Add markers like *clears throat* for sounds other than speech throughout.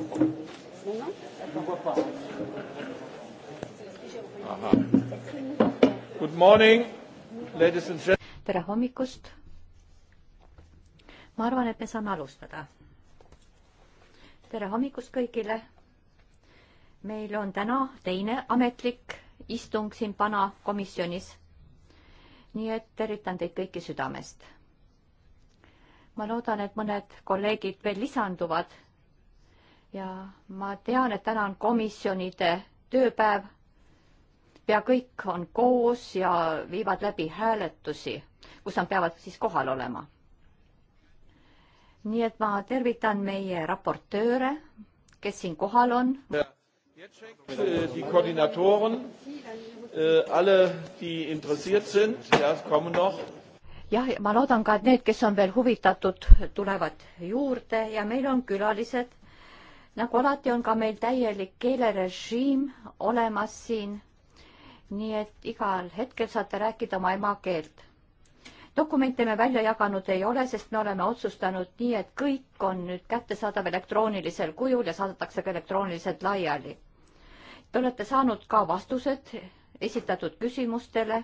Non, non, on ne voit pas. Aha. Good morning, ladies and gentlemen. tere hommikust. ma arvan, et me saame alustada. tere hommikust kõigile. meil on täna teine ametlik istung siin PANA komisjonis. nii et tervitan teid kõiki südamest. ma loodan, et mõned kolleegid veel lisanduvad ja ma tean, et täna on komisjonide tööpäev. pea kõik on koos ja viivad läbi hääletusi, kus nad peavad siis kohal olema. nii et ma tervitan meie raportööre, kes siin kohal on. Äh, die Koordinatoren, äh, alle, die interessiert sind, ja, kommen noch jah, ma loodan ka, et need, kes on veel huvitatud, tulevad juurde ja meil on külalised nagu alati on ka meil täielik keelerežiim olemas siin. nii et igal hetkel saate rääkida oma emakeelt. dokumente me välja jaganud ei ole, sest me oleme otsustanud nii, et kõik on nüüd kättesaadav elektroonilisel kujul ja saadetakse ka elektrooniliselt laiali. Te olete saanud ka vastused esitatud küsimustele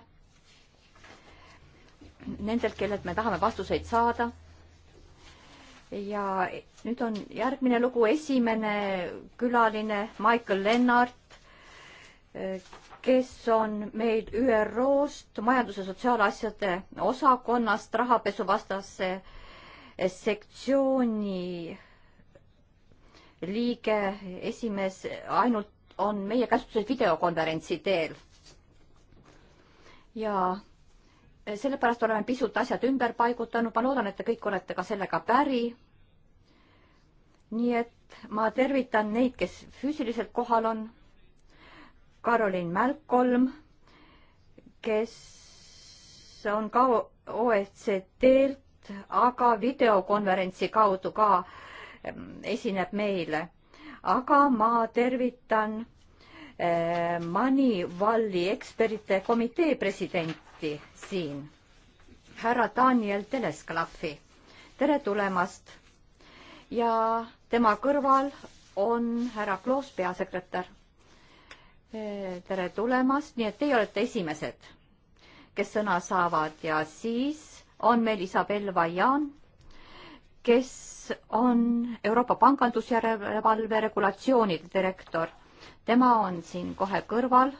nendelt, kellelt me tahame vastuseid saada ja nüüd on järgmine lugu, esimene külaline Michael Lennart, kes on meil ÜRO-st majandus- ja sotsiaalasjade osakonnast rahapesuvastase sektsiooni liige, esimees, ainult on meie käsutuses videokonverentsi teel. ja sellepärast oleme pisut asjad ümber paigutanud, ma loodan, et te kõik olete ka sellega päri. nii et ma tervitan neid, kes füüsiliselt kohal on. Karolin Mälkolm, kes on ka OECD-lt, aga videokonverentsi kaudu ka esineb meile. aga ma tervitan eh, Mani Valli ekspertide komitee presidenti lahti siin. härra Daniel Telesklafi, tere tulemast. ja tema kõrval on härra Kloos, peasekretär. E, tere tulemast, nii et teie olete esimesed, kes sõna saavad ja siis on meil Isabel Vajan, kes on Euroopa Pangandusjärelevalve regulatsioonide direktor. tema on siin kohe kõrval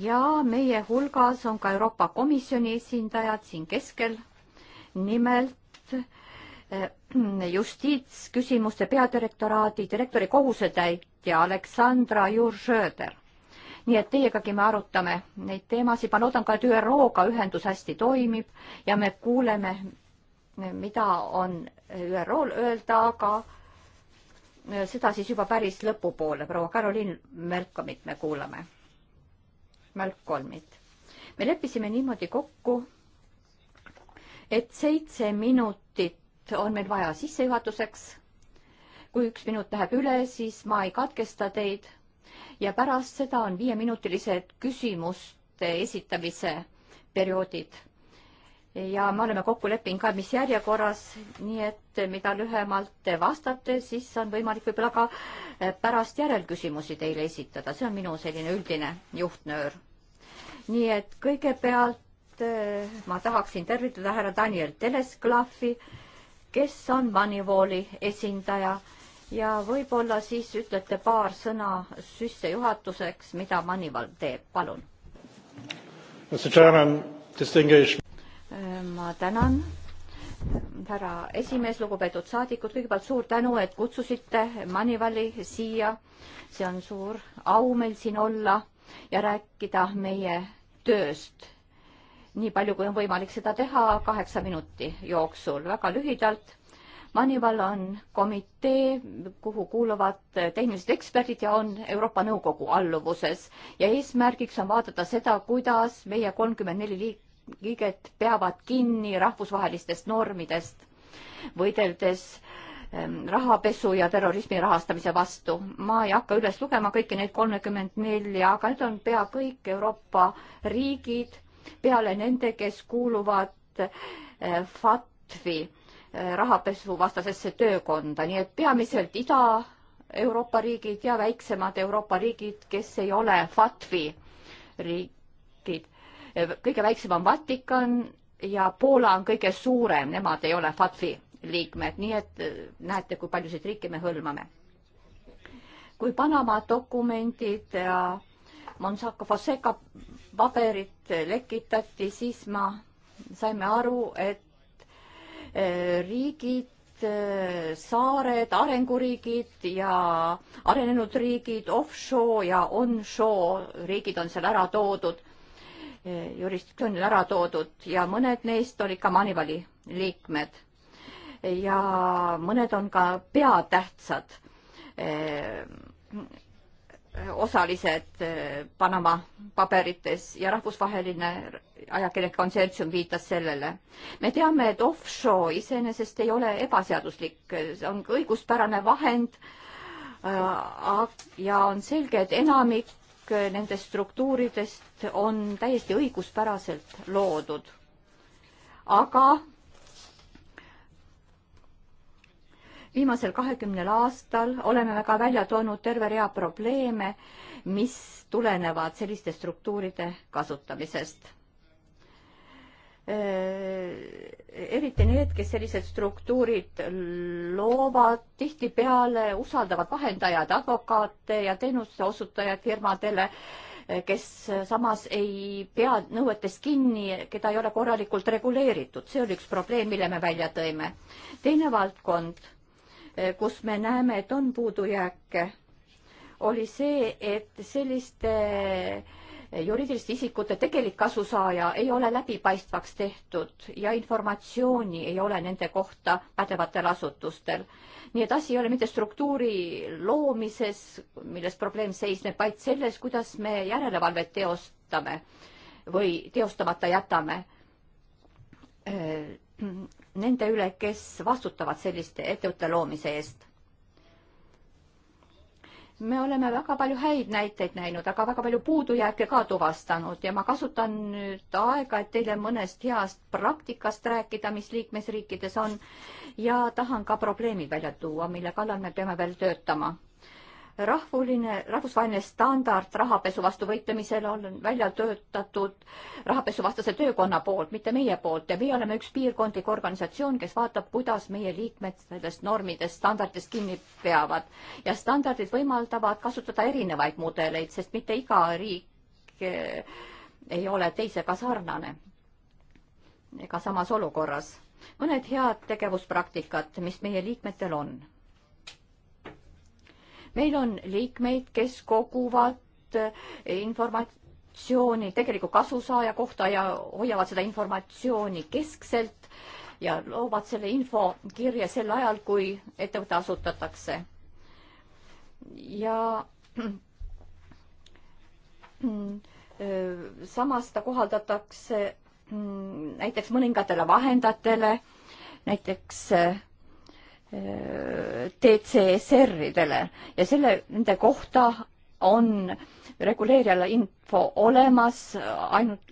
ja meie hulgas on ka Euroopa Komisjoni esindajad siin keskel. nimelt eh, justiitsküsimuste peadirektoraadi direktori kohusetäitja Aleksandra Juršöder. nii et teiegagi me arutame neid teemasid, ma loodan ka, et ÜRO-ga ühendus hästi toimib ja me kuuleme, mida on ÜRO-l öelda, aga eh, seda siis juba päris lõpupoole, proua Karoliin Melkamit me kuulame Malcolmit. me leppisime niimoodi kokku, et seitse minutit on meil vaja sissejuhatuseks. kui üks minut läheb üle, siis ma ei katkesta teid ja pärast seda on viieminutilised küsimuste esitamise perioodid. ja me oleme kokku leppinud ka, mis järjekorras, nii et mida lühemalt te vastate, siis on võimalik võib-olla ka pärast järelküsimusi teile esitada, see on minu selline üldine juhtnöör nii et kõigepealt eh, ma tahaksin tervitada härra Daniel Telesklahvi, kes on Moneyvali esindaja ja võib-olla siis ütlete paar sõna sissejuhatuseks, mida Moneyval teeb, palun. Eh, ma tänan, härra esimees, lugupeetud saadikud, kõigepealt suur tänu, et kutsusite Moneyvali siia. see on suur au meil siin olla ja rääkida meie tööst, nii palju kui on võimalik seda teha kaheksa minuti jooksul, väga lühidalt. Manival on komitee, kuhu kuuluvad tehnilised eksperdid ja on Euroopa Nõukogu alluvuses ja eesmärgiks on vaadata seda, kuidas meie kolmkümmend neli liiget peavad kinni rahvusvahelistest normidest, võideldes Ähm, rahapesu ja terrorismi rahastamise vastu. ma ei hakka üles lugema kõiki neid kolmekümmend nelja, aga need on pea kõik Euroopa riigid peale nende, kes kuuluvad äh, FATF-i äh, rahapesuvastasesse töökonda, nii et peamiselt Ida-Euroopa riigid ja väiksemad Euroopa riigid, kes ei ole FATF-i riigid. Äh, kõige väiksem on Vatikan ja Poola on kõige suurem, nemad ei ole FATF-i liikmed, nii et äh, näete, kui paljusid riike me hõlmame. kui Panama dokumendid ja Monsaco Fonseca paberid lekitati, siis ma, saime aru, et äh, riigid äh, saared, arenguriigid ja arenenud riigid, offshore ja onshore riigid on seal ära toodud, jurisdiktsioonil ära toodud ja mõned neist olid ka Manivali liikmed ja mõned on ka peatähtsad eh, osalised eh, Panama paberites ja rahvusvaheline ajakirja konsensus viitas sellele. me teame, et offshore iseenesest ei ole ebaseaduslik, see on ka õiguspärane vahend. Eh, ja on selge, et enamik nendest struktuuridest on täiesti õiguspäraselt loodud. aga viimasel kahekümnel aastal oleme väga välja toonud terve rea probleeme, mis tulenevad selliste struktuuride kasutamisest. Äh, eriti need, kes sellised struktuurid loovad, tihtipeale usaldavad vahendajaid, advokaate ja teenuse osutajaid firmadele, äh, kes samas ei pea nõuetest kinni, keda ei ole korralikult reguleeritud. see oli üks probleem, mille me välja tõime. teine valdkond Eh, kus me näeme, et on puudujääke, oli see, et selliste eh, juriidiliste isikute tegelik kasusaaja ei ole läbipaistvaks tehtud ja informatsiooni ei ole nende kohta pädevatel asutustel. nii et asi ei ole mitte struktuuri loomises, milles probleem seisneb, vaid selles, kuidas me järelevalvet teostame või teostamata jätame eh, nende üle, kes vastutavad selliste ettevõtte loomise eest. me oleme väga palju häid näiteid näinud, aga väga palju puudujääke ka tuvastanud ja ma kasutan nüüd aega, et teile mõnest heast praktikast rääkida, mis liikmesriikides on ja tahan ka probleemid välja tuua, mille kallal me peame veel töötama rahvuline, rahvusvaheline standard rahapesu vastu võitlemisel on välja töötatud rahapesuvastase töökonna poolt, mitte meie poolt ja meie oleme üks piirkondlik organisatsioon, kes vaatab, kuidas meie liikmed sellest normidest, standardist kinni peavad. ja standardid võimaldavad kasutada erinevaid mudeleid, sest mitte iga riik eh, ei ole teisega sarnane ega samas olukorras. mõned head tegevuspraktikad, mis meie liikmetel on meil on liikmeid, kes koguvad eh, informatsiooni tegeliku kasusaaja kohta ja hoiavad seda informatsiooni keskselt ja loovad selle info kirja sel ajal, kui ettevõte asutatakse. ja eh, samas seda kohaldatakse mm, näiteks mõningatele vahendajatele, näiteks eh, DCSR-idele äh, ja selle, nende kohta on reguleerijal info olemas, ainult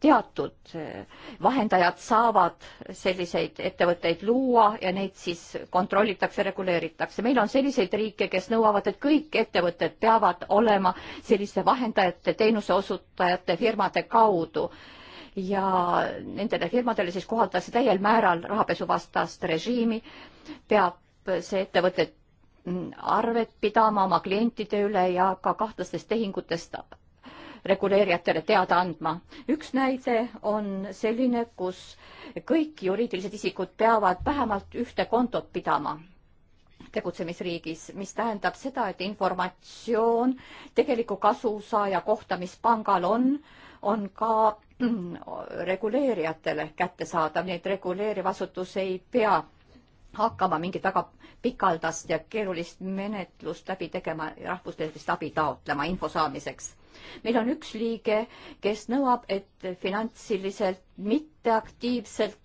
teatud äh, vahendajad saavad selliseid ettevõtteid luua ja neid siis kontrollitakse, reguleeritakse. meil on selliseid riike, kes nõuavad, et kõik ettevõtted peavad olema selliste vahendajate, teenuseosutajate firmade kaudu äh, ja nendele firmadele siis kohaldatakse täiel määral rahapesuvastast režiimi, peab see ettevõte arvet pidama oma klientide üle ja ka kahtlastest tehingutest reguleerijatele teada andma. üks näide on selline, kus kõik juriidilised isikud peavad vähemalt ühte kontot pidama tegutsemisriigis, mis tähendab seda, et informatsioon tegeliku kasusaaja kohta, mis pangal on, on ka *clears throat* reguleerijatele kättesaadav, nii et reguleeriv asutus ei pea hakkama mingit väga pikaldast ja keerulist menetlust läbi tegema ja rahvusvahelist abi taotlema info saamiseks. meil on üks liige, kes nõuab, et finantsiliselt mitteaktiivselt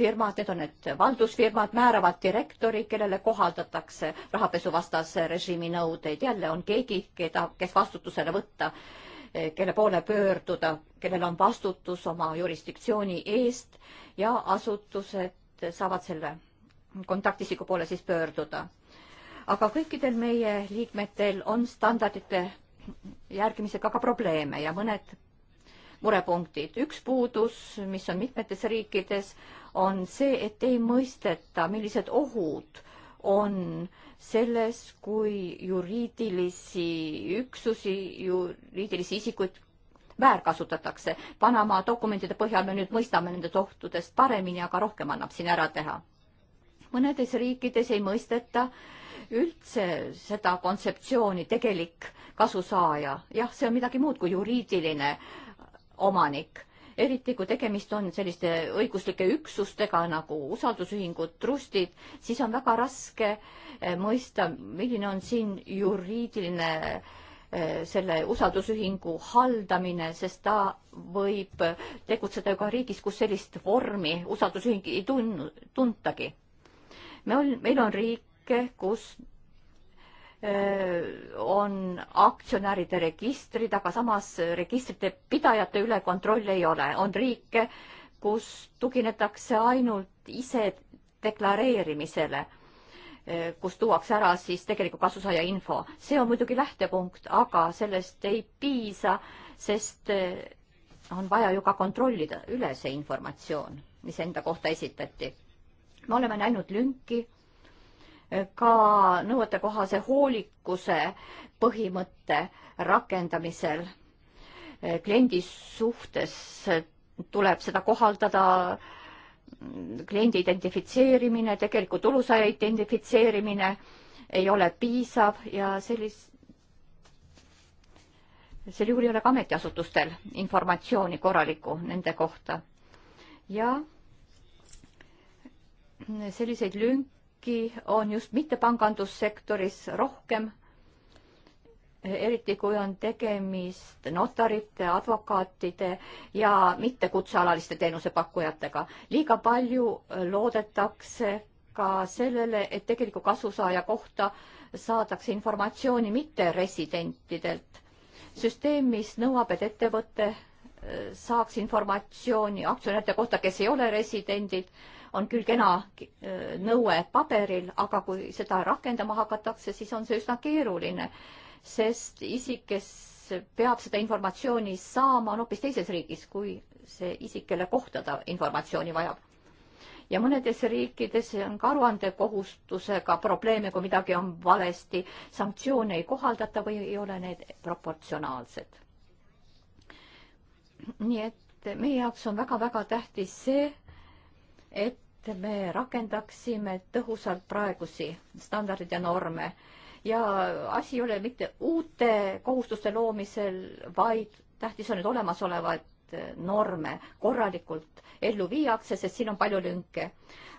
firmad, need on need valdusfirmad, määravad direktori, kellele kohaldatakse rahapesuvastase režiimi nõudeid. jälle on keegi, keda, kes vastutusele võtta kelle poole pöörduda, kellel on vastutus oma jurisdiktsiooni eest ja asutused saavad selle kontaktisiku poole siis pöörduda. aga kõikidel meie liikmetel on standardite järgimisega ka probleeme ja mõned murepunktid. üks puudus, mis on mitmetes riikides, on see, et ei mõisteta, millised ohud on selles, kui juriidilisi üksusi, juriidilisi isikuid väärkasutatakse. Panama dokumentide põhjal me nüüd mõistame nendest ohtudest paremini, aga rohkem annab siin ära teha. mõnedes riikides ei mõisteta üldse seda kontseptsiooni tegelik kasusaaja. jah, see on midagi muud kui juriidiline omanik eriti kui tegemist on selliste õiguslike üksustega nagu usaldusühingud, trustid, siis on väga raske eh, mõista, milline on siin juriidiline eh, selle usaldusühingu haldamine, sest ta võib eh, tegutseda ju ka riigis, kus sellist vormi usaldusühing ei tunnu, tuntagi. me ol-, meil on riike, kus on aktsionäride registrid, aga samas registrite pidajate üle kontrolli ei ole. on riike, kus tuginetakse ainult ise deklareerimisele, kus tuuakse ära siis tegeliku kasusaaja info. see on muidugi lähtepunkt, aga sellest ei piisa, sest on vaja ju ka kontrollida üle see informatsioon, mis enda kohta esitati. me oleme näinud lünki ka nõuetekohase hoolikuse põhimõtte rakendamisel kliendi suhtes tuleb seda kohaldada kliendi identifitseerimine, tegeliku tulusaaja identifitseerimine ei ole piisav ja sellist, sel juhul ei ole ka ametiasutustel informatsiooni korralikku nende kohta. ja selliseid lünki riski on just mittepangandussektoris rohkem, eriti kui on tegemist notarite, advokaatide ja mittekutsealaliste teenusepakkujatega. liiga palju loodetakse ka sellele, et tegeliku kasusaaja kohta saadakse informatsiooni mitteresidentidelt. süsteem, mis nõuab, et ettevõte eh, saaks informatsiooni aktsionäride kohta, kes ei ole residendid on küll kena äh, nõue paberil, aga kui seda rakendama hakatakse, siis on see üsna keeruline, sest isik, kes peab seda informatsiooni saama, on hoopis teises riigis, kui see isik, kelle kohta ta informatsiooni vajab. ja mõnedes riikides on ka aruandekohustusega probleeme, kui midagi on valesti, sanktsioone ei kohaldata või ei ole need proportsionaalsed. nii et meie jaoks on väga-väga tähtis see, et et me rakendaksime tõhusalt praegusi standardeid ja norme ja asi ei ole mitte uute kohustuste loomisel, vaid tähtis on, et olemasolevad norme korralikult ellu viiakse, sest siin on palju lünke.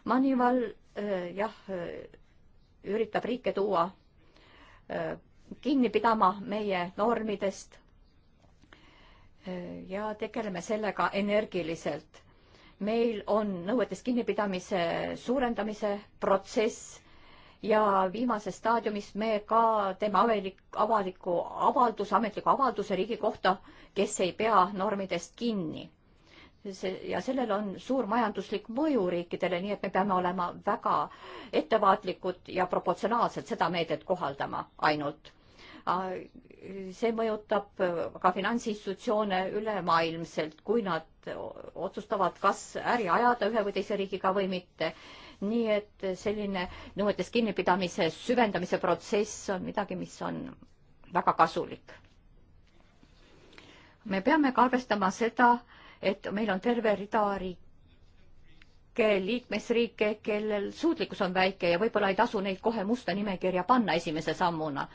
Manival äh, jah, äh, üritab riike tuua äh, kinni pidama meie normidest ja tegeleme sellega energiliselt meil on nõuetest kinnipidamise suurendamise protsess ja viimases staadiumis me ka teeme avalik, avaliku avalduse, ametliku avalduse riigi kohta, kes ei pea normidest kinni. see ja sellel on suur majanduslik mõju riikidele, nii et me peame olema väga ettevaatlikud ja proportsionaalselt seda meedet kohaldama ainult see mõjutab ka finantsinstitutsioone ülemaailmselt, kui nad otsustavad, kas äri ajada ühe või teise riigiga või mitte. nii et selline nõuetes kinnipidamise süvendamise protsess on midagi, mis on väga kasulik. me peame ka arvestama seda, et meil on terve rida riike, liikmesriike, kellel suutlikkus on väike ja võib-olla ei tasu neid kohe musta nimekirja panna esimese sammuna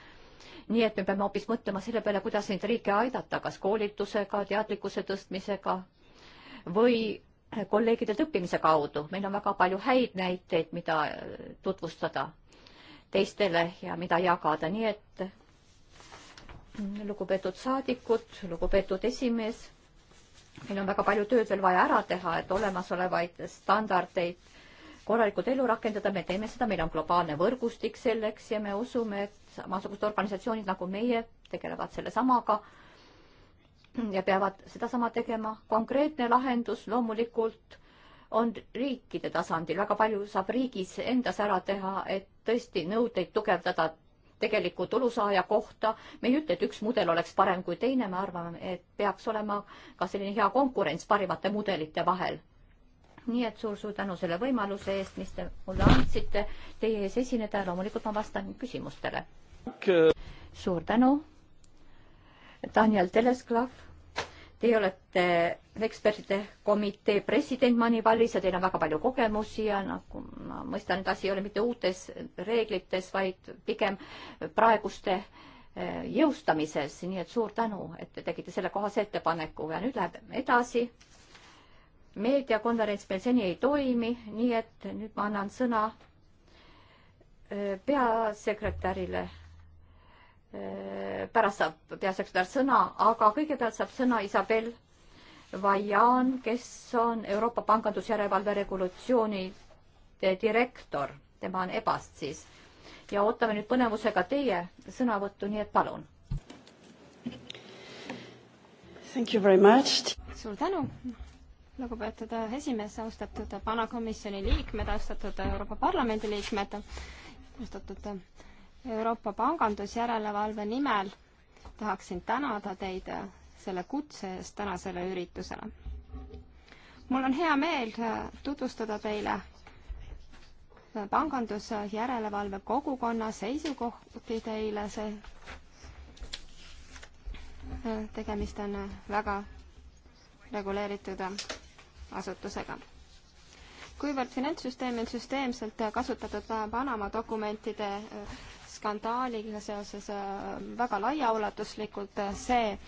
nii et me peame hoopis mõtlema selle peale, kuidas neid riike aidata, kas koolitusega, teadlikkuse tõstmisega või kolleegidelt õppimise kaudu. meil on väga palju häid näiteid, mida tutvustada teistele ja mida jagada, nii et mm, lugupeetud saadikud, lugupeetud esimees, meil on väga palju tööd veel vaja ära teha, et olemasolevaid standardeid korralikult ellu rakendada, me teeme seda, meil on globaalne võrgustik selleks ja me usume, et samasugused organisatsioonid nagu meie tegelevad sellesamaga ja peavad sedasama tegema. konkreetne lahendus loomulikult on riikide tasandil, väga palju saab riigis endas ära teha, et tõesti nõudeid tugevdada tegeliku tulusaaja kohta. me ei ütle, et üks mudel oleks parem kui teine, me arvame, et peaks olema ka selline hea konkurents parimate mudelite vahel nii et suur-suur tänu selle võimaluse eest, mis te mulle andsite teie ees esineda ja loomulikult ma vastan küsimustele okay.. suur tänu. Daniel Telesklav, teie olete ekspertide komitee president Manivalis ja teil on väga palju kogemusi ja nagu ma mõistan, et asi ei ole mitte uutes reeglites, vaid pigem praeguste eh, jõustamises, nii et suur tänu, et te tegite sellekohase ettepaneku ja nüüd läheb edasi meediakonverents meil seni ei toimi, nii et nüüd ma annan sõna äh, peasekretärile. Äh, pärast saab peasekretär sõna, aga kõigepealt saab sõna Isabel Vajan, kes on Euroopa pangandusjärelevalve regulatsiooni äh, direktor, tema on EBA-st siis. ja ootame nüüd põnevusega teie sõnavõttu, nii et palun Thank you very much. suur tänu, lugupeetud esimees, austatud Panakomisjoni liikmed, austatud Euroopa Parlamendi liikmed, austatud Euroopa pangandusjärelevalve nimel tahaksin tänada teid selle kutse eest tänasele üritusele. mul on hea meel tutvustada teile pangandusjärelevalve kogukonna seisukohti teile, see tegemist on väga reguleeritud asutusega. kuivõrd finantssüsteem on süsteemselt kasutatud Panama dokumentide äh, skandaaliga seoses äh, väga laiaulatuslikult, äh, see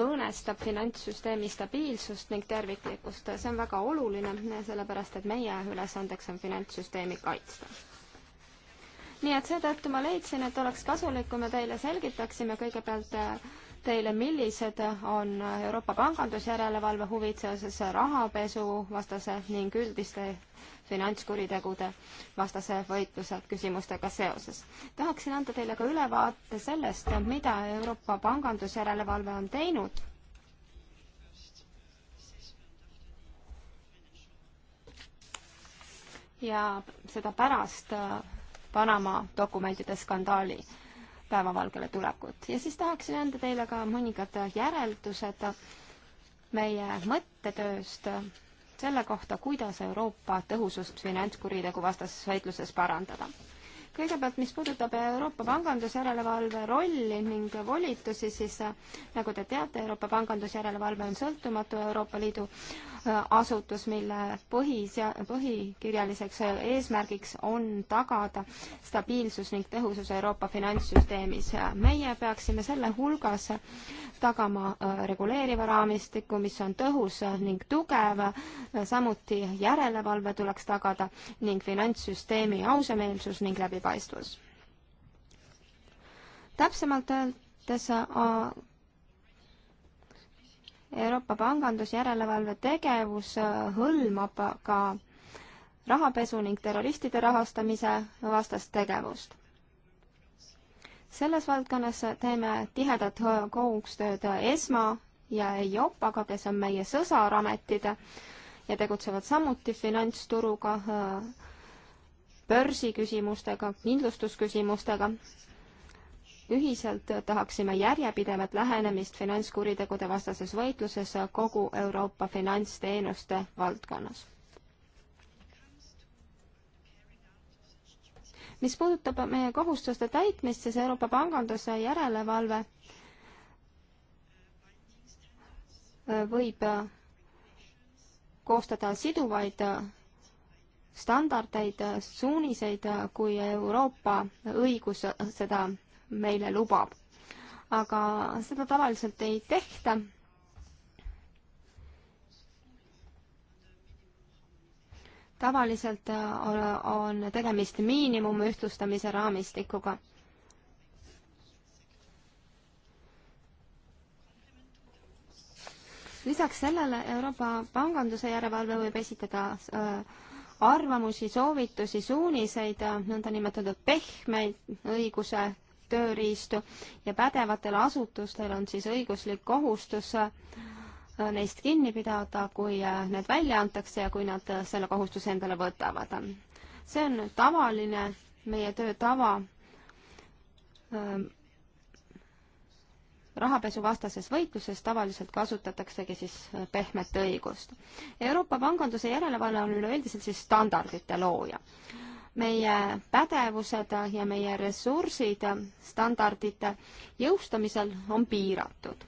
õõnestab finantssüsteemi stabiilsust ning terviklikkust. see on väga oluline, sellepärast et meie ülesandeks on finantssüsteemi kaitsta. nii et seetõttu ma leidsin, et oleks kasulik, kui me teile selgitaksime kõigepealt teile, millised on Euroopa pangandusjärelevalve huvid seoses rahapesu vastase ning üldiste finantskuritegude vastase võitluse küsimustega seoses. tahaksin anda teile ka ülevaate sellest, mida Euroopa pangandusjärelevalve on teinud. ja seda pärast Panama dokumentide skandaali päevavalgele tulekut. ja siis tahaksin anda teile ka mõningad järeldused meie mõttetööst selle kohta, kuidas Euroopa tõhusust finantskuriteguvastastes võitluses parandada kõigepealt, mis puudutab Euroopa pangandusjärelevalve rolli ning volitusi, siis äh, nagu te teate, Euroopa pangandusjärelevalve on sõltumatu Euroopa Liidu äh, asutus, mille põhise-, põhikirjaliseks äh, eesmärgiks on tagada stabiilsus ning tõhusus Euroopa finantssüsteemis. meie peaksime selle hulgas tagama reguleeriva raamistiku, mis on tõhus ning tugev, samuti järelevalve tuleks tagada ning finantssüsteemi ausameelsus ning läbi läbipaistvus. täpsemalt öeldes Euroopa pangandusjärelevalve tegevus hõlmab ka rahapesu ning terroristide rahastamise vastast tegevust. selles valdkonnas teeme tihedat koostööd ESMA ja EIOPAga, kes on meie sõsarametid ja tegutsevad samuti finantsturuga äh, börsiküsimustega, kindlustusküsimustega. ühiselt tahaksime järjepidevat lähenemist finantskuritegude vastases võitluses kogu Euroopa finantsteenuste valdkonnas. mis puudutab meie kohustuste täitmist, siis Euroopa panganduse järelevalve võib koostada siduvaid standardeid, suuniseid, kui Euroopa õigus seda meile lubab. aga seda tavaliselt ei tehta tavaliselt on, on tegemist miinimumi ühtlustamise raamistikuga. lisaks sellele Euroopa Panganduse järelevalve võib esitada äh, arvamusi, soovitusi, suuniseid, nõndanimetatud pehmeid õiguse tööriistu ja pädevatel asutustel on siis õiguslik kohustus äh, neist kinni pidada, kui äh, need välja antakse ja kui nad äh, selle kohustuse endale võtavad. see on tavaline meie töö tava rahapesuvastases võitluses tavaliselt kasutataksegi siis pehmet õigust. Euroopa panganduse järelevalve on üleüldiselt siis standardite looja. meie pädevused ja meie ressursid standardite jõustamisel on piiratud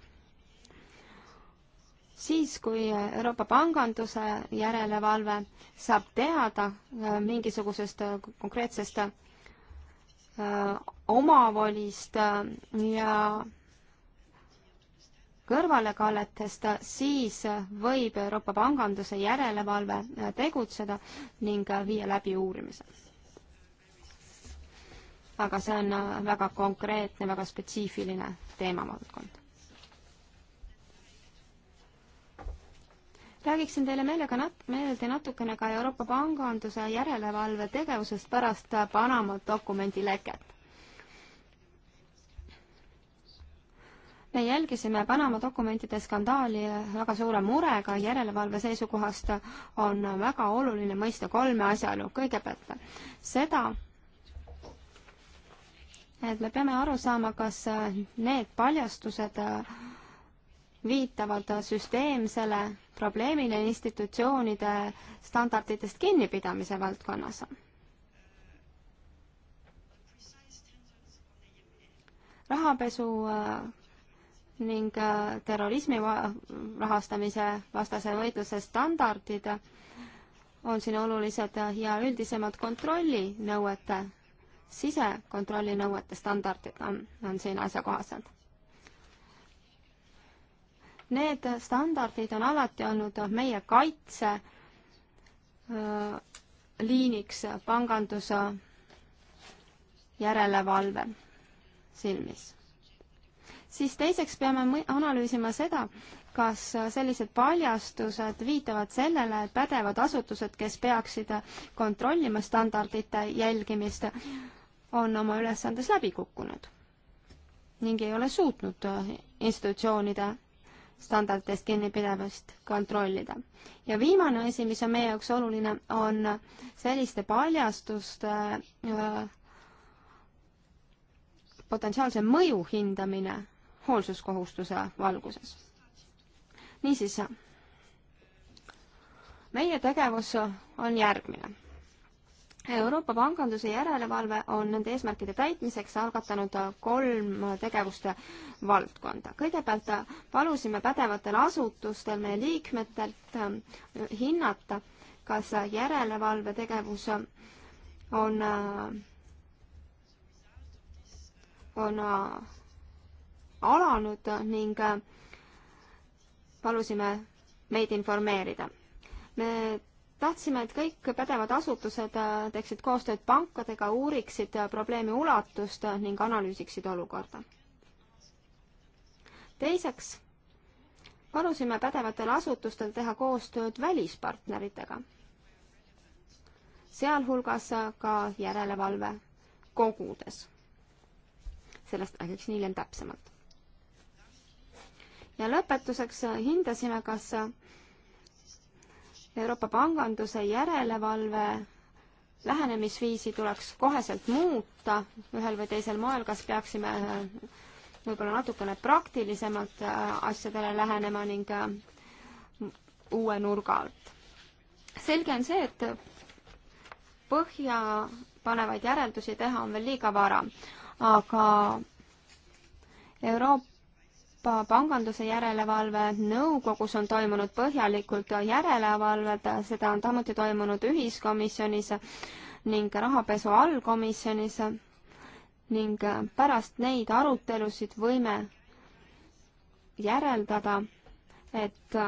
siis, kui Euroopa panganduse järelevalve saab teada äh, mingisugusest äh, konkreetsest äh, omavolist ja kõrvalekalletest, siis võib Euroopa panganduse järelevalve äh, tegutseda ning äh, viia läbi uurimise. aga see on äh, väga konkreetne, väga spetsiifiline teemavaldkond. räägiksin teile meelega nat-, meelde natukene ka Euroopa panganduse järelevalve tegevusest pärast Panama dokumendi leket me jälgisime Panama dokumentide skandaali väga suure murega, järelevalve seisukohast on väga oluline mõista kolme asjaolu. kõigepealt seda, et me peame aru saama, kas need paljastused viitavad süsteemsele probleemile institutsioonide standarditest kinnipidamise valdkonnas. rahapesu äh, ning äh, terrorismi rahastamise vastase võitluse standardid on siin olulised ja üldisemad kontrollinõuete, sisekontrollinõuete standardid on, on siin asjakohased. Need standardid on alati olnud meie kaitse äh, liiniks panganduse järelevalve silmis siis teiseks peame analüüsima seda, kas sellised paljastused viitavad sellele, et pädevad asutused, kes peaksid kontrollima standardite jälgimist, on oma ülesandes läbi kukkunud ning ei ole suutnud institutsioonide standarditest kinnipidavust kontrollida. ja viimane asi, mis on meie jaoks oluline, on selliste paljastuste öö, äh, potentsiaalse mõju hindamine hoolsuskohustuse valguses. niisiis, meie tegevus on järgmine Euroopa panganduse järelevalve on nende eesmärkide täitmiseks algatanud kolm tegevuste valdkonda. kõigepealt palusime pädevatel asutustel, meie liikmetelt hinnata, kas järelevalve tegevus on, on alanud ning äh, palusime meid informeerida. me tahtsime, et kõik pädevad asutused äh, teeksid koostööd pankadega, uuriksid äh, probleemi ulatust ning analüüsiksid olukorda. teiseks palusime pädevatel asutustel teha koostööd välispartneritega, sealhulgas ka järelevalve kogudes. sellest räägiksin hiljem täpsemalt ja lõpetuseks hindasime, kas Euroopa panganduse järelevalve lähenemisviisi tuleks koheselt muuta ühel või teisel moel, kas peaksime võib-olla natukene praktilisemalt asjadele lähenema ning uue nurga alt. selge on see, et põhjapanevaid järeldusi teha on veel liiga vara, aga Euroopa Euroopa Panganduse Järelevalve Nõukogus on toimunud põhjalikult järelevalved, seda on samuti toimunud ühiskomisjonis ning rahapesu allkomisjonis ning pärast neid arutelusid võime järeldada, et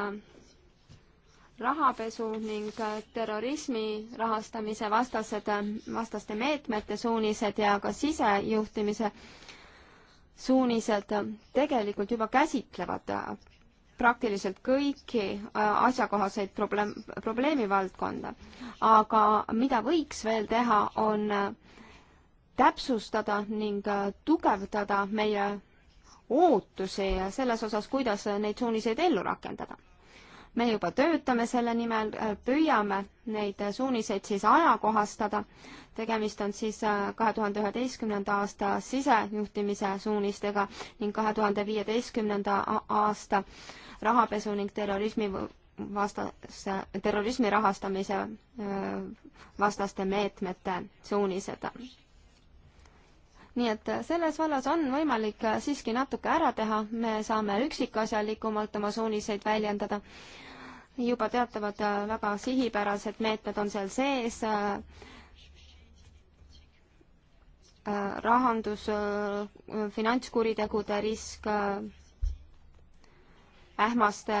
rahapesu ning terrorismi rahastamise vastased, vastaste meetmete suunised ja ka sisejuhtimise suunised tegelikult juba käsitlevad praktiliselt kõiki asjakohaseid probleem, probleemivaldkonda. aga mida võiks veel teha, on täpsustada ning tugevdada meie ootusi selles osas, kuidas neid suuniseid ellu rakendada me juba töötame selle nimel, äh, püüame neid äh, suuniseid siis ajakohastada. tegemist on siis äh, kahe tuhande üheteistkümnenda aasta sisejuhtimise suunistega ning kahe tuhande viieteistkümnenda aasta rahapesu ning terrorismi vastase, terrorismi rahastamise vastaste meetmete suunised nii et selles vallas on võimalik siiski natuke ära teha, me saame üksikasjalikumalt oma suuniseid väljendada juba teatavad äh, väga sihipärased meetmed on seal sees, äh, äh, rahandus, finantskuritegude risk, ähmaste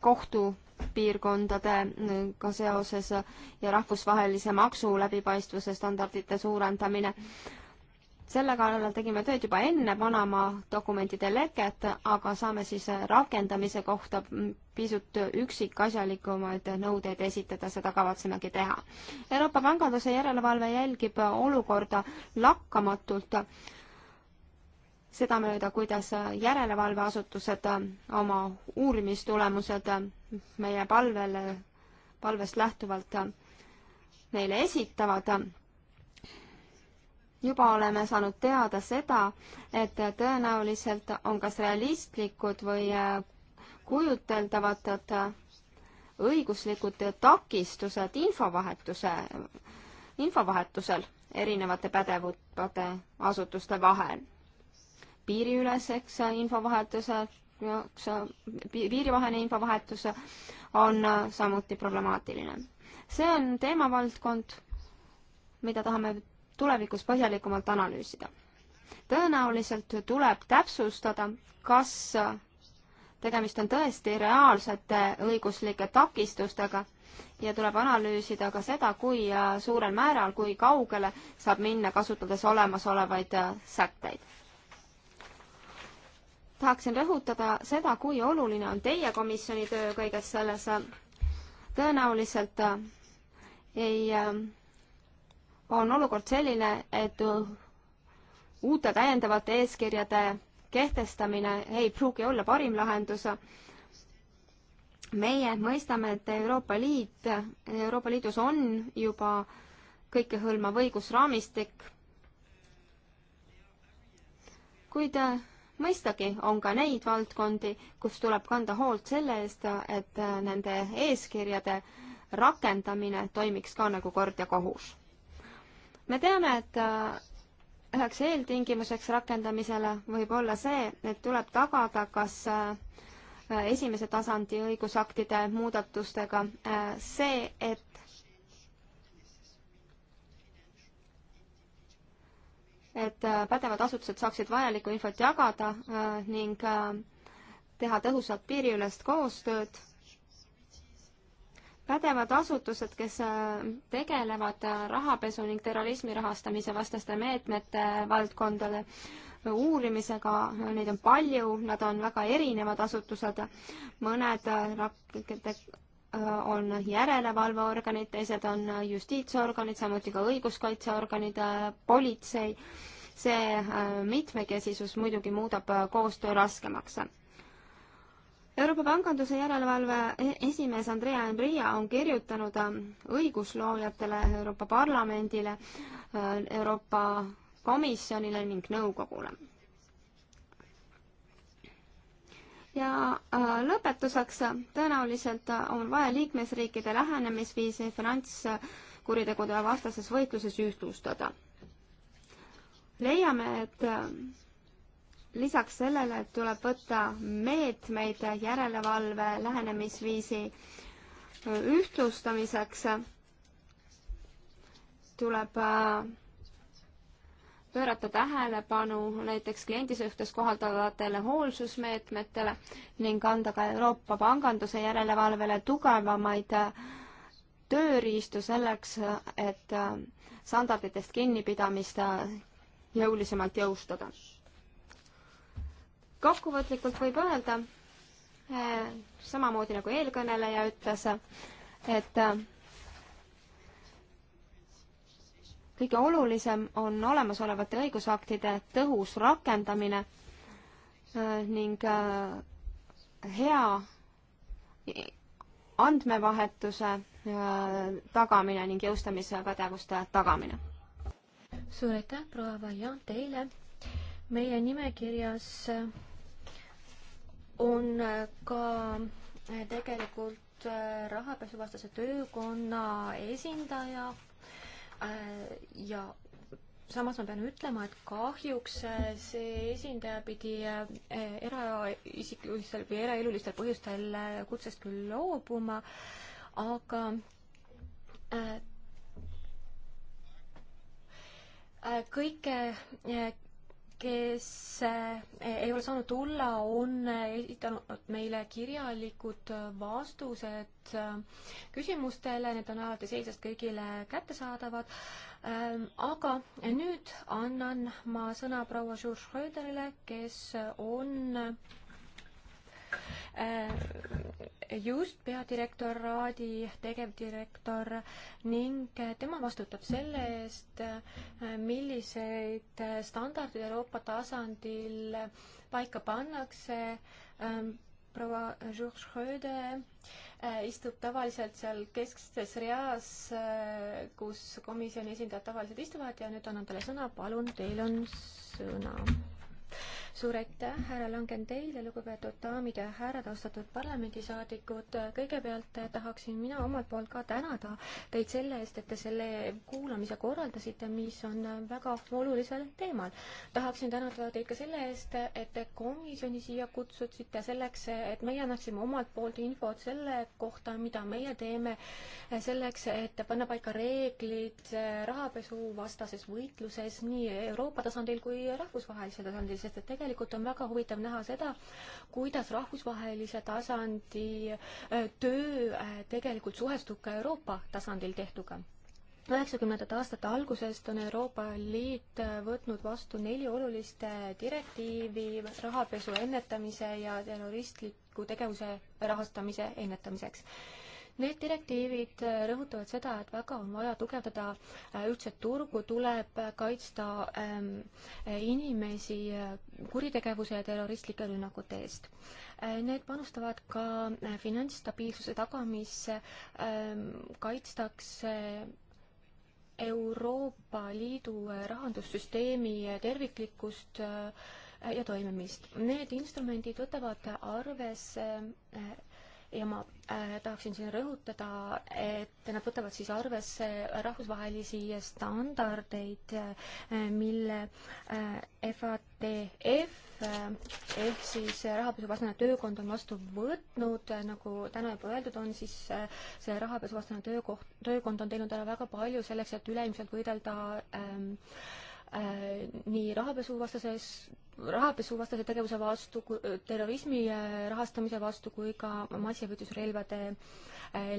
kohtupiirkondadega seoses ja rahvusvahelise maksu läbipaistvuse standardite suurendamine selle kallal tegime tööd juba enne Panama dokumentide leket, aga saame siis rakendamise kohta pisut üksikasjalikumaid nõudeid esitada, seda kavatsemegi teha. Euroopa panganduse järelevalve jälgib olukorda lakkamatult sedamööda, kuidas järelevalveasutused oma uurimistulemused meie palvele, palvest lähtuvalt neile esitavad juba oleme saanud teada seda, et tõenäoliselt on kas realistlikud või äh, kujuteldavad äh, õiguslikud takistused infovahetuse, infovahetusel erinevate pädevate asutuste vahel. piiriüleseks infovahetuseks, piirivaheline infovahetus on äh, samuti problemaatiline. see on teemavaldkond, mida tahame tulevikus põhjalikumalt analüüsida. tõenäoliselt tuleb täpsustada, kas tegemist on tõesti reaalsete õiguslike takistustega ja tuleb analüüsida ka seda, kui suurel määral, kui kaugele saab minna, kasutades olemasolevaid sätteid. tahaksin rõhutada seda, kui oluline on teie komisjoni töö kõiges selles. tõenäoliselt ei on olukord selline, et uh, uute täiendavate eeskirjade kehtestamine ei pruugi olla parim lahendus. meie mõistame, et Euroopa Liit, Euroopa Liidus on juba kõikehõlmav õigusraamistik, kuid uh, mõistagi on ka neid valdkondi, kus tuleb kanda hoolt selle eest, et uh, nende eeskirjade rakendamine toimiks ka nagu kord ja kohus me teame, et äh, üheks eeltingimuseks rakendamisele võib olla see, et tuleb tagada, kas äh, esimese tasandi õigusaktide muudatustega äh, see, et et pädevad asutused saaksid vajalikku infot jagada ning teha tõhusat piiriülest koostööd pädevad asutused, kes äh, tegelevad äh, rahapesu ning terrorismi rahastamise vastaste meetmete äh, valdkondade uurimisega, neid on palju, nad on väga erinevad asutused, mõned on järelevalveorganid, teised on justiitsorganid, samuti ka õiguskaitseorganid, politsei, see mitmekesisus muidugi muudab koostöö raskemaks Euroopa Panganduse järelevalve esimees Andrea Enria on kirjutanud ähm, õigusloojatele, Euroopa Parlamendile, äh, Euroopa Komisjonile ning nõukogule. ja äh, lõpetuseks, tõenäoliselt on vaja liikmesriikide lähenemisviisi finantskuritegude vastases võitluses ühtlustada. leiame, et äh, lisaks sellele tuleb võtta meetmeid järelevalve lähenemisviisi ühtlustamiseks, tuleb äh, pöörata tähelepanu näiteks kliendi suhtes kohaldatavatele hoolsusmeetmetele ning anda ka Euroopa panganduse järelevalvele tugevamaid äh, tööriistu selleks, et äh, standarditest kinnipidamist jõulisemalt jõustada kokkuvõtlikult võib öelda, äh, samamoodi nagu eelkõneleja ütles, et äh, kõige olulisem on olemasolevate õigusaktide tõhus rakendamine äh, ning hea andmevahetuse tagamine ning jõustamise pädevuste tagamine. suur aitäh, proua Valjan, teile meie nimekirjas on ka tegelikult rahapesuvastase töökonna esindaja ja samas ma pean ütlema, et kahjuks see esindaja pidi eh, eraisikulistel või eraelulistel põhjustel kutsest küll loobuma, aga eh, kõike eh, kes eh, ei ole saanud tulla, on esitanud meile kirjalikud eh, vastused eh, küsimustele, need on alati seisest kõigile kättesaadavad. Ähm, aga nüüd annan ma sõna proua Schröderile, kes on Äh, just peadirektoraadi tegevdirektor ning tema vastutab selle eest, äh, millised standardid Euroopa tasandil paika pannakse. Ähm, proua Georges Schröde äh, istub tavaliselt seal keskses reas, kus komisjoni esindajad tavaliselt istuvad ja nüüd annan talle sõna, palun, teil on sõna suur aitäh, härra Langen, teile, lugupeetud daamid ja härrad, austatud parlamendisaadikud. kõigepealt tahaksin mina omalt poolt ka tänada teid selle eest, et te selle kuulamise korraldasite, mis on väga olulisel teemal. tahaksin tänada teid ka selle eest, et te komisjoni siia kutsusite selleks, et meie annaksime omalt poolt infot selle kohta, mida meie teeme selleks, et panna paika reeglid rahapesuvastases võitluses nii Euroopa tasandil kui rahvusvahelisel tasandil, sest et tegelikult tegelikult on väga huvitav näha seda, kuidas rahvusvahelise tasandi äh, töö äh, tegelikult suhestub ka Euroopa tasandil tehtuga üheksakümnendate aastate algusest on Euroopa Liit äh, võtnud vastu neli olulist direktiivi rahapesu ennetamise ja terroristliku tegevuse rahastamise ennetamiseks Need direktiivid äh, rõhutavad seda, et väga on vaja tugevdada äh, ühtset turgu, tuleb äh, kaitsta ähm, inimesi kuritegevuse ja terroristlike rünnakute eest. Need panustavad ka finantsstabiilsuse tagamisse, ähm, kaitstakse Euroopa Liidu rahandussüsteemi terviklikkust ja toimimist. Need instrumendid võtavad arvesse ja ma äh, tahaksin siin rõhutada, et nad võtavad siis arvesse rahvusvahelisi standardeid äh,, mille äh, FATF äh, ehk siis rahapesuvastane töökond on vastu võtnud, äh, nagu täna juba öeldud on, siis äh, see rahapesuvastane töökoht, töökond on teinud ära väga palju selleks, et üleilmselt võidelda ähm, Äh, nii rahapesuvastases, rahapesuvastase tegevuse vastu, äh, terrorismi äh, rahastamise vastu kui ka massihävitusrelvade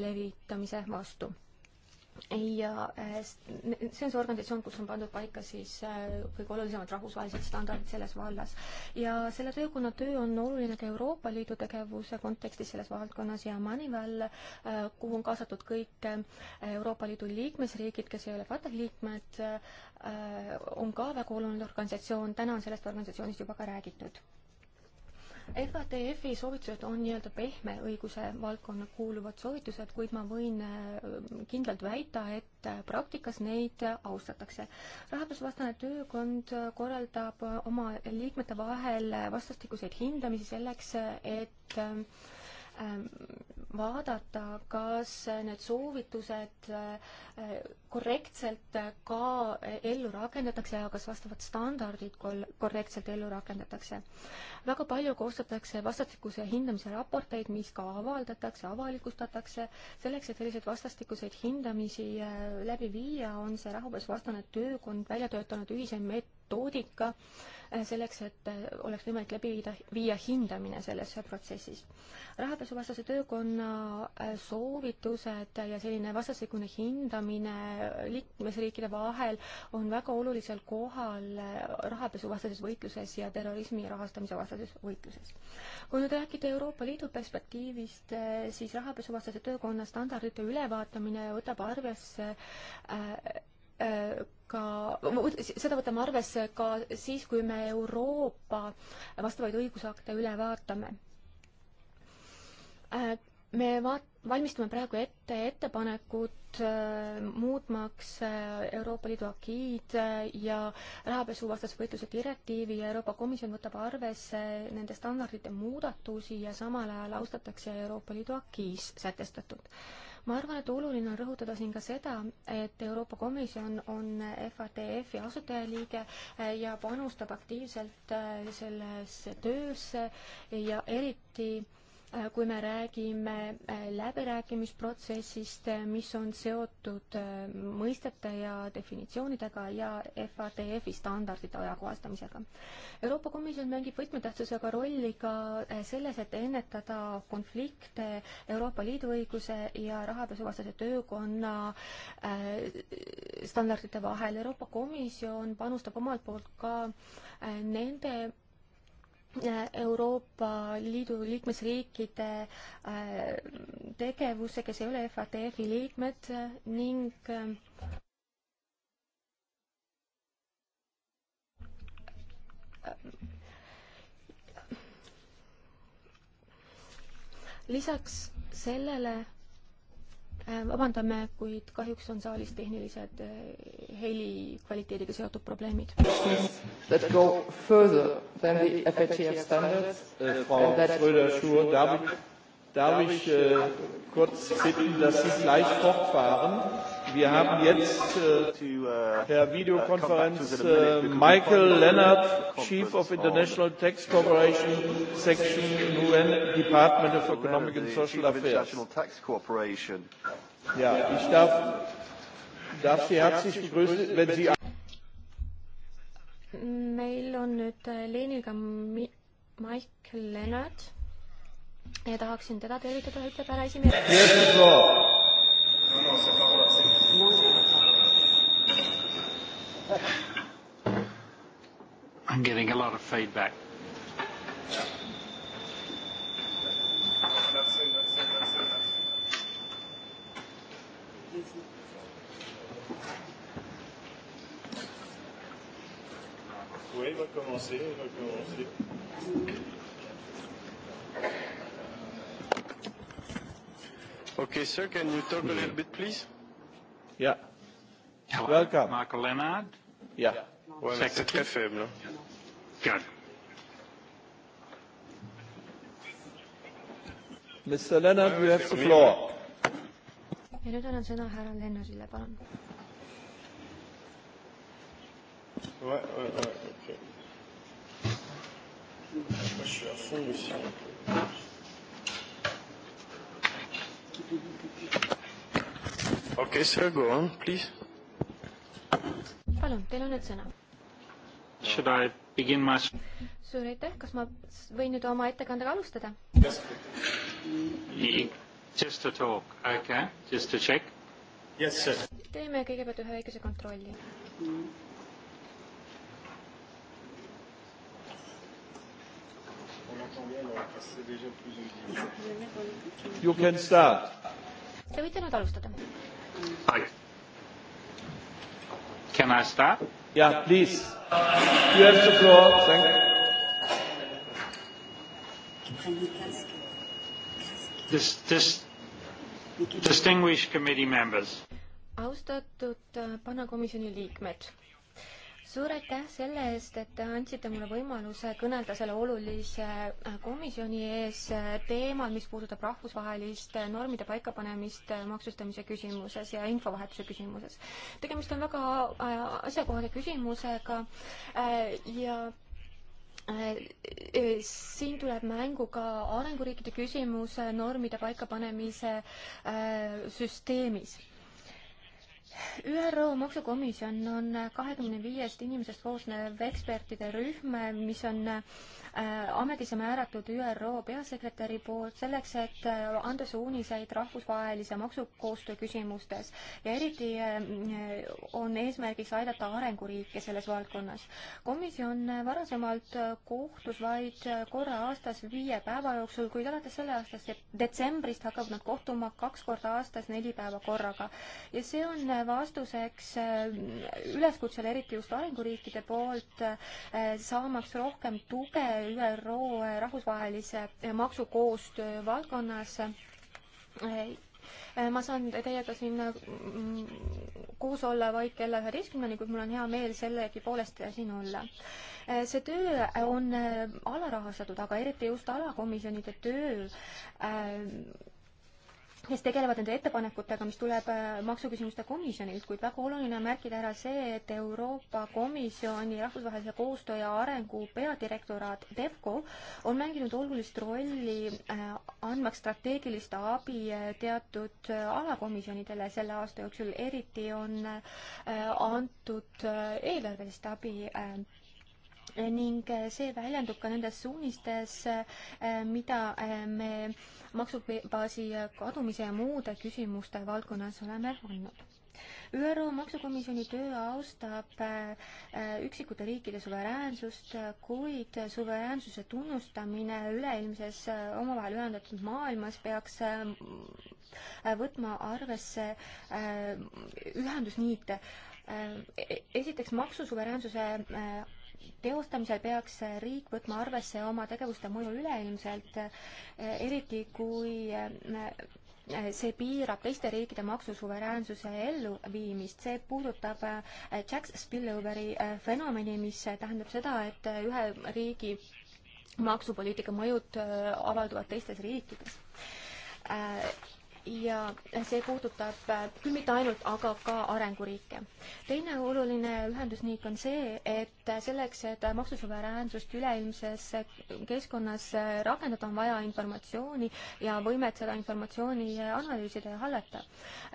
levitamise vastu ja äh, see on see organisatsioon, kus on pandud paika siis äh, kõige olulisemad rahvusvahelised standardid selles vallas. ja selle töökonna töö on oluline ka Euroopa Liidu tegevuse kontekstis selles valdkonnas ja Manival, äh, kuhu on kaasatud kõik Euroopa Liidu liikmesriigid, kes ei ole FATF liikmed, on ka väga oluline organisatsioon, täna on sellest organisatsioonist juba ka räägitud FATF-i soovitused on nii-öelda pehme õiguse valdkonna kuuluvad soovitused, kuid ma võin äh, kindlalt väita, et praktikas neid austatakse. rahapesuvastane töökond korraldab oma liikmete vahel vastastikuseid hindamisi selleks, et äh, vaadata, kas need soovitused äh, korrektselt ka ellu rakendatakse ja kas vastavad standardid korrektselt ellu rakendatakse. väga palju koostatakse vastastikuse hindamise raporteid, mis ka avaldatakse, avalikustatakse. selleks, et selliseid vastastikuseid hindamisi äh, läbi viia, on see rahapesuvastane töökond välja töötanud ühise met-, metoodika äh, selleks, et äh, oleks võimalik läbi viida, viia hindamine selles protsessis. rahapesuvastase töökonna äh, soovitused ja selline vastastikune hindamine liikmesriikide vahel on väga olulisel kohal rahapesuvastases võitluses ja terrorismi rahastamise vastases võitluses. kui nüüd rääkida Euroopa Liidu perspektiivist, siis rahapesuvastase töökonna standardite ülevaatamine võtab arvesse ka, seda võtame arvesse ka siis, kui me Euroopa vastavaid õigusakte üle vaatame. Äh, me vaat-, valmistame praegu ette ettepanekut äh, muutmaks äh, Euroopa Liidu akiid ja rahapesuvastase võitluse direktiivi ja Euroopa Komisjon võtab arvesse nende standardite muudatusi ja samal ajal austatakse Euroopa Liidu akiis sätestatud ma arvan, et oluline on rõhutada siin ka seda, et Euroopa Komisjon on FATF-i asutajaliige eh, ja panustab aktiivselt eh, sellesse töösse ja eriti kui me räägime äh, läbirääkimisprotsessist, äh, mis on seotud äh, mõistete ja definitsioonidega ja FATF-i standardite ajakohastamisega. Euroopa Komisjon mängib võtmetähtsusega rolli ka selles, et ennetada konflikte Euroopa Liidu õiguse ja rahapesuvastase töökonna standardite vahel. Euroopa Komisjon panustab omalt poolt ka nende Euroopa Liidu liikmesriikide äh, tegevuse, kes ei ole FATF-i liikmed ning äh, äh, lisaks sellele Äh, vabandame, kuid kahjuks on saalis tehnilised äh, heli kvaliteediga seotud probleemid. That go further than the FATF standards uh, and that Darf ich äh, kurz bitten, dass Sie gleich fortfahren? Wir haben jetzt äh, per Videokonferenz uh, äh, Michael Leonard, Chief of International Tax Corporation Section UN Department of Economic and Social Affairs. Ja, ich darf, darf Sie herzlich begrüßen, wenn Sie. Meil on nüüd äh, Leniga Michael Leonard ja tahaksin teda tervitada, ütleb härra esimees. I'm getting a lot of feedback. Oui, il va commencer, il va commencer. Okay, sir, can you talk a little bit, please? Yeah. Hello. Welcome. Marco Leonard. Yeah. Voilà, ouais, c'est très faible. Good. Mr. Leonard, you have the floor. ja nüüd annan sõna härra Lennarile, palun. Ouais, ouais, ouais, ok. Moi, je suis à fond ici. Okay, sir, go on, please. palun, teil on nüüd sõna. Should I begin my? suur aitäh, kas ma võin nüüd oma ettekandega alustada yes.? Just to talk, okay, just to check. Yes, sir. teeme kõigepealt ühe väikese kontrolli mm.. You can start. Te võite nüüd alustada. Hi. Can I start? Yeah, please. You have the floor. Thank you. This, this, distinguished committee members. austatud äh, panakomisjoni liikmed suur aitäh selle eest, et te andsite mulle võimaluse kõnelda selle olulise äh, komisjoni ees äh, teemal, mis puudutab rahvusvahelist äh, normide paikapanemist maksustamise küsimuses ja infovahetuse küsimuses. tegemist on väga asjakohase küsimusega ja siin tuleb mängu ka arenguriikide küsimus normide paikapanemise süsteemis ÜRO maksukomisjon on kahekümne viiest inimesest koosnev ekspertide rühm, mis on äh, ametisse määratud ÜRO peasekretäri poolt selleks, et äh, anda suuniseid rahvusvahelise maksukoostöö küsimustes ja eriti äh, on eesmärgiks aidata arenguriike selles valdkonnas. komisjon varasemalt kohtus vaid korra aastas viie päeva jooksul, kuid alates selle aastast detsembrist hakkab nad kohtuma kaks korda aastas neli päeva korraga ja see on vastuseks äh, üleskutsele, eriti just arenguriikide poolt, äh, saamaks rohkem tuge ÜRO äh, rahvusvahelise maksukoostöö valdkonnas ma saan teiega siin mm, koos olla vaid kella üheteistkümneni, kuid mul on hea meel sellegipoolest siin olla. see töö on alarahastatud, aga eriti just alakomisjonide töö kes tegelevad nende ettepanekutega, mis tuleb äh, maksuküsimuste komisjonilt, kuid väga oluline on märkida ära see, et Euroopa Komisjoni rahvusvahelise koostöö ja arengu peadirektoraat DEFCO on mänginud olulist rolli äh, andmaks strateegilist abi äh, teatud alakomisjonidele selle aasta jooksul, eriti on antud eelarvelist abi ning eh, see väljendub ka nendes suunistes, eh, mida eh, me maksubaasi kadumise ja muude küsimuste valdkonnas oleme andnud. ÜRO Maksukomisjoni töö austab üksikute riikide suveräänsust, kuid suveräänsuse tunnustamine üleilmses omavahel ühendatud maailmas peaks võtma arvesse ühendusniite e-, esiteks maksusuveräänsuse teostamisel peaks riik võtma arvesse oma tegevuste mõju üleilmselt, eriti kui eh, see piirab teiste riikide maksusuveräänsuse elluviimist, see puudutab tax eh, spilloveri eh, fenomeni, mis tähendab seda, et ühe riigi maksupoliitika mõjud avalduvad teistes riikides ja see puudutab küll mitte ainult, aga ka arenguriike. teine oluline ühendusniik on see, et selleks, et maksusuveräänsust üleilmses keskkonnas rakendada, on vaja informatsiooni ja võimet seda informatsiooni analüüsida ja hallata.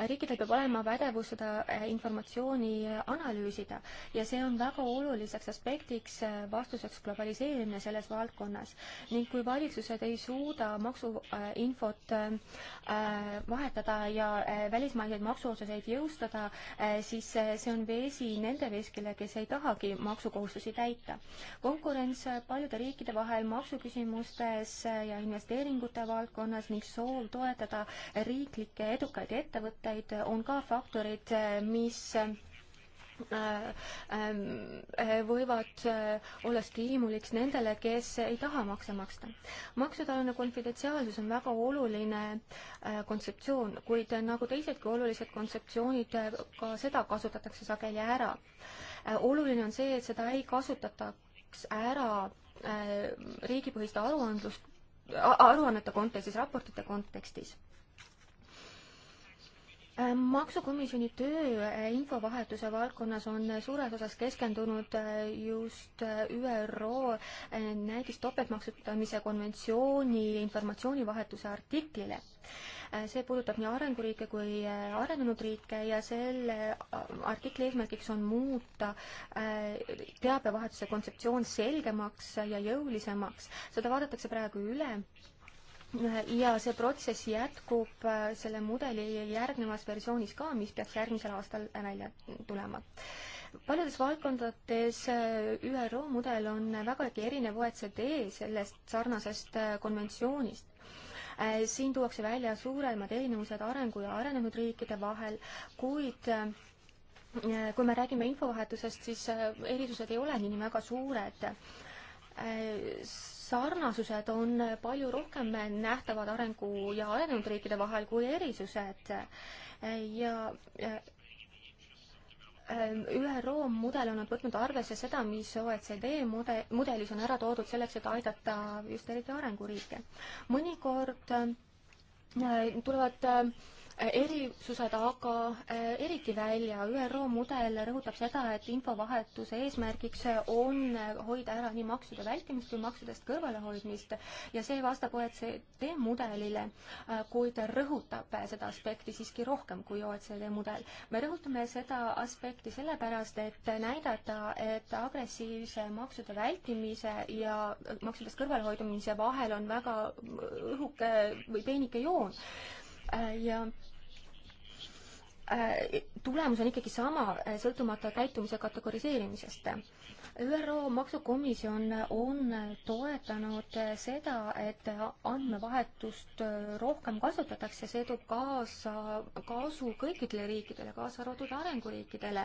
riikidel peab olema pädevus seda informatsiooni analüüsida ja see on väga oluliseks aspektiks vastuseks globaliseerimine selles valdkonnas ning kui valitsused ei suuda maksuinfot äh, vahetada ja äh, välismaiseid maksuotsuseid jõustada, äh, siis äh, see on vesi nende veskile, kes ei tahagi maksukohustusi täita. konkurents paljude riikide vahel maksuküsimustes ja investeeringute valdkonnas ning soov toetada riiklikke edukaid ettevõtteid on ka faktorid, mis Äh, äh, võivad äh, olla stiimuliks nendele, kes ei taha makse maksta. maksutalune konfidentsiaalsus on väga oluline kontseptsioon, kuid nagu teisedki olulised kontseptsioonid, ka seda kasutatakse sageli ära. oluline on see, et seda ei kasutataks ära riigipõhiste aruandlust, aruannete kontekstis, raportite kontekstis Äh, maksukomisjoni töö äh, infovahetuse valdkonnas on äh, suures osas keskendunud just ÜRO näiteks topeltmaksustamise konventsiooni informatsioonivahetuse artiklile. see puudutab nii arenguriike kui arenenud riike ja selle artikli eesmärgiks on muuta teabevahetuse kontseptsioon selgemaks ja jõulisemaks. seda vaadatakse praegu üle ja see protsess jätkub äh, selle mudeli järgnevas versioonis ka, mis peaks järgmisel aastal välja tulema. paljudes valdkondades äh, ÜRO mudel on vägagi erinev OECD sellest sarnasest äh, konventsioonist siin tuuakse välja suuremad erinevused arengu ja arenenud riikide vahel, kuid kui me räägime infovahetusest, siis erisused ei ole nii väga suured sarnasused on palju rohkem nähtavad arengu ja arenenud riikide vahel kui erisused ja äh, ÜRO mudel on nad võtnud arvesse seda, mis OECD mude-, mudelis on ära toodud selleks, et aidata just eriti arenguriike. mõnikord äh, tulevad äh, erisused aga eh, eriti välja. ÜRO mudel rõhutab seda, et infovahetuse eesmärgiks on hoida ära nii maksude vältimist kui maksudest kõrvalehoidmist ja see vastab OECD mudelile, eh, kuid rõhutab seda aspekti siiski rohkem kui OECD mudel. me rõhutame seda aspekti sellepärast, et näidata, et agressiivse maksude vältimise ja maksudest kõrvalehoidumise vahel on väga õhuke või peenike joon Äh, ja äh, tulemus on ikkagi sama, äh, sõltumata käitumise kategoriseerimisest. ÜRO maksukomisjon on toetanud seda, et andmevahetust rohkem kasutatakse, see toob kaasa kasu kõikidele riikidele, kaasa arvatud arenguriikidele,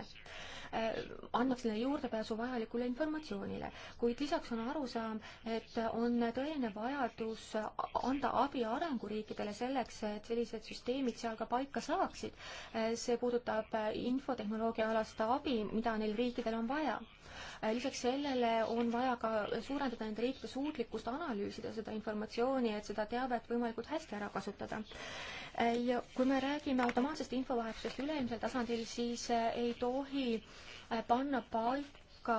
annaks neile juurdepääsu vajalikule informatsioonile. kuid lisaks on arusaam, et on tõeline vajadus anda abi arenguriikidele selleks, et sellised süsteemid seal ka paika saaksid. see puudutab infotehnoloogia alast abi, mida neil riikidel on vaja Äh, lisaks sellele on vaja ka suurendada nende riikide suutlikkust analüüsida seda informatsiooni, et seda teavet võimalikult hästi ära kasutada äh, ja kui me räägime automaatsest infovahetusest üleilmsel tasandil, siis äh, ei tohi panna paika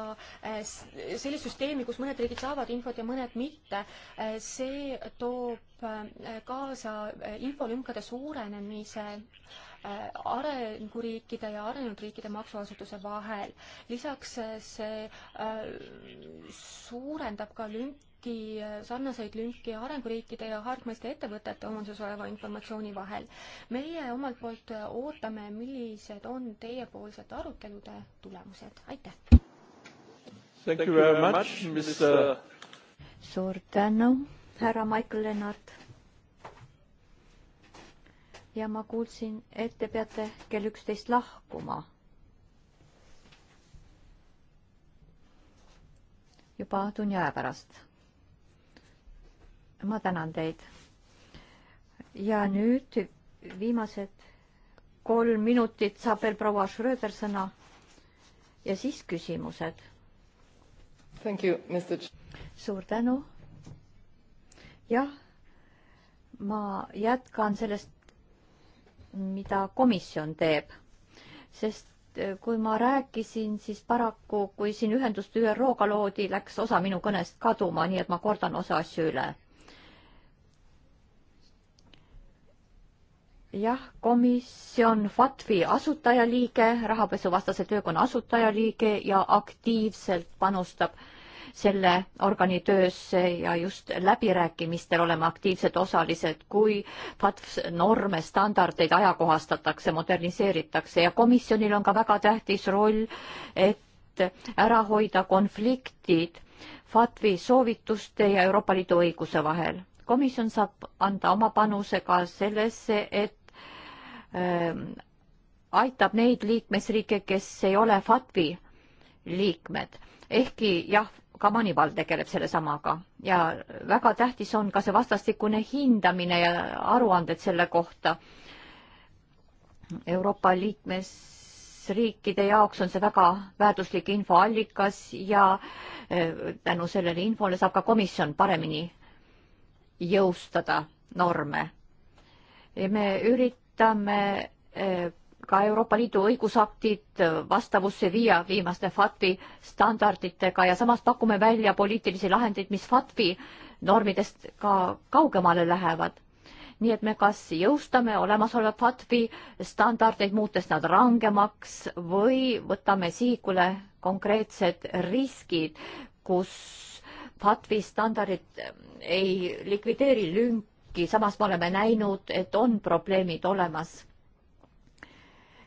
sellist süsteemi, kus mõned riigid saavad infot ja mõned mitte. see toob kaasa infolünkade suurenemise Äh, arenguriikide ja arenenud riikide maksuasutuse vahel. lisaks äh, see äh, suurendab ka lünki, sarnaseid lünki arenguriikide ja hargmaiste ettevõtete omanduses oleva informatsiooni vahel. meie omalt poolt ootame, millised on teiepoolsete arutelude tulemused, aitäh! Thank you very much, Mr. Suur tänu, härra Michael Lennart ja ma kuulsin, et te peate kell üksteist lahkuma. juba tunni aja pärast. ma tänan teid. ja nüüd viimased kolm minutit saab veel proua Schröder sõna ja siis küsimused. suur tänu. jah, ma jätkan sellest mida komisjon teeb, sest äh, kui ma rääkisin, siis paraku, kui siin ühendust ÜRO-ga loodi, läks osa minu kõnest kaduma, nii et ma kordan osa asju üle. jah, komisjon FATF-i asutajaliige, rahapesuvastase töökonna asutajaliige ja aktiivselt panustab äh, selle organi töösse ja just läbirääkimistel oleme aktiivsed osalised, kui FATF norme, standardeid ajakohastatakse, moderniseeritakse ja komisjonil on ka väga tähtis roll, et ära hoida konfliktid FATF-i soovituste ja Euroopa Liidu õiguse vahel. komisjon saab anda oma panuse ka sellesse, et ähm, aitab neid liikmesriike, kes ei ole FATF-i liikmed, ehkki jah, ka Manival tegeleb sellesamaga ja väga tähtis on ka see vastastikune hindamine ja aruanded selle kohta. Euroopa liikmesriikide jaoks on see väga väärtuslik infoallikas ja eh, tänu sellele infole saab ka komisjon paremini jõustada norme. me üritame eh, ka Euroopa Liidu õigusaktid vastavusse viia viimaste FATFi standarditega ja samas pakume välja poliitilisi lahendeid, mis FATFi normidest ka kaugemale lähevad. nii et me kas jõustame olemasoleva FATFi standardeid, muutes nad rangemaks või võtame sihikule konkreetsed riskid, kus FATFi standardid ei likvideeri lünki, samas me oleme näinud, et on probleemid olemas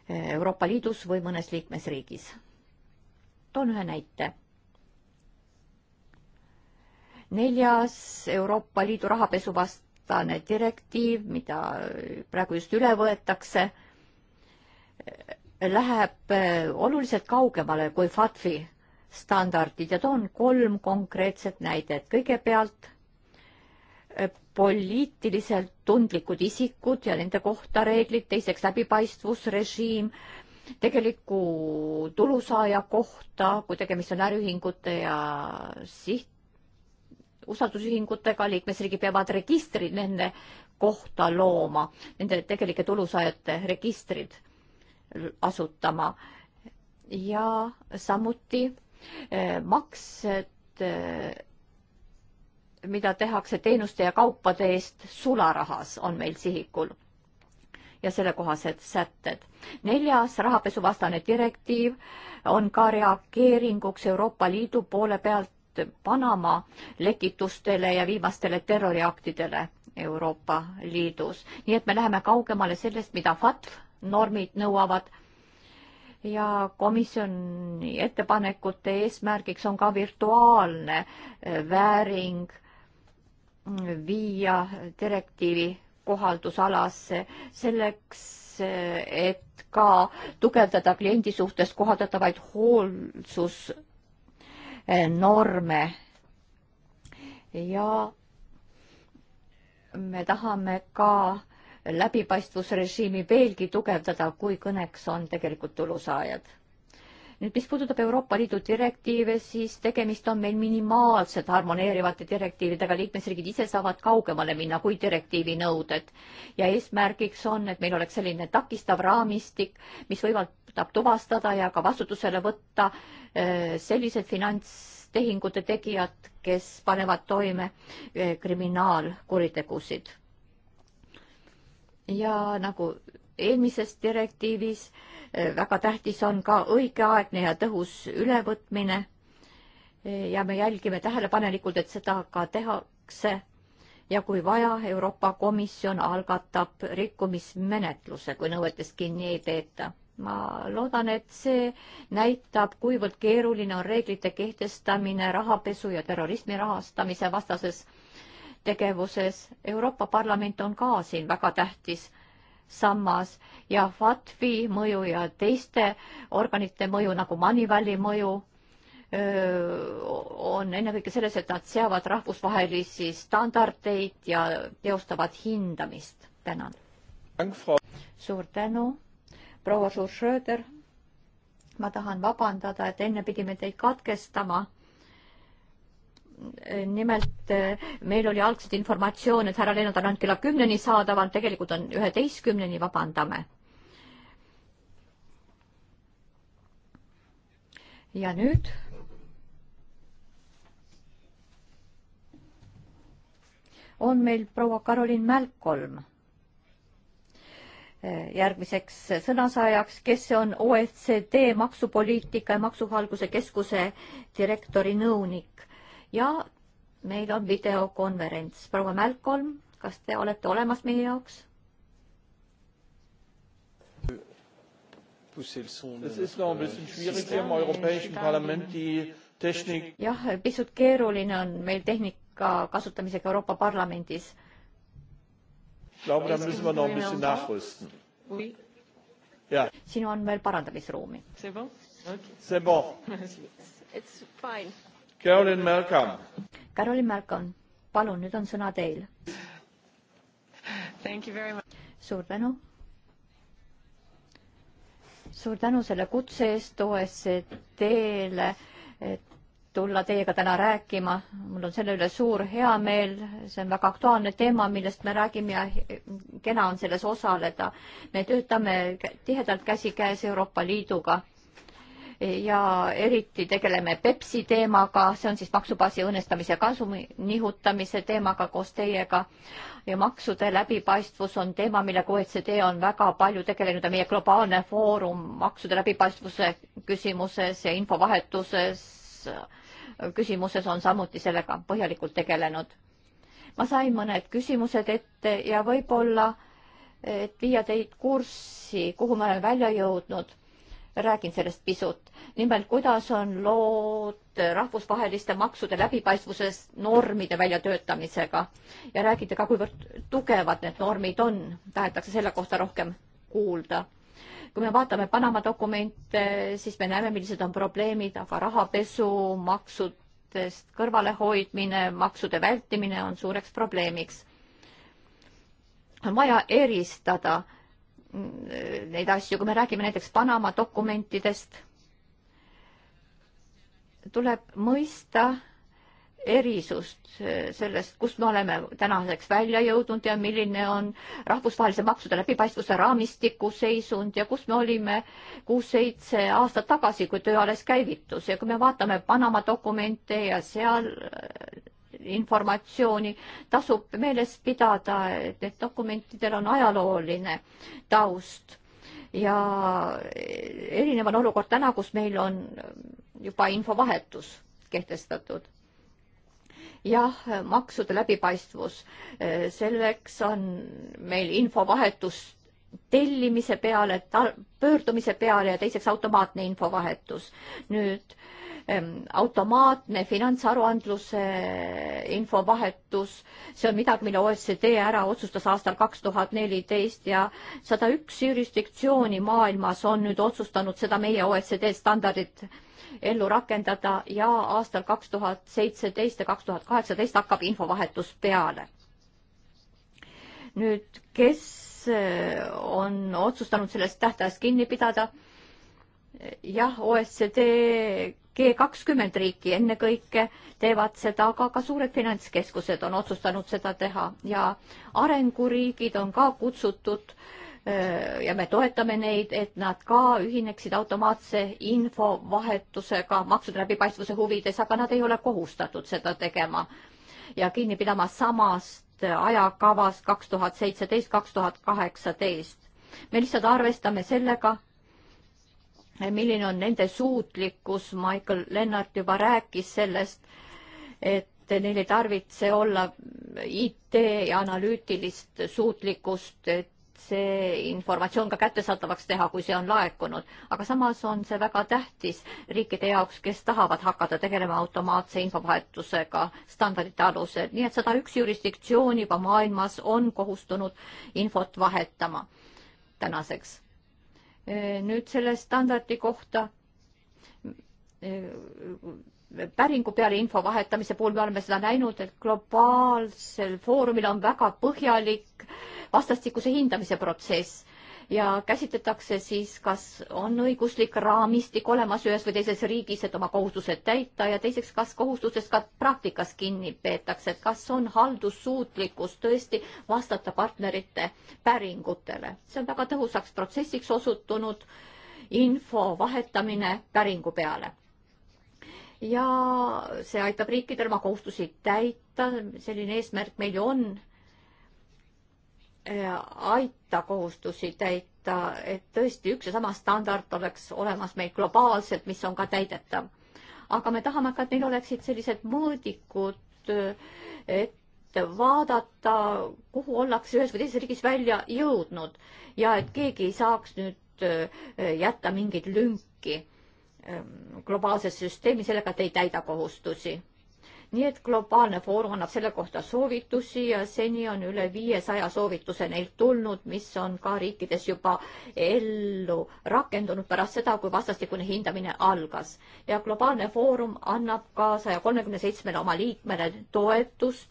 Euroopa Liidus või mõnes liikmesriigis. toon ühe näite. neljas Euroopa Liidu rahapesuvastane direktiiv, mida praegu just üle võetakse, läheb oluliselt kaugemale kui FATF-i standardid ja toon kolm konkreetset näidet. kõigepealt Äh, poliitiliselt tundlikud isikud ja nende kohta reeglid, teiseks läbipaistvusrežiim, tegeliku tulusaaja kohta, kui tegemist on äriühingute ja siht, usaldusühingutega, liikmesriigid peavad registrid nende kohta looma, nende tegelike tulusaajate registrid asutama ja samuti äh, maksed äh, mida tehakse teenuste ja kaupade eest sularahas, on meil sihikul ja sellekohased sätted. neljas rahapesuvastane direktiiv on ka reageeringuks Euroopa Liidu poole pealt Panama lekitustele ja viimastele terroriaktidele Euroopa Liidus. nii et me läheme kaugemale sellest, mida FATF normid nõuavad ja komisjoni ettepanekute eesmärgiks on ka virtuaalne vääring äh, viia direktiivi kohaldusalasse selleks, et ka tugevdada kliendi suhtes kohaldatavaid hoolsusnorme. ja me tahame ka läbipaistvusrežiimi veelgi tugevdada, kui kõneks on tegelikult tulusaajad nüüd, mis puudutab Euroopa Liidu direktiive, siis tegemist on meil minimaalselt harmoneerivate direktiividega, liikmesriigid ise saavad kaugemale minna kui direktiivi nõuded. ja eesmärgiks on, et meil oleks selline takistav raamistik, mis võimaldab tuvastada ja ka vastutusele võtta äh, sellised finantstehingute tegijad, kes panevad toime äh, kriminaalkuritegusid. ja nagu eelmises direktiivis. väga tähtis on ka õigeaegne ja tõhus ülevõtmine. ja me jälgime tähelepanelikult, et seda ka tehakse. ja kui vaja, Euroopa Komisjon algatab rikkumismenetluse, kui nõuetest kinni ei peeta ma loodan, et see näitab, kuivõrd keeruline on reeglite kehtestamine rahapesu ja terrorismi rahastamise vastases tegevuses. Euroopa Parlament on ka siin väga tähtis sammas ja FATF-i mõju ja teiste organite mõju nagu Manivali mõju on ennekõike selles, et nad seavad rahvusvahelisi standardeid ja teostavad hindamist. tänan. suur tänu, proua Suur-Schröder. ma tahan vabandada, et enne pidime teid katkestama nimelt eh, meil oli algselt informatsioon, et härra Lennart on ainult kella kümneni saadaval, tegelikult on üheteistkümneni, vabandame. ja nüüd? on meil proua Karolin Mälkolm eh, järgmiseks sõnasaajaks, kes on OECD maksupoliitika ja maksuhalduse keskuse direktori nõunik ja meil on videokonverents. proua Mälkolm, kas te olete olemas meie jaoks? jah, pisut keeruline on meil tehnika kasutamisega Euroopa Parlamendis. siin on veel parandamisruumi. *laughs* Carolyn Malcolm. Carolyn Malcolm, palun, nüüd on sõna teil. suur tänu. suur tänu selle kutse eest OSCD-le, et tulla teiega täna rääkima. mul on selle üle suur heameel, see on väga aktuaalne teema, millest me räägime ja kena on selles osaleda. me töötame tihedalt käsikäes Euroopa Liiduga ja eriti tegeleme Pepsi teemaga, see on siis maksubaasi õõnestamise kasumi nihutamise teemaga koos teiega. ja maksude läbipaistvus on teema, millega OECD on väga palju tegelenud ja meie globaalne foorum maksude läbipaistvuse küsimuses ja infovahetuses küsimuses on samuti sellega põhjalikult tegelenud. ma sain mõned küsimused ette ja võib-olla, et viia teid kurssi, kuhu ma olen välja jõudnud räägin sellest pisut. nimelt, kuidas on lood rahvusvaheliste maksude läbipaistvuses normide väljatöötamisega ja räägite ka, kuivõrd tugevad need normid on, tahetakse selle kohta rohkem kuulda. kui me vaatame Panama dokumente, siis me näeme, millised on probleemid, aga rahapesu, maksudest kõrvalehoidmine, maksude vältimine on suureks probleemiks. on vaja eristada neid asju, kui me räägime näiteks Panama dokumentidest, tuleb mõista erisust sellest, kust me oleme tänaseks välja jõudnud ja milline on rahvusvahelise maksude läbipaistvuse raamistiku seisund ja kus me olime kuus-seitse aastat tagasi, kui töö alles käivitus ja kui me vaatame Panama dokumente ja seal informatsiooni, tasub meeles pidada, et need dokumentidel on ajalooline taust ja erinev on olukord täna, kus meil on juba infovahetus kehtestatud. jah, maksude läbipaistvus, selleks on meil infovahetus tellimise peale, pöördumise peale ja teiseks automaatne infovahetus. nüüd automaatne finantsaruandluse infovahetus, see on midagi, mille OECD ära otsustas aastal kaks tuhat neliteist ja sada üks jurisdiktsiooni maailmas on nüüd otsustanud seda meie OECD standardit ellu rakendada ja aastal kaks tuhat seitseteist ja kaks tuhat kaheksateist hakkab infovahetus peale. nüüd, kes e, on otsustanud sellest tähtajast kinni pidada? jah, OECD G kakskümmend riiki ennekõike teevad seda, aga ka suured finantskeskused on otsustanud seda teha ja arenguriigid on ka kutsutud ja me toetame neid, et nad ka ühineksid automaatse infovahetusega maksude läbipaistvuse huvides, aga nad ei ole kohustatud seda tegema ja kinni pidama samast ajakavast kaks tuhat seitseteist, kaks tuhat kaheksateist. me lihtsalt arvestame sellega milline on nende suutlikkus, Michael Lennart juba rääkis sellest, et neil ei tarvitse olla IT ja analüütilist suutlikkust, et see informatsioon ka kättesaadavaks teha, kui see on laekunud. aga samas on see väga tähtis riikide jaoks, kes tahavad hakata tegelema automaatse infovahetusega standardite alusel, nii et sada üks jurisdiktsiooni juba maailmas on kohustunud infot vahetama tänaseks Äh, nüüd selle standardi kohta äh, päringu peale info vahetamise puhul me oleme seda näinud, et globaalsel foorumil on väga põhjalik vastastikuse hindamise protsess ja käsitletakse siis, kas on õiguslik raamistik olemas ühes või teises riigis, et oma kohustused täita ja teiseks, kas kohustustest ka praktikas kinni peetakse, et kas on haldussuutlikkus tõesti vastata partnerite päringutele. see on väga tõhusaks protsessiks osutunud info vahetamine päringu peale ja see aitab riikidel oma kohustusi täita, selline eesmärk meil ju on Äh, aita kohustusi täita, et tõesti üks ja sama standard oleks olemas meil globaalselt, mis on ka täidetav. aga me tahame ka, et neil oleksid sellised mõõdikud, äh, et vaadata, kuhu ollakse ühes või teises riigis välja jõudnud ja et keegi ei saaks nüüd äh, jätta mingeid lünki ähm, globaalses süsteemis sellega, et ei täida kohustusi nii et globaalne foorum annab selle kohta soovitusi ja seni on üle viiesaja soovituse neilt tulnud, mis on ka riikides juba ellu rakendunud pärast seda, kui vastastikune hindamine algas. ja globaalne foorum annab ka saja kolmekümne seitsmele oma liikmele toetust,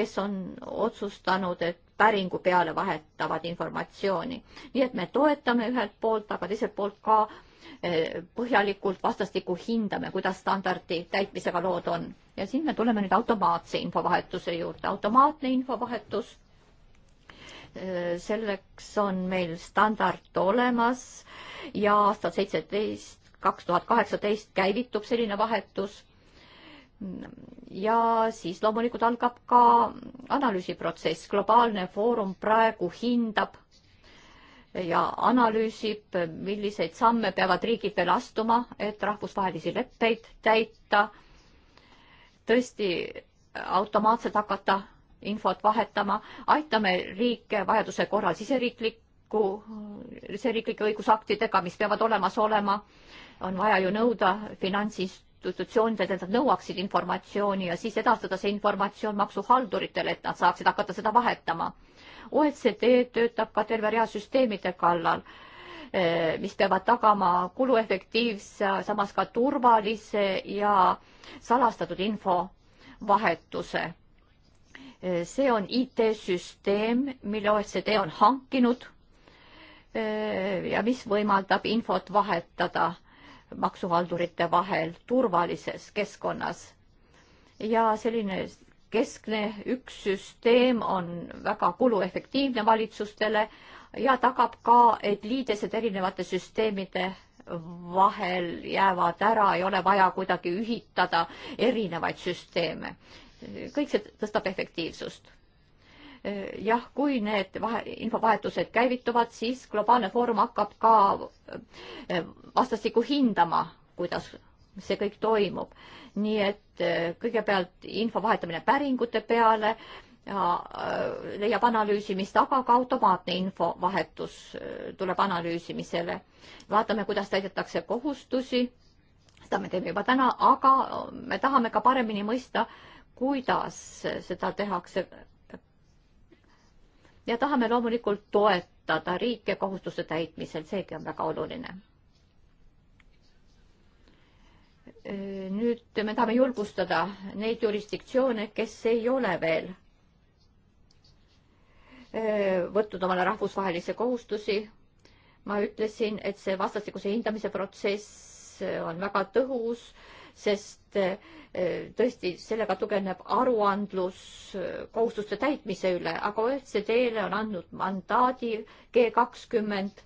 kes on otsustanud, et päringu peale vahetavad informatsiooni. nii et me toetame ühelt poolt, aga teiselt poolt ka eh, põhjalikult vastastikku hindame, kuidas standardi täitmisega lood on ja siin me tuleme nüüd automaatse infovahetuse juurde. automaatne infovahetus, äh, selleks on meil standard olemas ja aastal seitseteist, kaks tuhat kaheksateist käivitub selline vahetus. ja siis loomulikult algab ka analüüsiprotsess, globaalne foorum praegu hindab ja analüüsib, milliseid samme peavad riigid veel astuma, et rahvusvahelisi leppeid täita tõesti automaatselt hakata infot vahetama, aitame riike vajaduse korral siseriikliku, siseriiklike õigusaktidega, mis peavad olemas olema. on vaja ju nõuda finantsinstitutsioonidelt, et nad nõuaksid informatsiooni ja siis edastada see informatsioon maksuhalduritele, et nad saaksid hakata seda vahetama. OECD töötab ka terve rea süsteemide kallal Eh, mis peavad tagama kuluefektiivse, samas ka turvalise ja salastatud infovahetuse. Eh, see on IT-süsteem, mille OECD on hankinud eh, ja mis võimaldab infot vahetada maksuhaldurite vahel turvalises keskkonnas. ja selline keskne üks süsteem on väga kuluefektiivne valitsustele, ja tagab ka, et liidesed erinevate süsteemide vahel jäävad ära, ei ole vaja kuidagi ühitada erinevaid süsteeme. kõik see tõstab efektiivsust. jah, kui need vahe, infovahetused käivituvad, siis Globaalne Foorum hakkab ka eh, vastastikku hindama, kuidas see kõik toimub. nii et eh, kõigepealt info vahetamine päringute peale Äh, leiab analüüsimist, aga ka automaatne infovahetus äh, tuleb analüüsimisele. vaatame, kuidas täidetakse kohustusi, seda me teeme juba täna, aga me tahame ka paremini mõista, kuidas seda tehakse. ja tahame loomulikult toetada riike kohustuste täitmisel, seegi on väga oluline äh, nüüd me tahame julgustada neid jurisdiktsioone, kes ei ole veel Eh, võtnud omale rahvusvahelisi kohustusi. ma ütlesin, et see vastastikuse hindamise protsess eh, on väga tõhus, sest eh, tõesti sellega tugevneb aruandlus kohustuste täitmise üle, aga OECD-le on andnud mandaadi G kakskümmend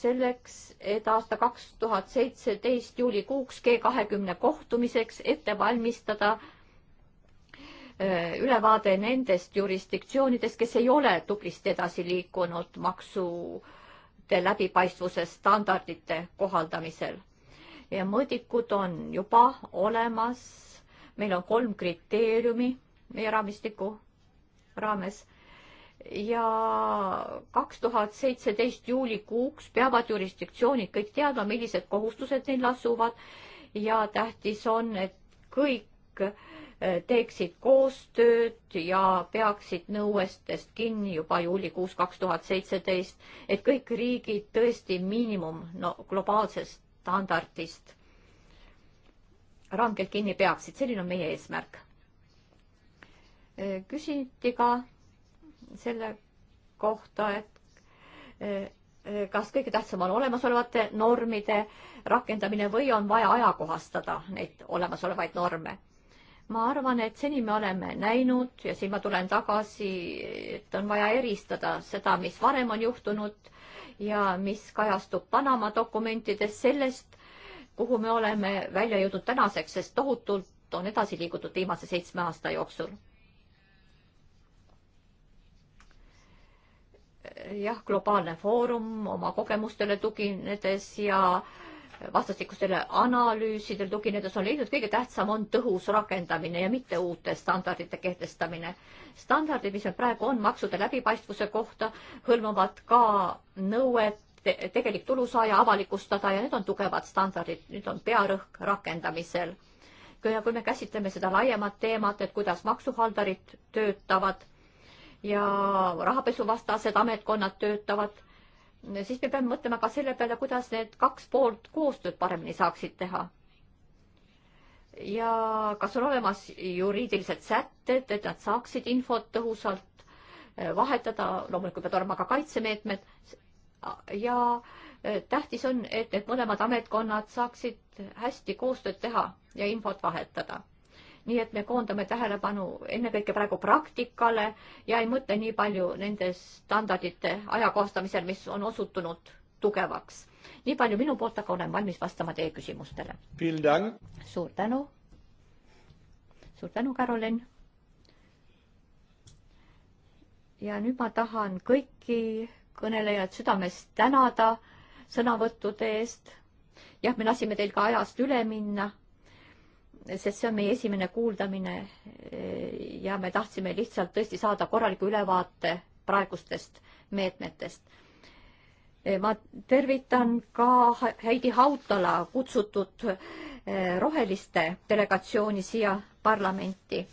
selleks, et aasta kaks tuhat seitseteist juulikuuks G kahekümne kohtumiseks ette valmistada äh, Äh, ülevaade nendest jurisdiktsioonidest, kes ei ole tublisti edasi liikunud maksude läbipaistvuse standardite kohaldamisel. ja mõõdikud on juba olemas, meil on kolm kriteeriumi meie raamistiku raames ja kaks tuhat seitseteist juulikuuks peavad jurisdiktsioonid kõik teadma, millised kohustused neil asuvad ja tähtis on, et kõik teeksid koostööd ja peaksid nõuestest kinni juba juulikuus kaks tuhat seitseteist, et kõik riigid tõesti miinimum no, globaalsest standardist rangelt kinni peaksid, selline on meie eesmärk. küsiti ka selle kohta, et eh, kas kõige tähtsam on olemasolevate normide rakendamine või on vaja ajakohastada neid olemasolevaid norme ma arvan, et seni me oleme näinud ja siin ma tulen tagasi, et on vaja eristada seda, mis varem on juhtunud ja mis kajastub Panama dokumentides sellest, kuhu me oleme välja jõudnud tänaseks, sest tohutult on edasi liigutud viimase seitsme aasta jooksul. jah, globaalne foorum oma kogemustele tuginedes ja äh, vastastikustele analüüsidel tuginedes on leidnud, kõige tähtsam on tõhus rakendamine ja mitte uute standardite kehtestamine. standardid, mis meil praegu on maksude läbipaistvuse kohta, hõlmavad ka nõuet te tegelik tulusaaja avalikustada ja need on tugevad standardid, nüüd on pearõhk rakendamisel. ja kui me käsitleme seda laiemat teemat, et kuidas maksuhaldarid töötavad ja rahapesuvastased ametkonnad töötavad siis me peame mõtlema ka selle peale, kuidas need kaks poolt koostööd paremini saaksid teha. ja kas on olemas juriidilised sätted, et nad saaksid infot tõhusalt eh, vahetada, loomulikult peavad olema ka kaitsemeetmed ja eh, tähtis on, et need mõlemad ametkonnad saaksid hästi koostööd teha ja infot vahetada nii et me koondame tähelepanu ennekõike praegu praktikale ja ei mõtle nii palju nende standardite ajakohastamisel, mis on osutunud tugevaks. nii palju minu poolt, aga olen valmis vastama teie küsimustele. suur tänu. suur tänu, Karolin. ja nüüd ma tahan kõiki kõnelejad südamest tänada sõnavõttude eest. jah, me lasime teil ka ajast üle minna sest see on meie esimene kuuldamine eh, ja me tahtsime lihtsalt tõesti saada korraliku ülevaate praegustest meetmetest. Eh, ma tervitan ka Heidi Hautala kutsutud eh, roheliste delegatsiooni siia parlamenti.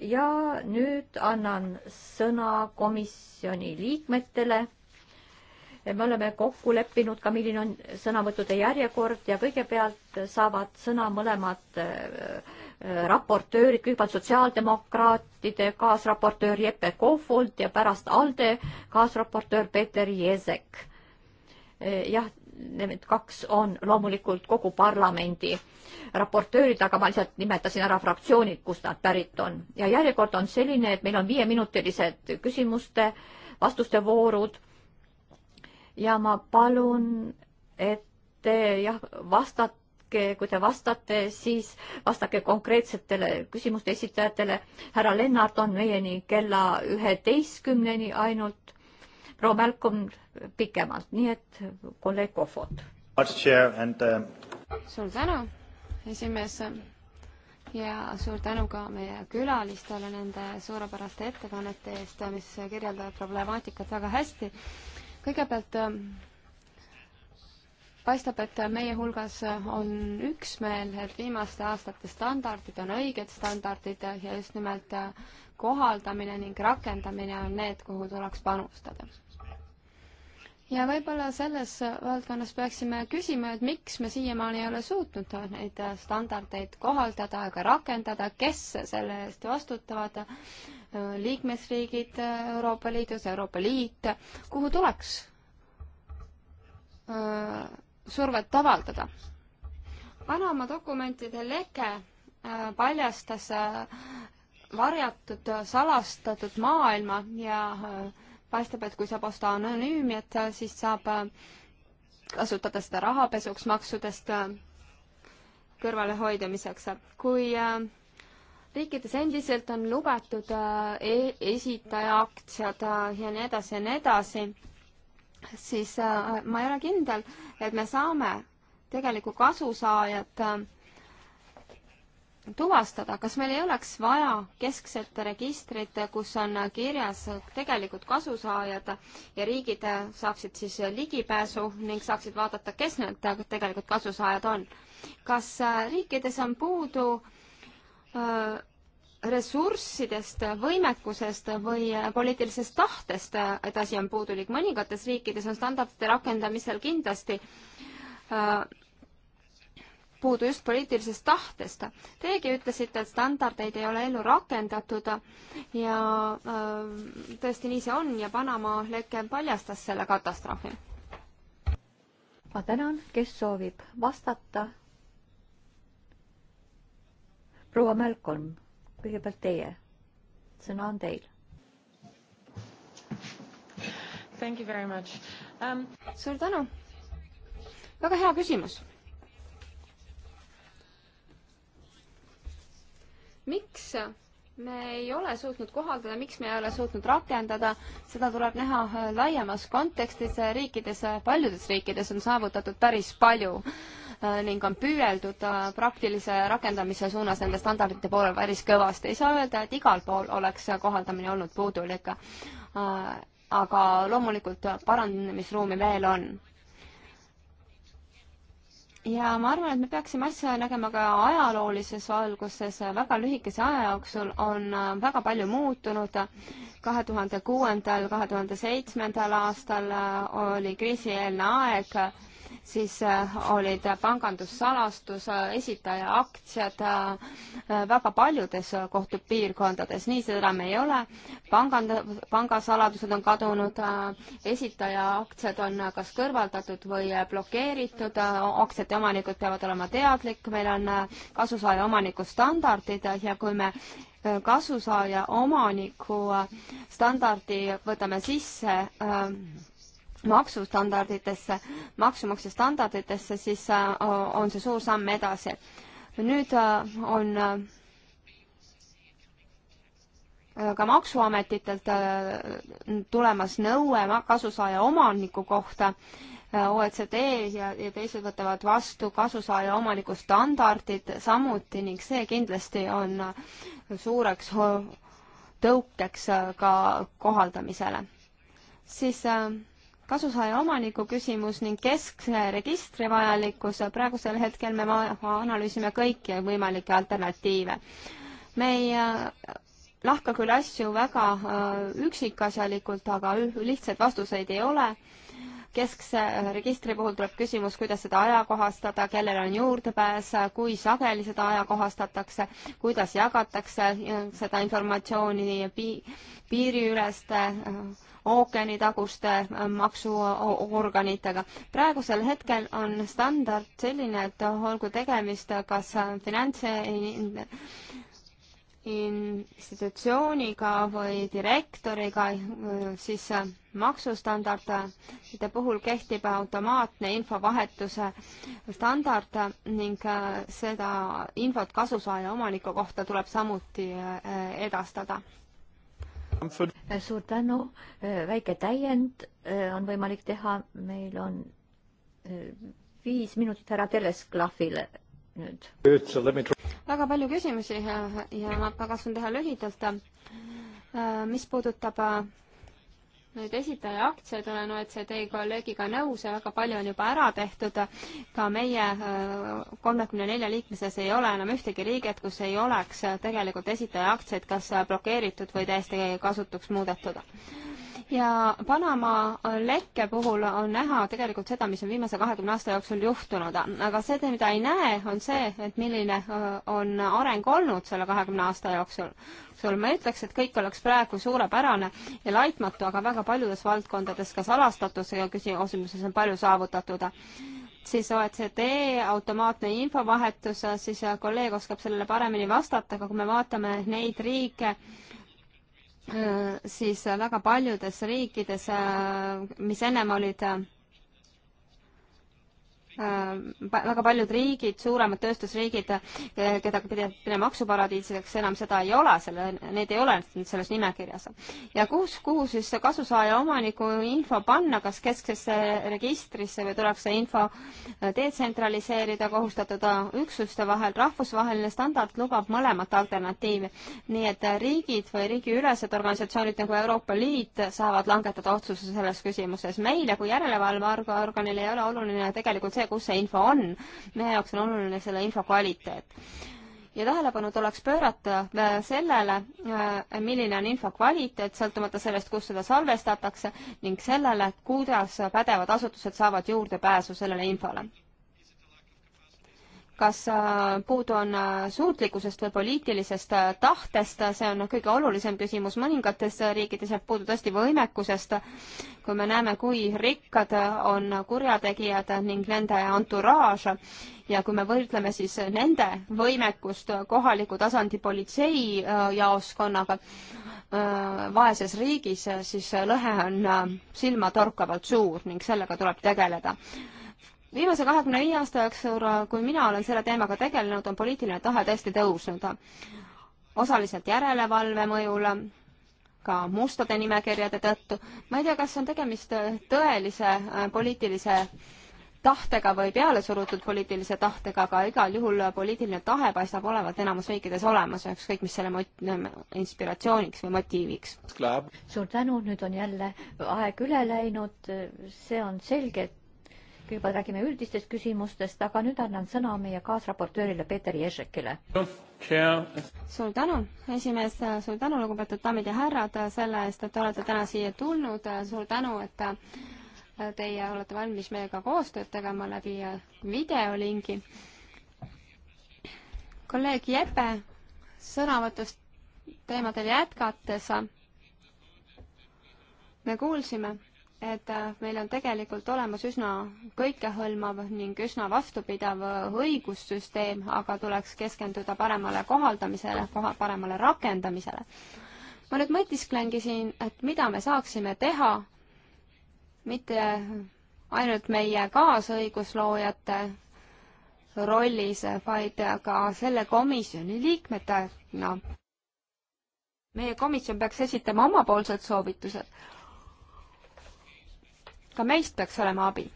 ja nüüd annan sõna komisjoni liikmetele me oleme kokku leppinud ka, milline on sõnavõttude järjekord ja kõigepealt saavad sõna mõlemad äh, äh, raportöörid, kõigepealt sotsiaaldemokraatide kaasraportöör Jeppe Kohvolt ja pärast ALDE kaasraportöör Peeter Jezek. Äh, jah, need kaks on loomulikult kogu parlamendi raportöörid, aga ma lihtsalt nimetasin ära fraktsioonid, kust nad pärit on. ja järjekord on selline, et meil on viieminutilised küsimuste, vastuste voorud ja ma palun, et te jah, vastake, kui te vastate, siis vastake konkreetsetele küsimuste esitajatele. härra Lennart on meieni kella üheteistkümneni ainult, proua Malcolm pikemalt, nii et kolleeg Kohvot. Uh, suur tänu, esimees ja suur tänu ka meie külalistele nende suurepäraste ettekannete eest, mis kirjeldavad problemaatikat väga hästi kõigepealt ähm, paistab, et meie hulgas on üksmeel, et viimaste aastate standardid on õiged standardid ja just nimelt äh, kohaldamine ning rakendamine on need, kuhu tuleks panustada ja võib-olla selles valdkonnas peaksime küsima, et miks me siiamaani ei ole suutnud neid standardeid kohaldada ega rakendada, kes selle eest vastutavad, liikmesriigid Euroopa Liidus, Euroopa Liit, kuhu tuleks öö, survet avaldada. Panama dokumentide leke öö, paljastas öö, varjatud, salastatud maailma ja öö, paistab, et kui saab osta anonüümi, et siis saab äh, kasutada seda rahapesuks, maksudest äh, kõrvalehoidmiseks. kui äh, riikides endiselt on lubatud e esitaja aktsiad ja nii edasi ja nii edasi, siis ma ei ole kindel, et me saame tegelikku kasusaajat tuvastada, kas meil ei oleks vaja keskset registrit, kus on kirjas tegelikud kasusaajad ja riigid saaksid siis ligipääsu ning saaksid vaadata, kes need tegelikud kasusaajad on. kas riikides on puudu öö, ressurssidest, võimekusest või poliitilisest tahtest, et asi on puudulik. mõningates riikides on standardite rakendamisel kindlasti öö, puudu just poliitilisest tahtest. Teiegi ütlesite, et standardeid ei ole ellu rakendatud ja äh, tõesti nii see on ja Panama leke paljastas selle katastroofi. ma tänan, kes soovib vastata? proua Mälkolm, kõigepealt teie, sõna on teil. Thank you very much um.... suur tänu. väga hea küsimus miks me ei ole suutnud kohaldada, miks me ei ole suutnud rakendada, seda tuleb näha äh, laiemas kontekstis, äh, riikides, äh, paljudes riikides on saavutatud päris palju ning on püüeldud praktilise rakendamise suunas nende standardite poole päris kõvasti. ei saa öelda, et igal pool oleks kohaldamine olnud puudulik. aga loomulikult parandamisruumi veel on ja ma arvan, et me peaksime asja nägema ka ajaloolises valguses, väga lühikese aja jooksul on äh, väga palju muutunud. kahe tuhande kuuendal, kahe tuhande seitsmendal aastal äh, oli kriisieelne aeg siis äh, olid pangandussalastus, äh, esitaja aktsiad, äh, väga paljudes kohtupiirkondades, nii seda enam ei ole. pangand-, pangasaladused on kadunud, esitaja aktsiad on kas kõrvaldatud või blokeeritud, aktsiate omanikud peavad olema teadlik, meil on kasusaaja omaniku standardid ja kui me kasusaaja omaniku standardi võtame sisse äh, maksustandarditesse, maksumaksja standarditesse, siis äh, on see suur samm edasi. nüüd äh, on äh, ka maksuametitelt tulemas nõue kasusaaja omaniku kohta. OECD ja, ja teised võtavad vastu kasusaaja omaniku standardid samuti ning see kindlasti on suureks tõukeks ka kohaldamisele. siis äh, kasusaaja omaniku küsimus ning keskse registri vajalikkus, praegusel hetkel me analüüsime kõiki võimalikke alternatiive. me ei äh, lahka küll asju väga äh, üksikasjalikult, aga lihtsaid vastuseid ei ole keskse äh, registri puhul tuleb küsimus, kuidas seda ajakohastada, kellel on juurdepääs, kui sageli seda ajakohastatakse, kuidas jagatakse äh, seda informatsiooni pi-, piiriüleste äh, ookeanitaguste maksuorganitega. praegusel hetkel on standard selline, et olgu tegemist kas finants institutsiooniga või direktoriga, siis maksustandardite puhul kehtib automaatne infovahetuse standard ning seda infot kasusaaja omaniku kohta tuleb samuti edastada. suur tänu, väike täiend on võimalik teha, meil on viis minutit härra Telesklahvile nüüd? väga palju küsimusi ja ma katsun teha lühidalt. Äh, mis puudutab äh, nüüd esitaja aktsiaid, olen OECD kolleegiga nõus ja väga palju on juba ära tehtud. ka meie äh, kolmekümne nelja liikmeses ei ole enam ühtegi riiget, kus ei oleks tegelikult esitaja aktsiaid kas blokeeritud või täiesti kasutuks muudetud ja Panama lekke puhul on näha tegelikult seda, mis on viimase kahekümne aasta jooksul juhtunud, aga see, mida ei näe, on see, et milline äh, on areng olnud selle kahekümne aasta jooksul. sul ma ütleks, et kõik oleks praegu suurepärane ja laitmatu, aga väga paljudes valdkondades ka salastatuse küsimuses on palju saavutatud siis OECD automaatne infovahetus, siis kolleeg oskab sellele paremini vastata, aga kui me vaatame neid riike, Äh, siis äh, väga paljudes riikides, äh, mis ennem olid Äh, väga paljud riigid, suuremad tööstusriigid, äh, keda pidada maksuparadiisideks, enam seda ei ole, selle, need ei ole selles nimekirjas. ja kus, kuhu siis see kasusaaja omaniku info panna, kas kesksesse registrisse või tuleks see info äh, detsentraliseerida kohustatud üksuste vahel, rahvusvaheline standard lubab mõlemat alternatiivi. nii et riigid või riigiülesed organisatsioonid nagu Euroopa Liit saavad langetada otsuse selles küsimuses. meile kui järelevalveorganile ei ole oluline tegelikult see, kus see info on. meie jaoks on oluline selle info kvaliteet ja tähelepanu tuleks pöörata äh, sellele, äh, milline on info kvaliteet, sõltumata sellest, kus seda salvestatakse, ning sellele, kuidas pädevad asutused saavad juurdepääsu sellele infole kas äh, puudu on äh, suutlikkusest või poliitilisest äh, tahtest, see on kõige olulisem küsimus, mõningates riikides jääb puudu tõesti võimekusest, kui me näeme, kui rikkad on kurjategijad ning nende entouraaž ja kui me võrdleme siis nende võimekust kohaliku tasandi politseijaoskonnaga vaeses riigis, siis lõhe on silmatorkavalt suur ning sellega tuleb tegeleda viimase kahekümne viie aasta jooksul, kui mina olen selle teemaga tegelenud, on poliitiline tahe tõesti tõusnud. osaliselt järelevalve mõjul, ka mustade nimekirjade tõttu. ma ei tea, kas on tegemist tõelise äh, poliitilise tahtega või pealesurutud poliitilise tahtega, aga igal juhul poliitiline tahe paistab olevat enamus riikides olemas, ükskõik mis selle mot-, äh, inspiratsiooniks või motiiviks. suur tänu, nüüd on jälle aeg üle läinud, see on selge, et kõigepealt räägime üldistest küsimustest, aga nüüd annan sõna meie kaasraportöörile Peeter Ježekile. suur tänu, esimees, suur tänu, lugupeetud daamid ja härrad, selle eest, et olete täna siia tulnud, suur tänu, et teie olete valmis meiega koostööd tegema läbi videolingi. kolleeg Jeppe sõnavõtust teemadel jätkates me kuulsime, et äh, meil on tegelikult olemas üsna kõikehõlmav ning üsna vastupidav õigussüsteem, aga tuleks keskenduda paremale kohaldamisele, koha, paremale rakendamisele. ma nüüd mõtisklengi siin, et mida me saaksime teha, mitte ainult meie kaasõigusloojate rollis, vaid ka selle komisjoni liikmetena no.. meie komisjon peaks esitama omapoolsed soovitused ka meist peaks olema abi.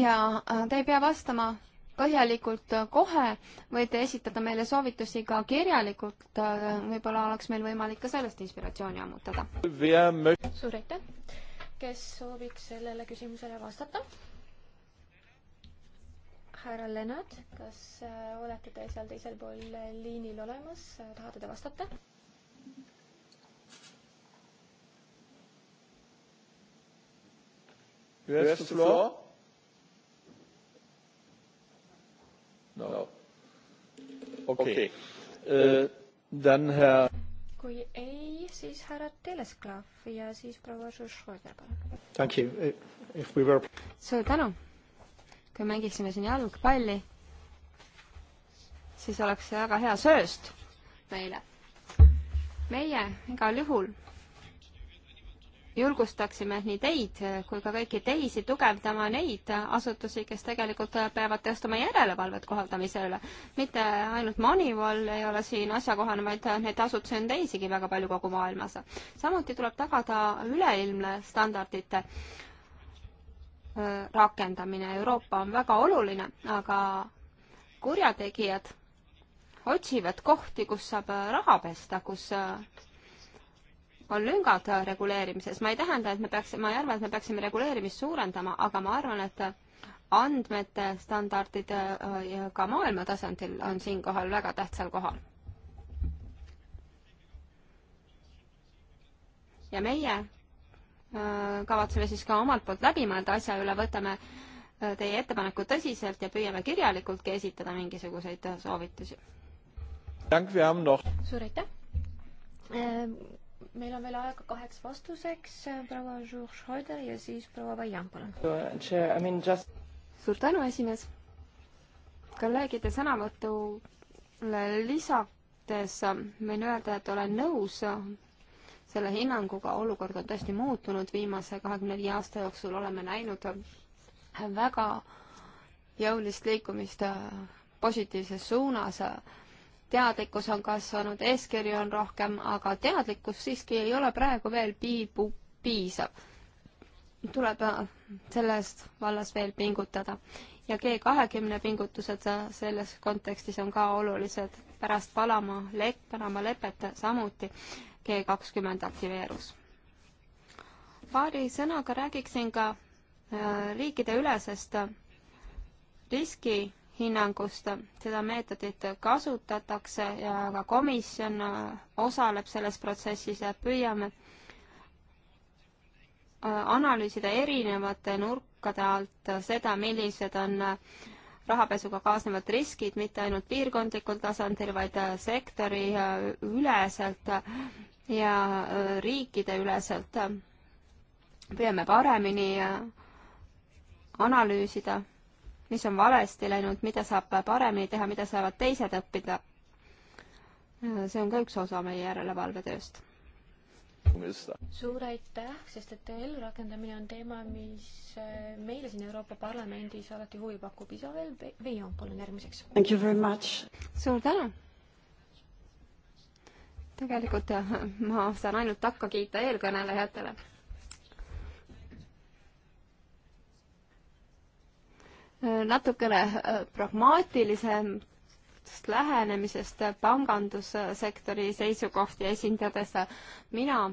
ja äh, te ei pea vastama põhjalikult äh, kohe, võite esitada meile soovitusi ka kirjalikult, äh, võib-olla oleks meil võimalik ka sellest inspiratsiooni ammutada. suur aitäh! kes sooviks sellele küsimusele vastata? härra Lennart, kas olete te seal teisel pool liinil olemas, tahate te vastata? You have, you have the, the floor? floor? No. okei okay. okay.. Dann uh, uh, Herr kui ei, siis härra Telesklav ja siis proua Šošoida, palun. Thank you. Uh, if we were... suur tänu. kui mängiksime siin jalgpalli, siis oleks see väga hea sööst meile. meie igal juhul julgustaksime nii teid kui ka kõiki teisi tugevdama neid asutusi, kes tegelikult peavad teostama järelevalvet kohaldamise üle. mitte ainult Moneyval ei ole siin asjakohane, vaid neid asutusi on teisigi väga palju kogu maailmas. samuti tuleb tagada üleilmne standardite äh, rakendamine. Euroopa on väga oluline, aga kurjategijad otsivad kohti, kus saab raha pesta, kus äh, on lüngad äh, reguleerimises, ma ei tähenda, et me peaks, ma ei arva, et me peaksime reguleerimist suurendama, aga ma arvan, et andmete standardid äh, ja ka maailma tasandil on siinkohal väga tähtsal kohal. ja meie äh, kavatseme siis ka omalt poolt läbi mõelda asja üle, võtame teie ettepanekud tõsiselt ja püüame kirjalikultki esitada mingisuguseid soovitusi. suur aitäh! meil on veel aega kaheks vastuseks, proua Schroeder ja siis proua Vaian, palun. suur tänu, esimees. kolleegide sõnavõtule lisates võin öelda, et olen nõus selle hinnanguga, olukord on tõesti muutunud viimase kahekümne viie aasta jooksul, oleme näinud väga jõulist liikumist positiivses suunas teadlikkus on kasvanud, eeskirju on rohkem, aga teadlikkus siiski ei ole praegu veel piibu, piisav. tuleb äh, sellest vallas veel pingutada. ja G kahekümne pingutused selles kontekstis on ka olulised. pärast Palama lek-, Panama lepet samuti G kakskümmend aktiveerus. paari sõnaga räägiksin ka äh, riikideülesest riski hinnangust. seda meetodit kasutatakse ja ka komisjon osaleb selles protsessis ja püüame äh, analüüsida erinevate nurkade alt seda, millised on äh, rahapesuga kaasnevad riskid mitte ainult piirkondlikul tasandil, vaid äh, sektori üleselt ja riikide üleselt. püüame paremini analüüsida mis on valesti läinud, mida saab paremini teha, mida saavad teised õppida. see on ka üks osa meie järelevalvetööst. suur aitäh, sest et ellurakendamine on teema, mis äh, meile siin Euroopa Parlamendis alati huvi pakub. Isabel Veijon, palun järgmiseks. suur tänu tegelikult äh, ma saan ainult takka kiita eelkõnelejatele Äh, natukene äh, pragmaatilisemast lähenemisest pangandussektori seisukohti esindades äh, mina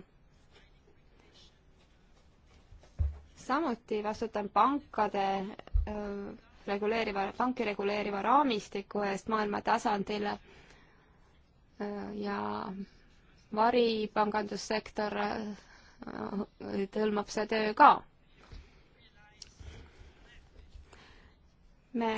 samuti vastutan pankade reguleeriva, panki reguleeriva raamistiku eest maailma tasandil ja varipangandussektor hõlmab see töö ka me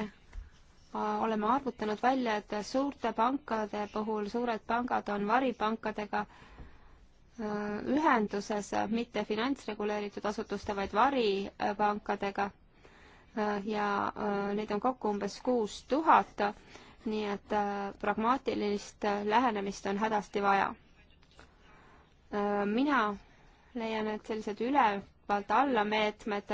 äh, oleme arvutanud välja, et suurte pankade puhul suured pangad on varipankadega äh, ühenduses, mitte finantsreguleeritud asutuste, vaid varipankadega. Äh, ja neid on kokku umbes kuus tuhat, nii et pragmaatilist lähenemist on hädasti vaja. mina leian, et sellised ülevalt alla meetmed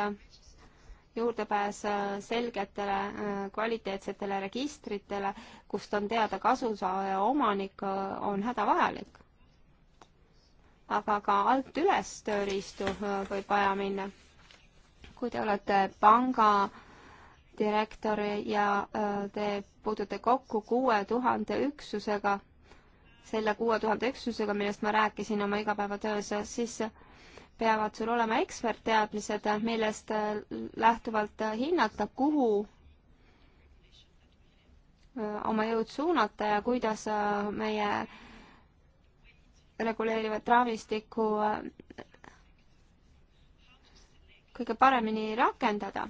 juurdepääs äh, selgetele äh, kvaliteetsetele registritele, kust on teada kasusaaja omanik, äh, on hädavajalik. aga ka alt üles tööriistu võib vaja minna. kui te olete panga direktor ja te puutute kokku kuue tuhande üksusega, selle kuue tuhande üksusega, millest ma rääkisin oma igapäevatöös, siis peavad sul olema ekspertteadmised, millest äh, lähtuvalt äh, hinnata, kuhu äh, oma jõud suunata ja kuidas meie reguleerivat raamistikku kõige paremini rakendada.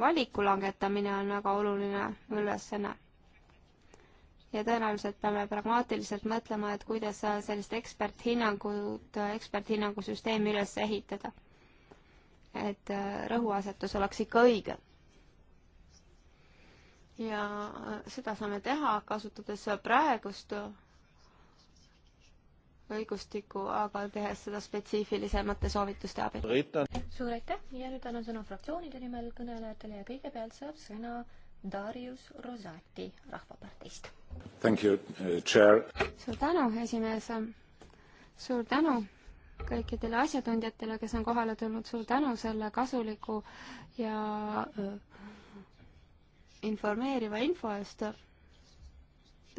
valiku langetamine on väga oluline ülesanne ja tõenäoliselt peame pragmaatiliselt mõtlema, et kuidas sellist eksperthinnangut, eksperthinnangu süsteemi üles ehitada. et äh, rõhuasetus oleks ikka õige. ja äh, seda saame teha, kasutades praegust õigustikku, aga tehes seda spetsiifilisemate soovituste abil. suur aitäh ja nüüd annan sõna fraktsioonide nimel kõnelejatele ja kõigepealt saab sõna Darius Rosati Rahvaparteist. Eh, suur tänu, esimees. suur tänu kõikidele asjatundjatele, kes on kohale tulnud, suur tänu selle kasuliku ja eh, informeeriva info eest.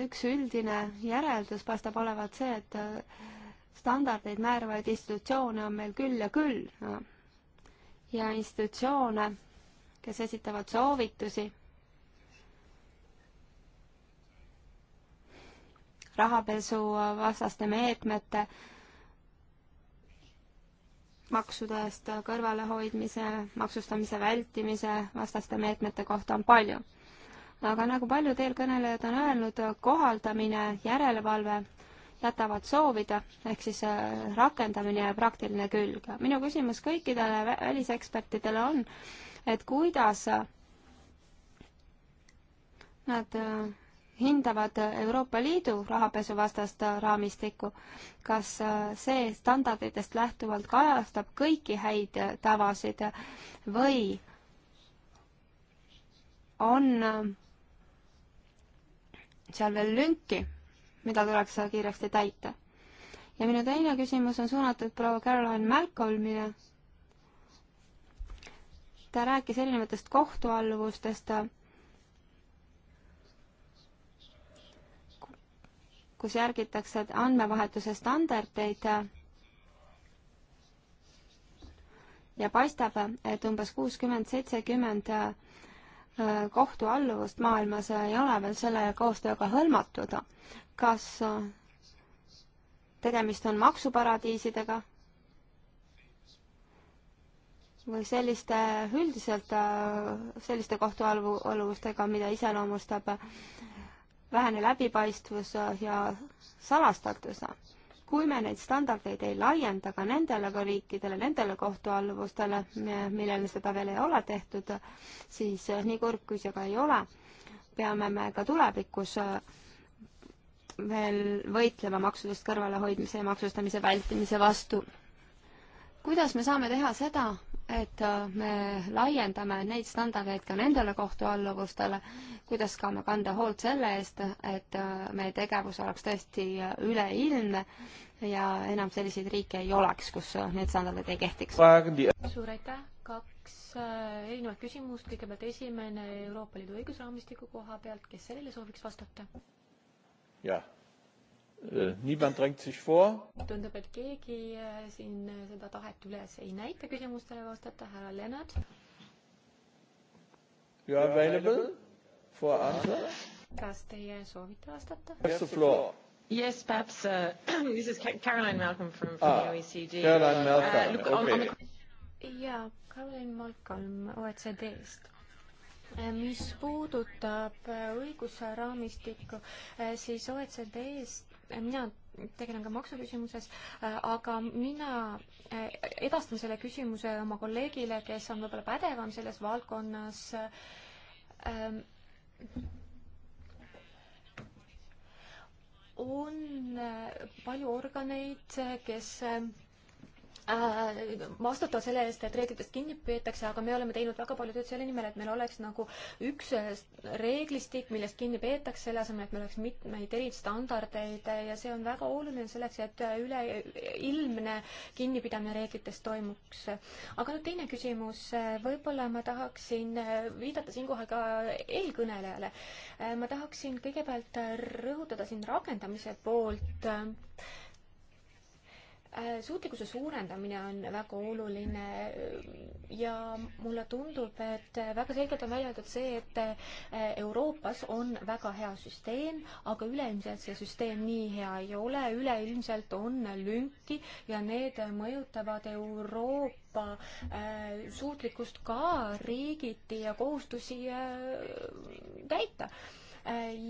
üks üldine järeldus paistab olevat see, et eh, standardeid määravaid institutsioone on meil küll ja küll ja institutsioone, kes esitavad soovitusi rahapesuvastaste meetmete, maksudest kõrvalehoidmise, maksustamise vältimise vastaste meetmete kohta on palju. aga nagu paljud eelkõnelejad on öelnud, kohaldamine, järelevalve jätavad soovida, ehk siis äh, rakendamine ja praktiline külg. minu küsimus kõikidele välisekspertidele on, et kuidas nad äh, hindavad Euroopa Liidu rahapesuvastast raamistikku. kas äh, see standarditest lähtuvalt kajastab kõiki häid tavasid või on äh, seal veel lünki, mida tuleks kiiresti täita? ja minu teine küsimus on suunatud proua Caroline Malcolmile. ta rääkis erinevatest kohtualluvustest kus järgitakse andmevahetuse standardeid ja paistab, et umbes kuuskümmend, seitsekümmend äh, kohtualluvust maailmas ei ole veel selle koostööga hõlmatud. kas äh, tegemist on maksuparadiisidega või selliste üldiselt äh, selliste kohtualluvustega, mida iseloomustab vähene läbipaistvus ja salastatus. kui me neid standardeid ei laienda ka nendele riikidele, nendele kohtualluvustele, millel seda veel ei ole tehtud, siis nii kurb kui see ka ei ole, peame me ka tulevikus veel võitlema maksudest kõrvalehoidmise ja maksustamise vältimise vastu kuidas me saame teha seda, et äh, me laiendame neid standardeid ka nendele kohtualluvustele, kuidas ka me kanda hoolt selle eest, et äh, meie tegevus oleks tõesti äh, üleilmne ja enam selliseid riike ei oleks, kus need standardid ei kehtiks. suur aitäh, kaks erinevat küsimust, kõigepealt esimene Euroopa Liidu õigusraamistiku koha pealt, kes sellele sooviks vastata? jah Äh, niemand drängt sich vor. tundub, et keegi äh, siin äh, seda tahet üles ei näita küsimustele vastata, härra Lennart. You are available for answer? kas teie soovite vastata? Yes, the floor. Yes, perhaps uh, *clears throat* this is Caroline Malcolm from, from ah, the OECD. Caroline uh, Malcolm, uh, look, okay. On, on the... jaa, Caroline Malcolm OECD-st mis puudutab õigusraamistikku, siis OECD-s mina tegelen ka maksuküsimuses, äh, aga mina äh, edastan selle küsimuse oma kolleegile, kes on võib-olla pädevam selles valdkonnas. Ähm, on äh, palju organeid, kes Äh, vastuta selle eest, et reeglitest kinni peetakse, aga me oleme teinud väga palju tööd selle nimel, et meil oleks nagu üks äh, reeglistik, millest kinni peetakse, selle asemel, et meil oleks mitmeid eristandardeid äh, ja see on väga oluline selleks, et üleilmne kinnipidamine reeglitest toimuks. aga nüüd teine küsimus, võib-olla ma tahaksin viidata siinkohal ka eelkõnelejale. ma tahaksin kõigepealt rõhutada siin rakendamise poolt Äh, suutlikkuse suurendamine on väga oluline äh, ja mulle tundub, et äh, väga selgelt on välja öeldud see, et Euroopas on väga hea süsteem, aga üleilmselt see süsteem nii hea ei ole, üleilmselt on lünki ja need mõjutavad Euroopa suutlikkust ka riigiti ja kohustusi täita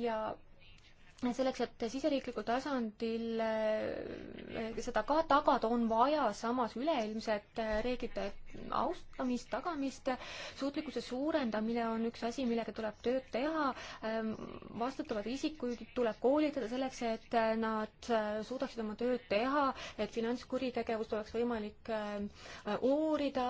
ja selleks, et siseriiklikul tasandil eh, seda ka tagada, on vaja samas üleilmset eh, reeglite austamist, tagamist, suutlikkuse suurendamine on üks asi, millega tuleb tööd teha, ähm, vastutavaid isikuid tuleb koolitada selleks, et äh, nad äh, suudaksid oma tööd teha, et finantskuritegevust oleks võimalik ähm, uurida,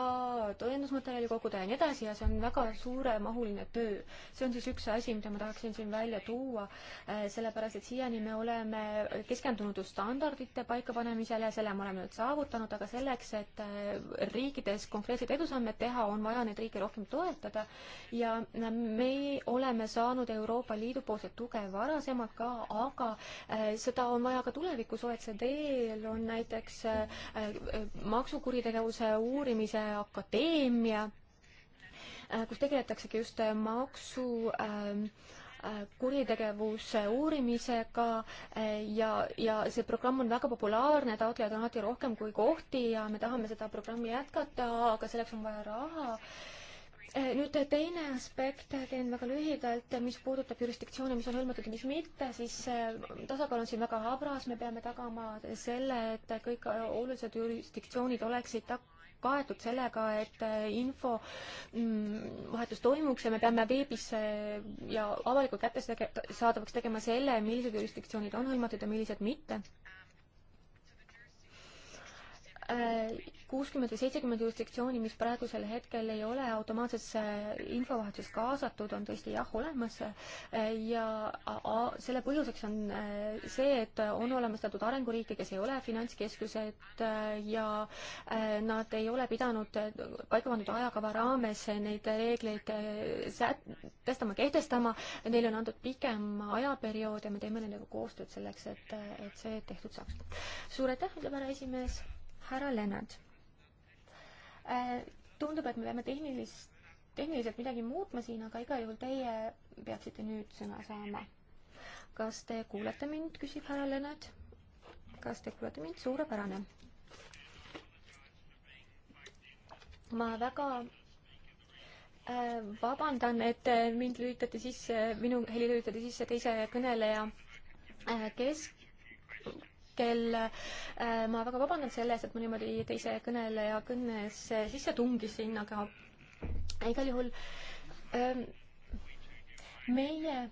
tõendusmaterjali koguda ja nii edasi ja see on väga suuremahuline töö. see on siis üks asi, mida ma tahaksin siin välja tuua, äh, sellepärast et siiani me oleme keskendunud ju standardite paikapanemisele, selle me oleme nüüd saavutanud, aga selleks, et riikides konkreetseid edusamme teha, on vaja neid riike rohkem toetada ja me oleme saanud Euroopa Liidu poolset tuge varasemalt ka, aga äh, seda on vaja ka tulevikus. OECD-l on näiteks äh, äh, maksukuritegevuse uurimise akadeemia, kus tegeletaksegi just maksu äh, kuritegevuse uurimisega eh, ja, ja see programm on väga populaarne, taotlejaid on alati rohkem kui kohti ja me tahame seda programmi jätkata, aga selleks on vaja raha eh, nüüd teine aspekt, teen väga lühidalt, mis puudutab jurisdiktsioone, mis on hõlmatud ja mis mitte, siis eh, tasakaal on siin väga habras, me peame tagama selle, et kõik olulised jurisdiktsioonid oleksid tak-, kaetud sellega, et äh, info mm, vahetus toimuks ja me peame veebis äh, ja avalikult kättesaadavaks tegema selle, millised jurisdiktsioonid on hõlmatud ja millised mitte äh, kuuskümmend või seitsekümmend jurisdiktsiooni, mis praegusel hetkel ei ole automaatsesse äh, infovahetusse kaasatud, on tõesti jah olemas ja selle põhjuseks on äh, see, et on olemas teatud arenguriike, kes ei ole finantskeskused äh, ja nad ei ole pidanud paika pandud ajakava raames neid reegleid sätestama, kehtestama, neile on antud pikem ajaperiood ja me teeme nendega koostööd selleks, et, et see tehtud saaks. suur aitäh, ütleb härra esimees, härra Lennart Äh, tundub, et me peame tehnilist, tehniliselt midagi muutma siin, aga igal juhul teie peaksite nüüd sõna saama. kas te kuulete mind, küsib härra Lennart. kas te kuulete mind? suurepärane. ma väga äh, vabandan, et äh, mind lülitati sisse, minu heli lülitati sisse teise kõneleja kesk, hetkel äh, ma väga vabandan selle eest, et ma niimoodi teise kõneleja kõnes sisse tungisin, aga igal juhul ähm, meie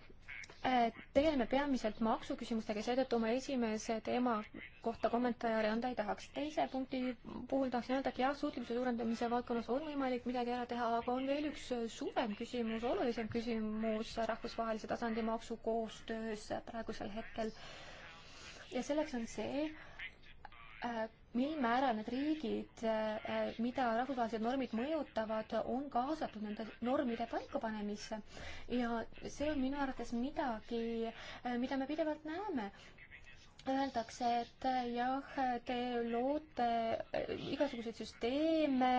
äh, tegeleme peamiselt maksuküsimustega, seetõttu oma esimese teema kohta kommentaare anda ei tahaks. teise punkti puhul tahaksin öelda, et jah, suutlikkuse suurendamise valdkonnas on võimalik midagi ära teha, aga on veel üks suurem küsimus, olulisem küsimus rahvusvahelise tasandi maksukoostöös praegusel hetkel äh, ja selleks on see, äh, mil määral need riigid, äh, mida rahvusvahelised normid mõjutavad, on kaasatud nende normide paikapanemisse. ja see on minu arvates midagi, äh, mida me pidevalt näeme öeldakse, et jah, te loote igasuguseid süsteeme,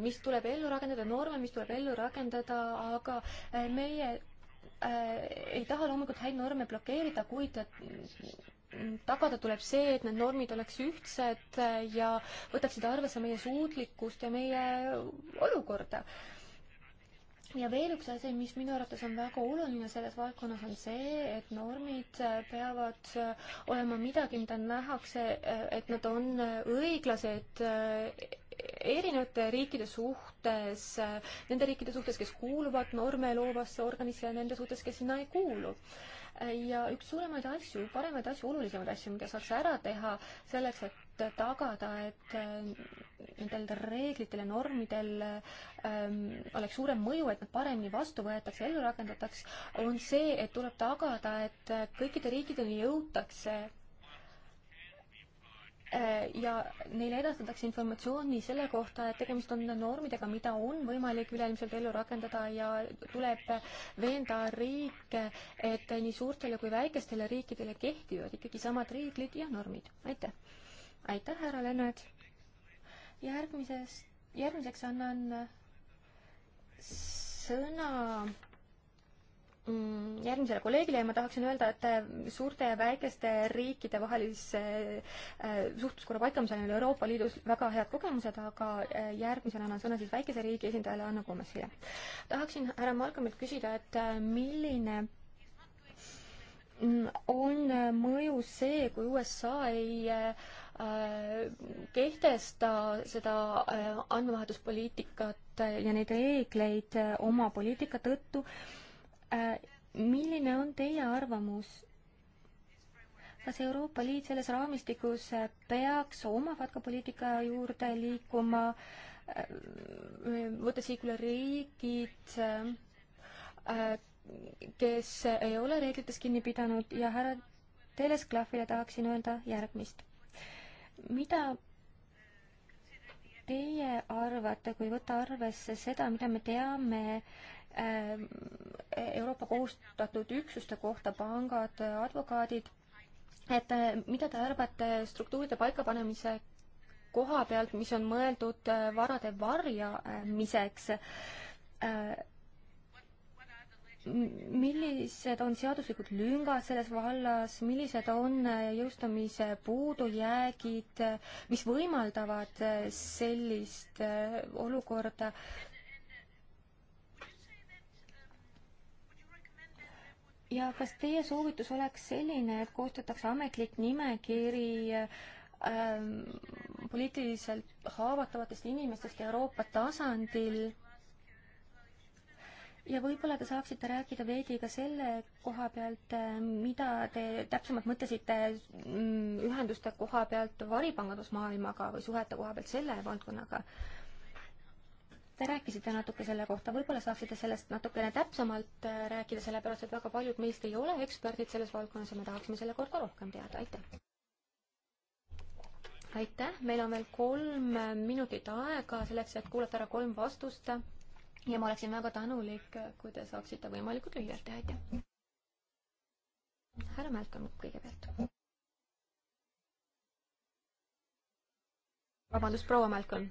mis tuleb ellu rakendada, norme, mis tuleb ellu rakendada, aga meie ei taha loomulikult häid norme blokeerida, kuid tagada tuleb see, et need normid oleks ühtsed äh, ja võtaksid arvesse meie suutlikkust ja meie olukorda. ja veel üks asi, mis minu arvates on väga oluline selles valdkonnas, on see, et normid äh, peavad äh, olema midagi, mida nähakse, et nad on õiglased erinevate riikide suhtes, nende riikide suhtes, kes kuuluvad norme loovasse organisse ja nende suhtes, kes sinna ei kuulu ja üks suuremaid asju, paremaid asju, olulisemaid asju, mida saaks ära teha selleks, et tagada, et äh, nendel reeglitel ja normidel ähm, oleks suurem mõju, et nad paremini vastu võetakse, ellu rakendataks, on see, et tuleb tagada, et äh, kõikide riikideni jõutakse Äh, ja neile edastatakse informatsiooni selle kohta, et tegemist on normidega, mida on võimalik üleilmselt ellu rakendada ja tuleb veenda riike, et nii suurtele kui väikestele riikidele kehtivad ikkagi samad reeglid ja normid. aitäh! aitäh, härra Lennart! järgmises, järgmiseks annan sõna Mm, järgmisele kolleegile ja ma tahaksin öelda, et äh, suurte ja väikeste riikide vahelise äh, suhtluskorra paikamisel on Euroopa Liidus väga head kogemused, aga äh, järgmisena annan sõna siis väikese riigi esindajale Anna Komasile. tahaksin härra Malcolmilt küsida, et milline mm, on mõju see, kui USA ei kehtesta seda andmevahetuspoliitikat ja neid reegleid oma poliitika tõttu äh, Äh, milline on teie arvamus? kas Euroopa Liit selles raamistikus peaks oma fatkapoliitika juurde liikuma, äh, võttes liikule riigid, äh, kes ei ole reeglitest kinni pidanud ja härra Telesklahvile tahaksin öelda järgmist. mida teie arvate, kui võtta arvesse seda, mida me teame Ehm, Euroopa kohustatud üksuste kohta, pangad, advokaadid, et eh, mida te arvate struktuuride paikapanemise koha pealt, mis on mõeldud eh, varade varjamiseks? Ehm, millised on seaduslikud lüngad selles vallas, millised on eh, jõustamise puudujäägid, mis võimaldavad sellist olukorda äh, ja kas teie soovitus oleks selline, et koostatakse ametlik nimekiri ähm, poliitiliselt haavatavatest inimestest Euroopa tasandil? ja võib-olla te saaksite rääkida veidi ka selle koha pealt, äh, mida te täpsemalt mõtlesite mm, ühenduste koha pealt varipangandusmaailmaga või suhete koha pealt selle valdkonnaga äh, Te rääkisite natuke selle kohta, võib-olla saaksite sellest natukene täpsemalt äh, rääkida, sellepärast et väga paljud meist ei ole eksperdid selles valdkonnas ja me tahaksime selle kohta rohkem teada, aitäh! aitäh, meil on veel kolm äh, minutit aega selleks, et kuulata ära kolm vastust ja ma oleksin väga tänulik, äh, kui te saaksite võimalikult lühidalt teha, aitäh! härra Mälkam kõigepealt vabandust, proua Malcolm.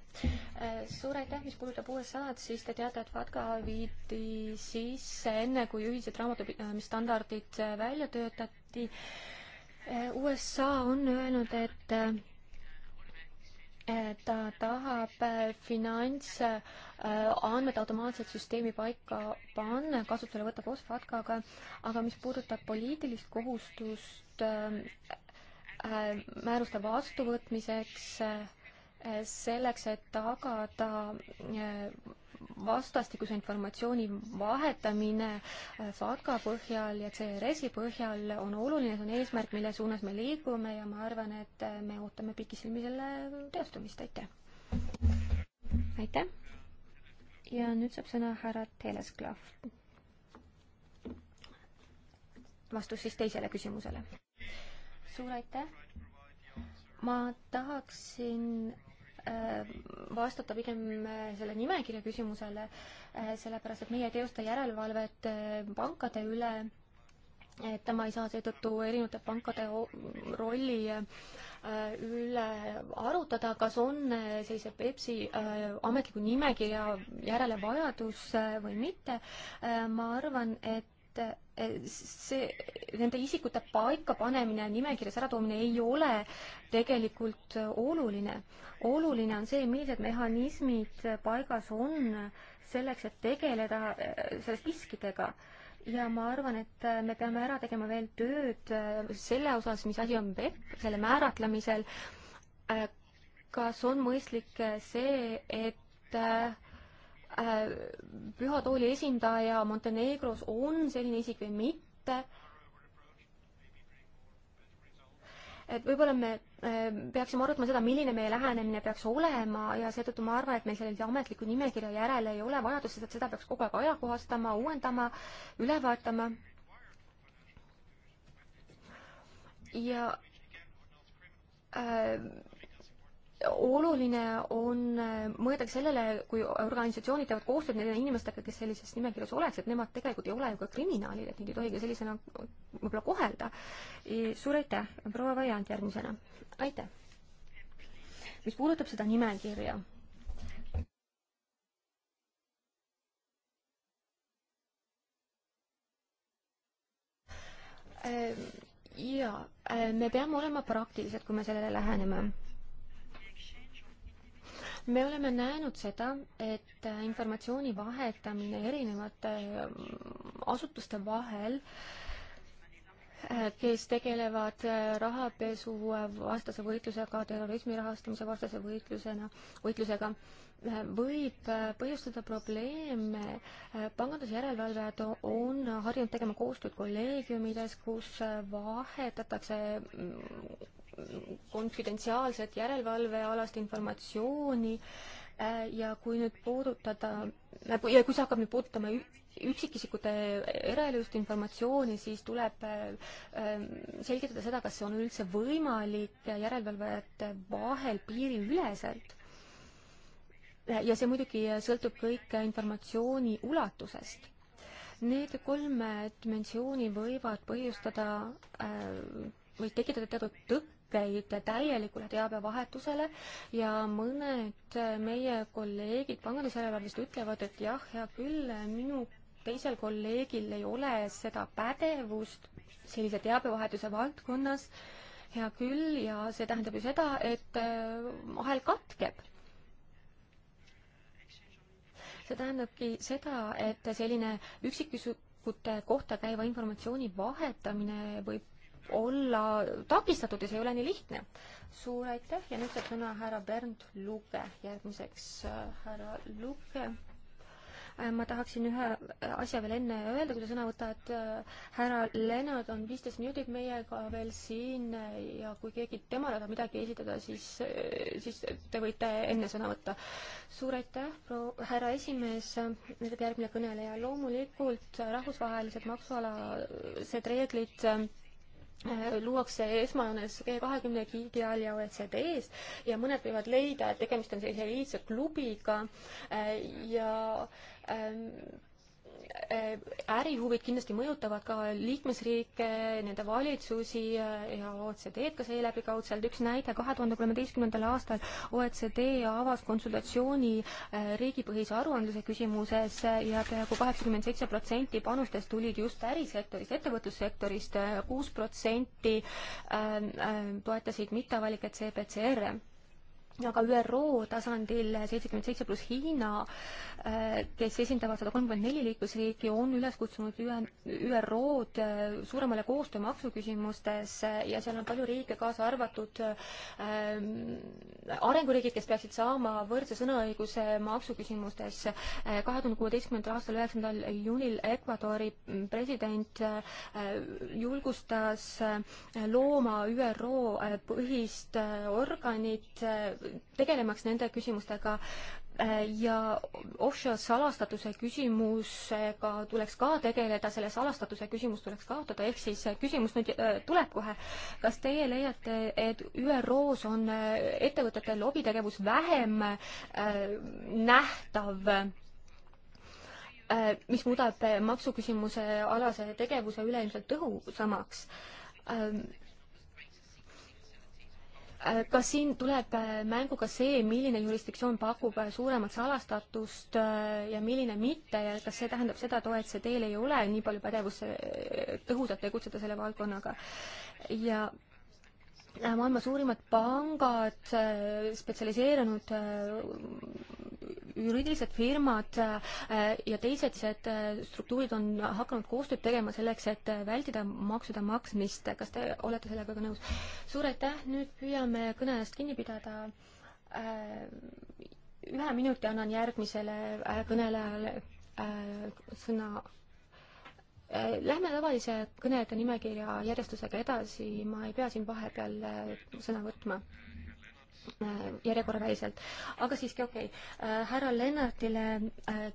Äh, suur aitäh, mis puudutab USA-d, siis te teate, et FATCA viidi sisse enne, kui ühised raamatupidamisstandardid äh, välja töötati. Äh, USA on öelnud, et ta tahab finantsandmed automaatselt süsteemi paika panna, kasutusele võtta koos FATCA-ga, aga mis puudutab poliitilist kohustust määruste vastuvõtmiseks, selleks, et tagada äh, vastastikuse informatsiooni vahetamine äh, FATCA põhjal ja CRS-i põhjal on oluline, see on eesmärk, mille suunas me liigume ja ma arvan, et äh, me ootame pikisilmi selle teostumist, aitäh! aitäh! ja nüüd saab sõna härra Telesklav. vastus siis teisele küsimusele. suur aitäh! ma tahaksin Äh, vastata pigem äh, selle nimekirja küsimusele, äh, sellepärast et meie ei teosta järelevalvet pankade üle, et ma ei saa seetõttu erinevate pankade rolli üle arutada, kas on sellise Pepsi ametliku nimekirja järele vajadus või mitte. ma arvan, et et see, nende isikute paikapanemine ja nimekirjas äratoomine ei ole tegelikult oluline. oluline on see, millised mehhanismid paigas on selleks, et tegeleda äh, selle riskidega ja ma arvan, et me peame ära tegema veel tööd äh, selle osas, mis asi on PEP, selle määratlemisel. Äh, kas on mõistlik see, et Äh, Püha Tooli esindaja Montenegros on selline isik või mitte. et võib-olla me äh, peaksime arutama seda, milline meie lähenemine peaks olema ja seetõttu ma arvan, et meil sellise ametliku nimekirja järele ei ole vajadust, sest et seda peaks kogu aeg ajakohastama, uuendama, üle vaatama. ja äh, oluline on äh, mõõda ka sellele, kui organisatsioonid teevad koostööd nende inimestega, kes sellises nimekirjas oleks, et nemad tegelikult ei ole ju ka kriminaalid, et neid ei tohi ka sellisena võib-olla kohelda. suur aitäh, proua Vaiand järgmisena. aitäh. mis puudutab seda nimekirja, ähm, jaa, äh, me peame olema praktilised, kui me sellele läheneme me oleme näinud seda, et informatsiooni vahetamine erinevate mm, asutuste vahel äh, kes tegelevad äh, rahapesu vastase võitlusega, terrorismi rahastamise vastase võitlusena, võitlusega, äh, võib põhjustada probleeme. pangandusjärelevalvajad on harjunud tegema koostööd kolleegiumides, kus vahetatakse mm, konfidentsiaalset järelevalvealast informatsiooni äh, ja kui nüüd puudutada, äh, ja kui see hakkab nüüd puudutama üksikisikute eraelust informatsiooni, siis tuleb äh, selgitada seda, kas see on üldse võimalik järelevalvajate vahel piiriüleselt. ja see muidugi sõltub kõik informatsiooni ulatusest need kolm dimensiooni võivad põhjustada või tekitada teatud tõkke viiteid täielikule teabevahetusele ja mõned meie kolleegid pangandusjärelevalvest ütlevad, et jah, hea küll, minu teisel kolleegil ei ole seda pädevust sellise teabevahetuse valdkonnas, hea küll, ja see tähendab ju seda, et äh, ahel katkeb see tähendabki seda, et selline üksikisikute kohta käiva informatsiooni vahetamine võib olla takistatud ja see ei ole nii lihtne. suur aitäh ja nüüd saab sõna härra Bernd Luke, järgmiseks äh, härra Luke äh, ma tahaksin ühe asja veel enne öelda, kui te sõna võtate, härra Lennart on viisteist minutit meiega veel siin äh, ja kui keegi temale tahab midagi esitada, siis, siis te võite enne sõna võtta. suur aitäh, proua, härra esimees, järgmine kõneleja, loomulikult rahvusvahelised maksualased reeglid Äh, luuakse esmajoones G20 giigi all ja OECD-s ja mõned võivad leida, et tegemist on sellise eliitse klubiga äh, ja ähm, Äh, ärihuvid kindlasti mõjutavad ka liikmesriike, nende valitsusi ja OECD-d ka seeläbi kaudselt. üks näide, kahe tuhande kolmeteistkümnendal aastal OECD avas konsultatsiooni äh, riigipõhise aruandluse küsimuses ja peaaegu kaheksakümmend seitse protsenti panustest tulid just ärisektorist, ettevõtlussektorist, kuus protsenti ähm, ähm, toetasid mitteavalikke CBCR-e aga ÜRO tasandil seitsekümmend seitse pluss Hiina, äh, kes esindavad sada kolmkümmend neli liikmesriiki, on üles kutsunud ÜRO-d äh, suuremale koostöö maksuküsimustes äh, ja seal on palju riike, kaasa arvatud ähm, arenguriigid, kes peaksid saama võrdse sõnaõiguse maksuküsimustes. kahe tuhande kuueteistkümnendal aastal, üheksandal juunil Ecuadori president julgustas looma ÜRO põhist organit tegelemaks nende küsimustega äh, ja offshore salastatuse küsimusega tuleks ka tegeleda, selle salastatuse küsimus tuleks kaotada, ehk siis küsimus nüüd äh, tuleb kohe. kas teie leiate, et ÜRO-s on äh, ettevõtete lobitegevus vähem nähtav? mis muudab maksuküsimuse alase tegevuse üleilmselt tõhusamaks ähm, Äh, kas siin tuleb äh, mängu ka see, milline jurisdiktsioon pakub äh, suuremat salastatust ja milline mitte ja kas see tähendab seda, et OECD-l ei ole nii palju pädevust tõhusalt tegutseda selle valdkonnaga? ja Äh, maailma suurimad pangad, äh, spetsialiseerunud äh, juriidilised firmad ja teised struktuurid on hakanud koostööd tegema selleks, et vältida maksude maksmist. kas te olete sellega ka nõus? suur aitäh, nüüd püüame kõne eest kinni pidada. ühe minuti annan järgmisele kõnelejale sõna Äh, lähme tavalise kõnede nimekirja järjestusega edasi, ma ei pea siin vahepeal äh, sõna võtma äh, järjekorraväliselt. aga siiski, okei okay.. härra Lennartile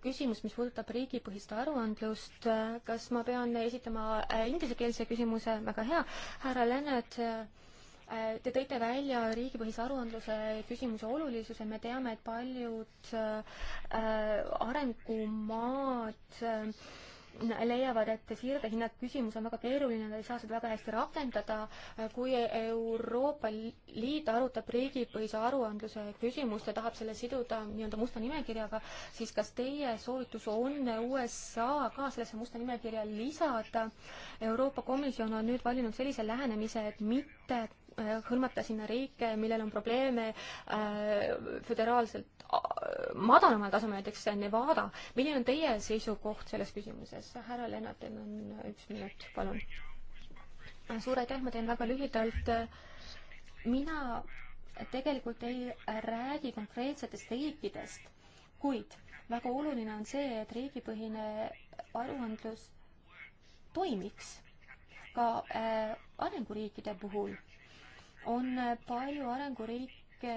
küsimus, mis puudutab riigipõhist aruandlust. kas ma pean esitama inglisekeelse küsimuse? väga hea. härra Lennart, Te tõite välja riigipõhise aruandluse küsimuse olulisuse, me teame, et paljud arengumaad leiavad, et siirdehinnad küsimus on väga keeruline, nad ei saa seda väga hästi rakendada. kui Euroopa Liit arutab riigipõhise aruandluse küsimust ja tahab selle siduda nii-öelda musta nimekirjaga, siis kas teie soovitus on USA ka sellesse musta nimekirja lisada? Euroopa Komisjon on nüüd valinud sellise lähenemise, et mitte äh, hõlmata sinna riike, millel on probleeme äh, föderaalselt madalamal tasemel, näiteks Nevada. milline on teie seisukoht selles küsimuses? härra Lennart, teil on üks minut, palun. suur aitäh, ma teen väga lühidalt. mina tegelikult ei räägi konkreetsetest riikidest, kuid väga oluline on see, et riigipõhine aruandlus toimiks ka äh, arenguriikide puhul on palju arenguriike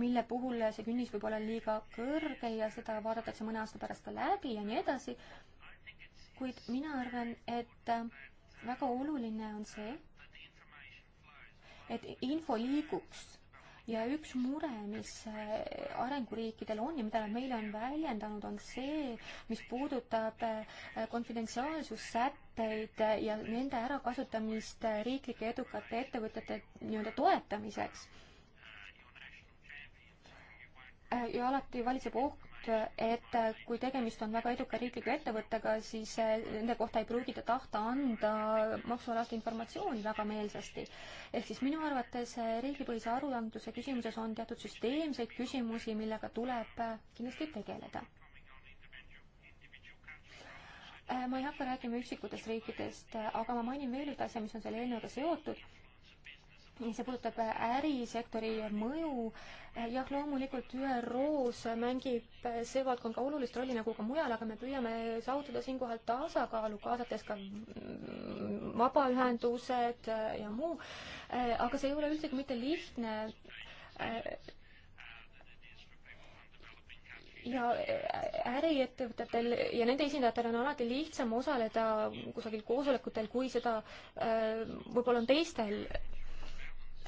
mille puhul see künnis võib olla liiga kõrge ja seda vaadatakse mõne aasta pärast ka läbi ja nii edasi. kuid mina arvan, et äh, väga oluline on see, et info liiguks ja üks mure, mis äh, arenguriikidel on ja mida nad meile on väljendanud, on see, mis puudutab äh, konfidentsiaalsussätteid ja nende ärakasutamist riiklike edukate ettevõtete nii-öelda toetamiseks. Äh, ja alati valitseb oht, et äh, kui tegemist on väga eduka riikliku ettevõttega, siis äh, nende kohta ei pruugita tahta anda maksualast informatsiooni väga meelsasti. ehk siis minu arvates riigipõhise aruandluse küsimuses on teatud süsteemseid küsimusi, millega tuleb kindlasti tegeleda. ma ei hakka rääkima üksikutest riikidest, aga ma mainin veel ühte asja, mis on selle eelnõuga seotud see puudutab ärisektori mõju. jah, loomulikult ÜRO-s mängib see valdkond ka olulist rolli nagu ka mujal, aga me püüame saavutada siinkohal tasakaalu, kaasates ka vabaühendused ja muu. aga see ei ole üldsegi mitte lihtne ja äriettevõtetel ja nende esindajatel on alati lihtsam osaleda kusagil koosolekutel, kui seda äh, võib-olla on teistel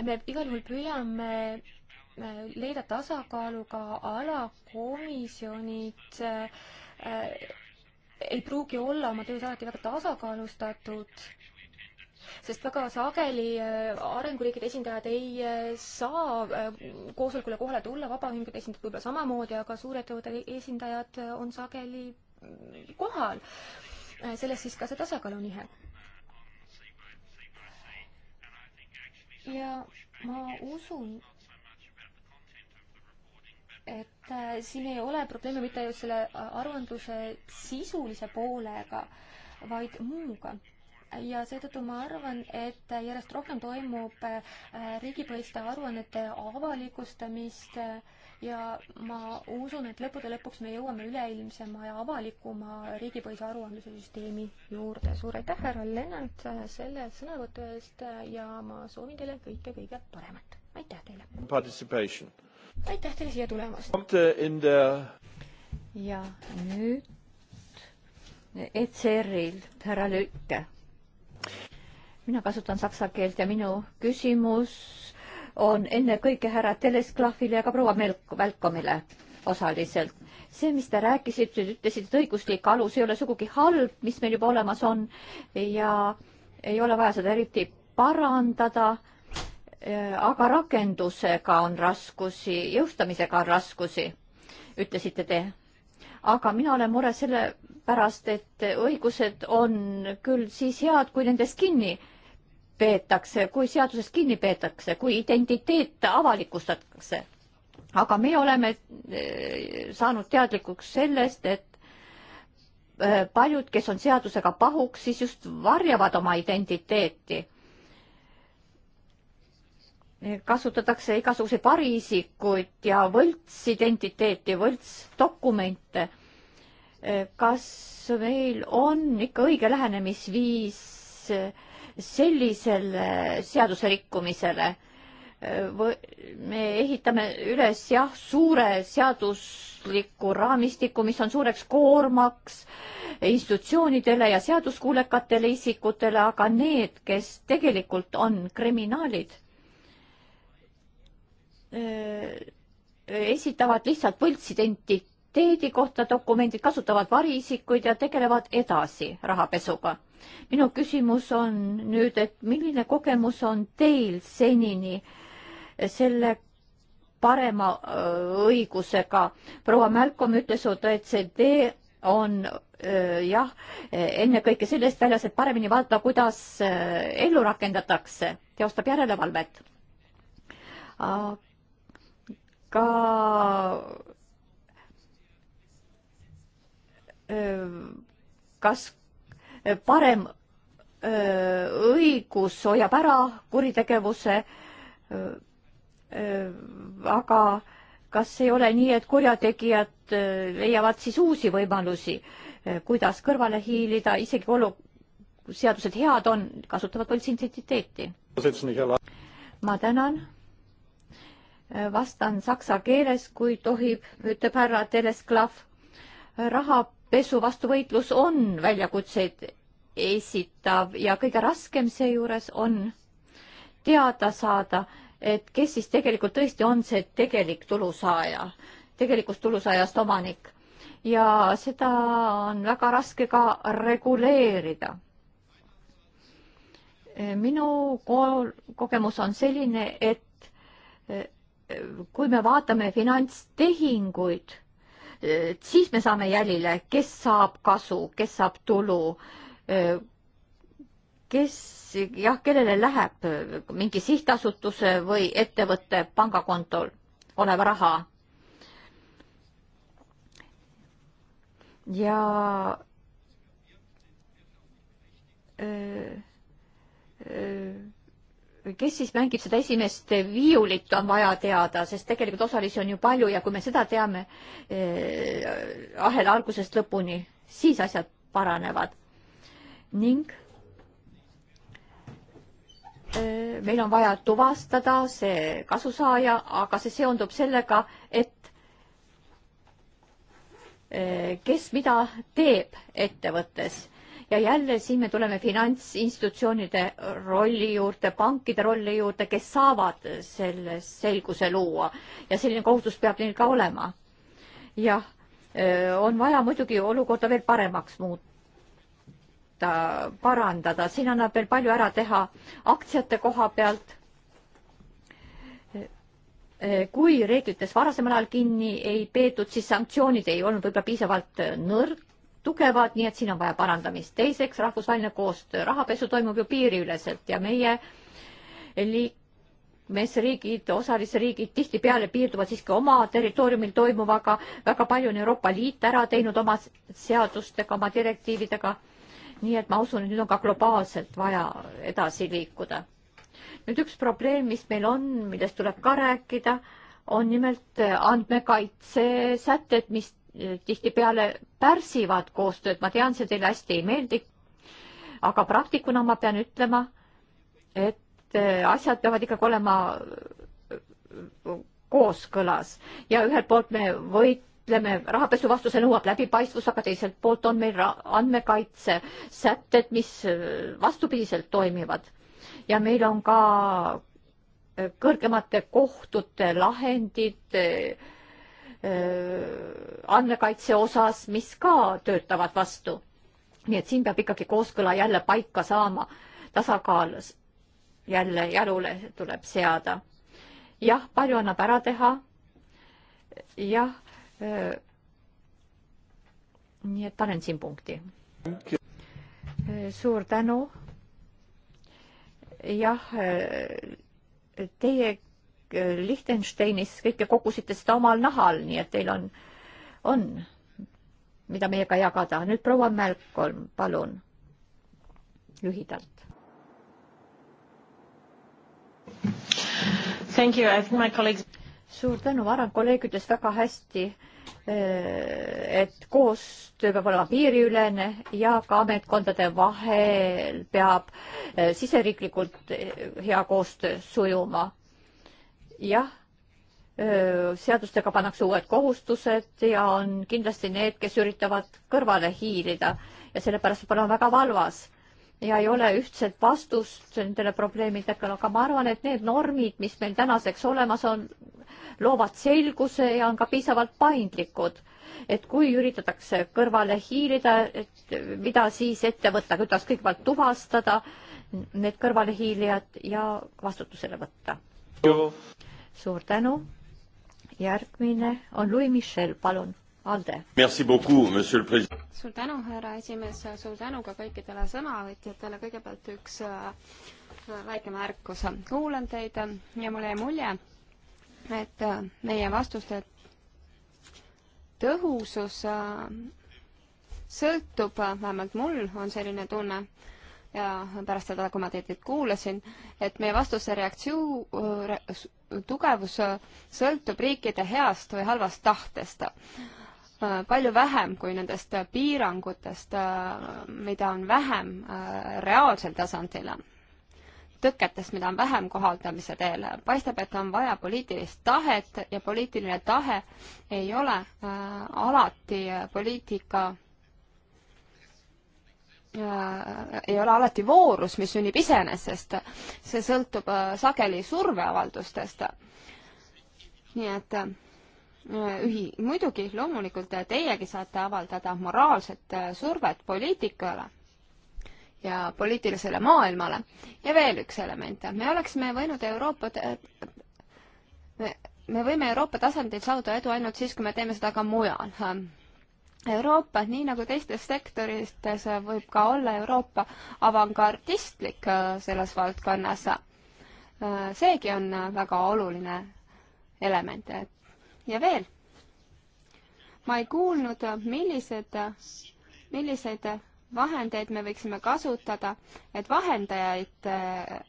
me igal juhul püüame äh, leida tasakaalu ka alakomisjonid äh, ei pruugi olla oma töös alati väga tasakaalustatud, sest väga sageli äh, arenguriikide esindajad ei saa koosolekule kohale tulla, vabaühingute esindajad võib-olla samamoodi, aga suurettevõtete esindajad on sageli mm, kohal. sellest siis ka see tasakaalunihe ja ma usun, et äh, siin ei ole probleeme mitte just selle äh, aruandluse sisulise poolega, vaid muuga ja seetõttu ma arvan, et järjest rohkem toimub äh, riigipõhiste aruannete avalikustamist äh, ja ma usun, et lõppude lõpuks me jõuame üleilmsema ja avalikuma riigipõhise aruandluse süsteemi juurde. suur aitäh, härra Lennart, selle sõnavõtu eest ja ma soovin teile kõike kõige paremat. aitäh teile! aitäh teile siia tulemast! Uh, ja nüüd ECR-il härra Lükke. mina kasutan saksa keelt ja minu küsimus on ennekõike härra Telesklahvile ja ka proua Melk-, Välkomile osaliselt. see, mis te rääkisite, ütlesite, et õiguslik alus ei ole sugugi halb, mis meil juba olemas on ja ei ole vaja seda eriti parandada, äh, aga rakendusega on raskusi, jõustamisega on raskusi, ütlesite te. aga mina olen mures selle pärast, et õigused on küll siis head, kui nendest kinni peetakse, kui seadusest kinni peetakse, kui identiteet avalikustatakse. aga me oleme eh, saanud teadlikuks sellest, et eh, paljud, kes on seadusega pahuks, siis just varjavad oma identiteeti. kasutatakse igasuguseid variisikuid ja võltsidentiteeti, võltsdokumente. Eh, kas meil on ikka õige lähenemisviis sellisele seaduserikkumisele. me ehitame üles jah, suure seadusliku raamistiku, mis on suureks koormaks institutsioonidele ja seaduskuulekatele isikutele, aga need, kes tegelikult on kriminaalid, eh, esitavad lihtsalt võltsidentiteedi kohta dokumendid, kasutavad variisikuid ja tegelevad edasi rahapesuga minu küsimus on nüüd, et milline kogemus on teil senini selle parema õigusega. proua Malcolm ütles, et OECD on öö, jah, ennekõike sellest väljas, et paremini vaadata, kuidas ellu rakendatakse, teostab järelevalvet. aga kas parem öö, õigus hoiab ära kuritegevuse. aga kas ei ole nii, et kurjategijad leiavad siis uusi võimalusi, kuidas kõrvale hiilida, isegi olu-, seadused head on, kasutavad võltsi identiteeti. ma tänan. vastan saksa keeles, kui tohib, ütleb härra Telesklav. rahapesu vastu võitlus on väljakutseid esitav ja kõige raskem seejuures on teada saada, et kes siis tegelikult tõesti on see tegelik tulusaaja, tegelikust tulusaajast omanik. ja seda on väga raske ka reguleerida. minu ko kogemus on selline, et kui me vaatame finantstehinguid, siis me saame jälile, kes saab kasu, kes saab tulu kes jah, kellele läheb mingi sihtasutuse või ettevõtte pangakontol olev raha. ja kes siis mängib seda esimest viiulit, on vaja teada, sest tegelikult osalisi on ju palju ja kui me seda teame eh, ahela algusest lõpuni, siis asjad paranevad ning meil on vaja tuvastada see kasusaaja, aga see seondub sellega, et kes mida teeb ettevõttes ja jälle siin me tuleme finantsinstitutsioonide rolli juurde, pankade rolli juurde, kes saavad selles selguse luua ja selline kohustus peab neil ka olema. jah, on vaja muidugi olukorda veel paremaks muuta aidata äh, parandada, siin annab veel palju ära teha aktsiate koha pealt. Äh, kui reeglitest varasemal ajal kinni ei peetud, siis sanktsioonid ei olnud võib-olla piisavalt äh, nõrk, tugevad, nii et siin on vaja parandamist. teiseks, rahvusvaheline koostöö, rahapesu toimub ju piiriüleselt ja meie liikmesriigid, osalisriigid tihtipeale piirduvad siiski oma territooriumil toimuvaga, väga palju on Euroopa Liit ära teinud oma seadustega, oma direktiividega nii et ma usun, et nüüd on ka globaalselt vaja edasi liikuda. nüüd üks probleem, mis meil on, millest tuleb ka rääkida, on nimelt andmekaitsesätted, mis eh, tihtipeale pärsivad koostööd, ma tean, see teile hästi ei meeldi, aga praktikuna ma pean ütlema, et eh, asjad peavad ikkagi olema eh, kooskõlas ja ühelt poolt me võit-, võitleme rahapesu vastu, see nõuab läbipaistvust, aga teiselt poolt on meil andmekaitse sätted, mis äh, vastupidiselt toimivad. ja meil on ka äh, kõrgemate kohtute lahendid äh, andmekaitse osas, mis ka töötavad vastu. nii et siin peab ikkagi kooskõla jälle paika saama, tasakaal jälle jalule tuleb seada. jah, palju annab ära teha. jah, Äh, nii et panen siin punkti. Äh, suur tänu. jah, äh, teie Liechtensteinis kõike kogusite seda omal nahal, nii et teil on, on, mida meiega jagada. nüüd proua Mälkolm, palun, lühidalt. suur tänu, Varro kolleeg ütles väga hästi Äh, et koostöö peab olema piiriülene ja ka ametkondade vahel peab äh, siseriiklikult äh, hea koostöö sujuma. jah, seadustega pannakse uued kohustused ja on kindlasti need, kes üritavad kõrvale hiilida ja sellepärast peab olema väga valvas ja ei ole ühtset vastust nendele probleemidele, aga ma arvan, et need normid, mis meil tänaseks olemas on, loovad selguse ja on ka piisavalt paindlikud. et kui üritatakse kõrvale hiilida, et mida siis ette võtta, kuidas kõigepealt tuvastada need kõrvalehiilijad ja vastutusele võtta. suur tänu. järgmine on Louis Michel, palun Alde. suur tänu, härra esimees, suur tänu ka kõikidele sõnavõtjatele, kõigepealt üks äh, väike märkus. kuulan teid ja mulle jäi mulje, et äh, meie vastuste tõhusus äh, sõltub, vähemalt mul on selline tunne, ja pärast seda, kui ma teid nüüd kuulasin, et meie vastuse reaktsioon, tugevus sõltub riikide heast või halvast tahtest palju vähem kui nendest piirangutest, mida on vähem äh, reaalsel tasandil, tõketest, mida on vähem kohaldamise teel. paistab, et on vaja poliitilist tahet ja poliitiline tahe ei ole äh, alati poliitika äh, ei ole alati voorus, mis sünnib iseenesest, see sõltub sageli surveavaldustest. nii et Äh, ühi-, muidugi, loomulikult äh, teiegi saate avaldada moraalset äh, survet poliitikale ja poliitilisele maailmale. ja veel üks element, me oleksime võinud Euroopa me, me võime Euroopa tasandil saada edu ainult siis, kui me teeme seda ka mujal. Euroopa, nii nagu teistes sektorites, võib ka olla Euroopa avangardistlik selles valdkonnas. seegi on väga oluline element, et ja veel, ma ei kuulnud, millised, milliseid vahendeid me võiksime kasutada, et vahendajaid äh,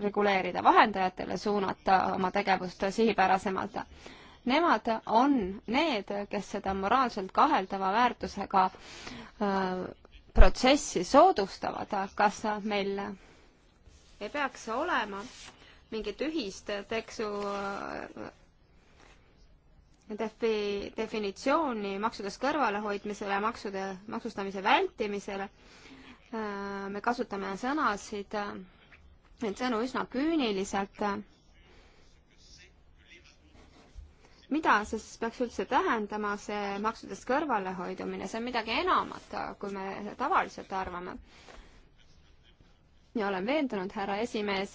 reguleerida, vahendajatele suunata oma tegevust sihipärasemalt. Nemad on need, kes seda moraalselt kaheldava väärtusega äh, protsessi soodustavad, kas meil ei peaks olema mingit ühist teksu äh, defi-, definitsiooni maksudest kõrvalehoidmisele, maksude, maksustamise vältimisele. Äh, me kasutame sõnasid, neid sõnu üsna küüniliselt. mida see siis peaks üldse tähendama, see maksudest kõrvalehoidumine, see on midagi enamat, kui me tavaliselt arvame. ja olen veendunud, härra esimees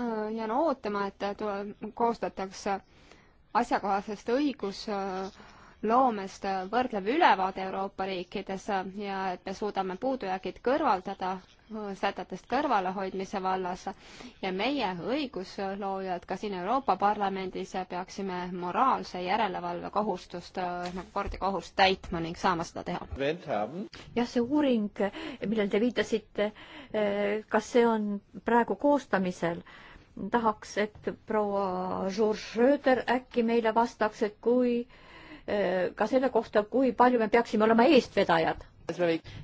Äh, jään ootama, et koostatakse asjakohasest õigusloomest võrdlev ülevaade Euroopa riikides ja et me suudame puudujäägid kõrvaldada sätetest kõrvalehoidmise vallas ja meie õigusloojad ka siin Euroopa Parlamendis peaksime moraalse järelevalve kohustust nagu kord ja kohust täitma ning saama seda teha. jah, see uuring, millele te viitasite, eh, kas see on praegu koostamisel? tahaks, et proua George Schröder äkki meile vastaks, et kui eh, ka selle kohta, kui palju me peaksime olema eestvedajad.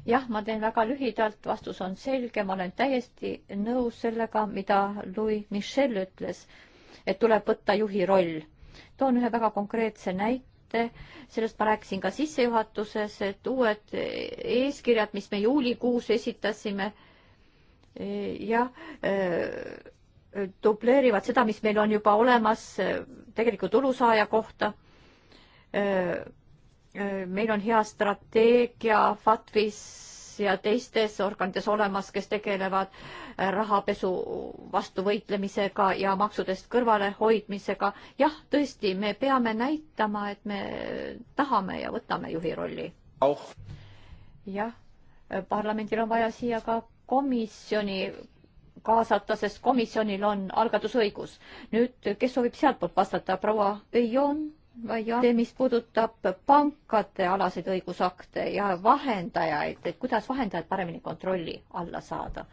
jah, ma teen väga lühidalt, vastus on selge, ma olen täiesti nõus sellega, mida Louis Michel ütles, et tuleb võtta juhi roll. toon ühe väga konkreetse näite, sellest ma rääkisin ka sissejuhatuses, et uued eeskirjad, mis me juulikuus esitasime, eh, jah, eh, dubleerivad seda, mis meil on juba olemas eh, tegeliku tulusaaja kohta. Eh, eh, meil on hea strateegia FATFis ja teistes organites olemas, kes tegelevad rahapesu vastu võitlemisega ja maksudest kõrvalehoidmisega. jah, tõesti, me peame näitama, et me tahame ja võtame juhi rolli oh.. jah, parlamendil on vaja siia ka komisjoni kaasata, sest komisjonil on algatusõigus. nüüd, kes soovib sealtpoolt vastata, proua Peion? ja mis puudutab pankade alaseid õigusakte ja vahendajaid, et kuidas vahendajad paremini kontrolli alla saada?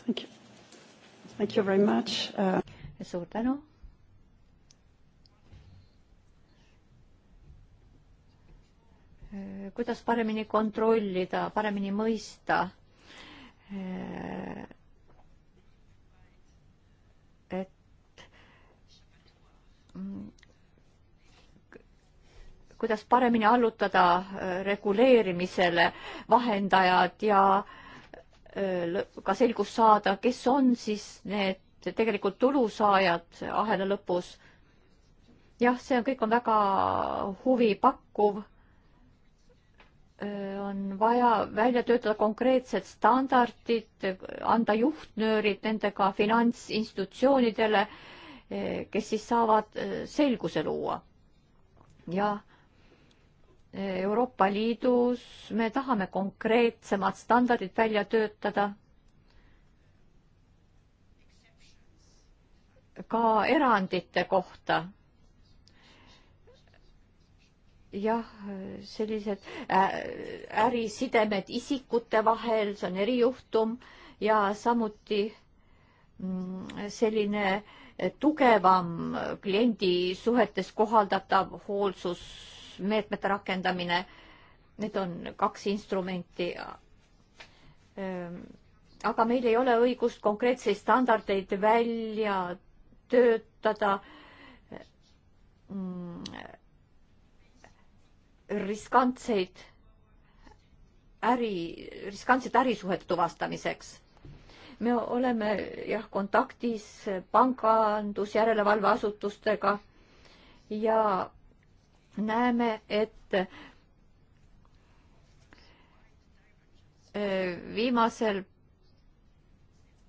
Thank you. Thank you very much uh.... suur tänu Äh, kuidas paremini kontrollida, paremini mõista, äh, et mm, kuidas paremini allutada äh, reguleerimisele vahendajad ja ka selgust saada, kes on siis need tegelikult tulusaajad ahela lõpus. jah, see on, kõik on väga huvipakkuv on vaja välja töötada konkreetsed standardid, anda juhtnöörid nendega finantsinstitutsioonidele, kes siis saavad selguse luua. ja Euroopa Liidus me tahame konkreetsemad standardid välja töötada. ka erandite kohta jah, sellised äh, ärisidemed isikute vahel, see on erijuhtum ja samuti mm, selline äh, tugevam kliendi suhetes kohaldatav hoolsusmeetmete rakendamine. Need on kaks instrumenti. Ähm, aga meil ei ole õigust konkreetseid standardeid välja töötada mm, riskantseid äri, riskantsete ärisuhete tuvastamiseks. me oleme jah, kontaktis pangandusjärelevalveasutustega ja näeme, et äh, viimasel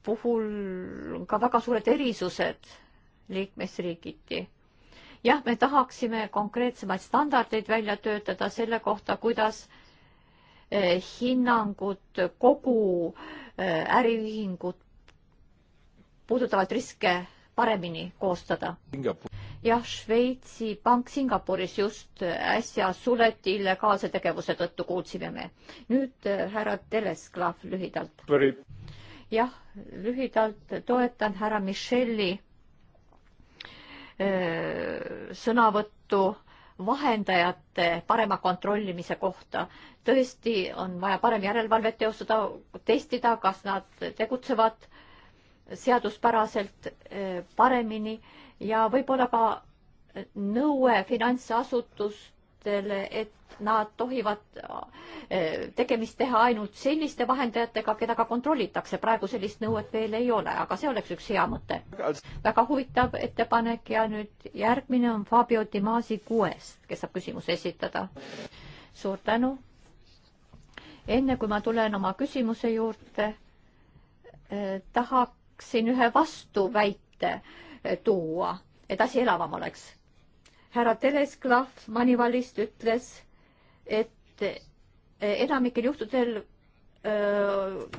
puhul ka väga suured erisused liikmesriigiti jah, me tahaksime konkreetsemaid standardeid välja töötada selle kohta, kuidas eh, hinnangud kogu eh, äriühingut puudutavaid riske paremini koostada. jah, Šveitsi pank Singapuris just äsja suleti illegaalse tegevuse tõttu, kuulsime me. nüüd eh, härra Telesklav lühidalt. jah, lühidalt toetan härra Michelli sõnavõttu vahendajate parema kontrollimise kohta. tõesti on vaja parem järelevalvet teostada, testida, kas nad tegutsevad seaduspäraselt paremini ja võib-olla ka nõue finantsasutus vahendajatele, et nad tohivad eh, tegemist teha ainult selliste vahendajatega, keda ka kontrollitakse. praegu sellist nõuet veel ei ole, aga see oleks üks hea mõte. väga huvitav ettepanek ja nüüd järgmine on Fabio Dimasi kuuest, kes saab küsimuse esitada. suur tänu. enne kui ma tulen oma küsimuse juurde eh,, tahaksin ühe vastuväite eh, tuua, et asi elavam oleks härra Telesklav Manivalist ütles, et eh, enamikel juhtudel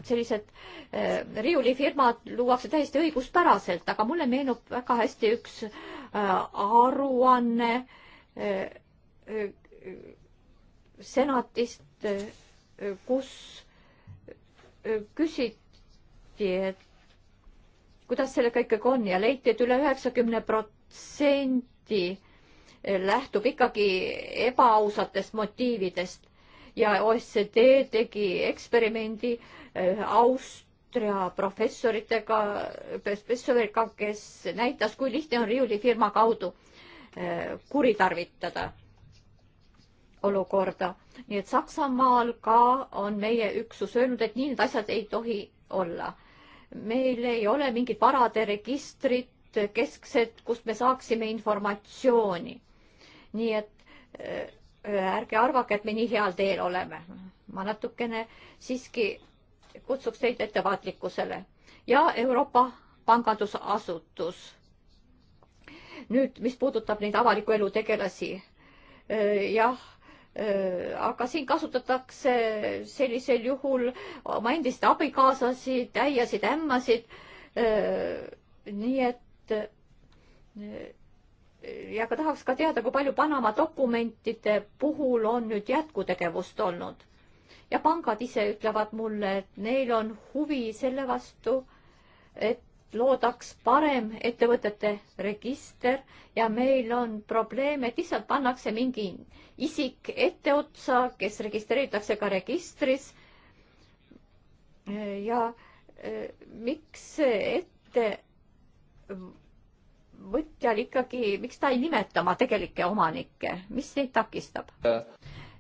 sellised eh, riiulifirmad luuakse täiesti õiguspäraselt, aga mulle meenub väga hästi üks äh, aruanne eh, senatist, kus küsiti, et kuidas sellega ikkagi on ja leiti et, et üle üheksakümne protsendi lähtub ikkagi ebaausatest motiividest ja OSCD tegi eksperimendi äh, Austria professoritega, professoriga, kes näitas, kui lihtne on riiulifirma kaudu äh, kuritarvitada olukorda. nii et Saksamaal ka on meie üksus öelnud, et nii need asjad ei tohi olla. meil ei ole mingit varade registrit keskset, kust me saaksime informatsiooni nii et eh, eh, ärge arvake, et me nii heal teel oleme. ma natukene siiski kutsuks teid ettevaatlikkusele ja Euroopa pangandusasutus. nüüd, mis puudutab neid avaliku elu tegelasi, eh, jah aga siin kasutatakse sellisel juhul oma endist abikaasasid, äiasid, ämmasid. nii et ja ka tahaks ka teada, kui palju Panama dokumentide puhul on nüüd jätkutegevust olnud. ja pangad ise ütlevad mulle, et neil on huvi selle vastu, et loodaks parem ettevõtete register ja meil on probleem, et lihtsalt pannakse mingi isik etteotsa, kes registreeritakse ka registris. ja eh, miks ette ettevõtjal ikkagi, miks ta ei nimeta oma tegelikke omanikke, mis neid takistab?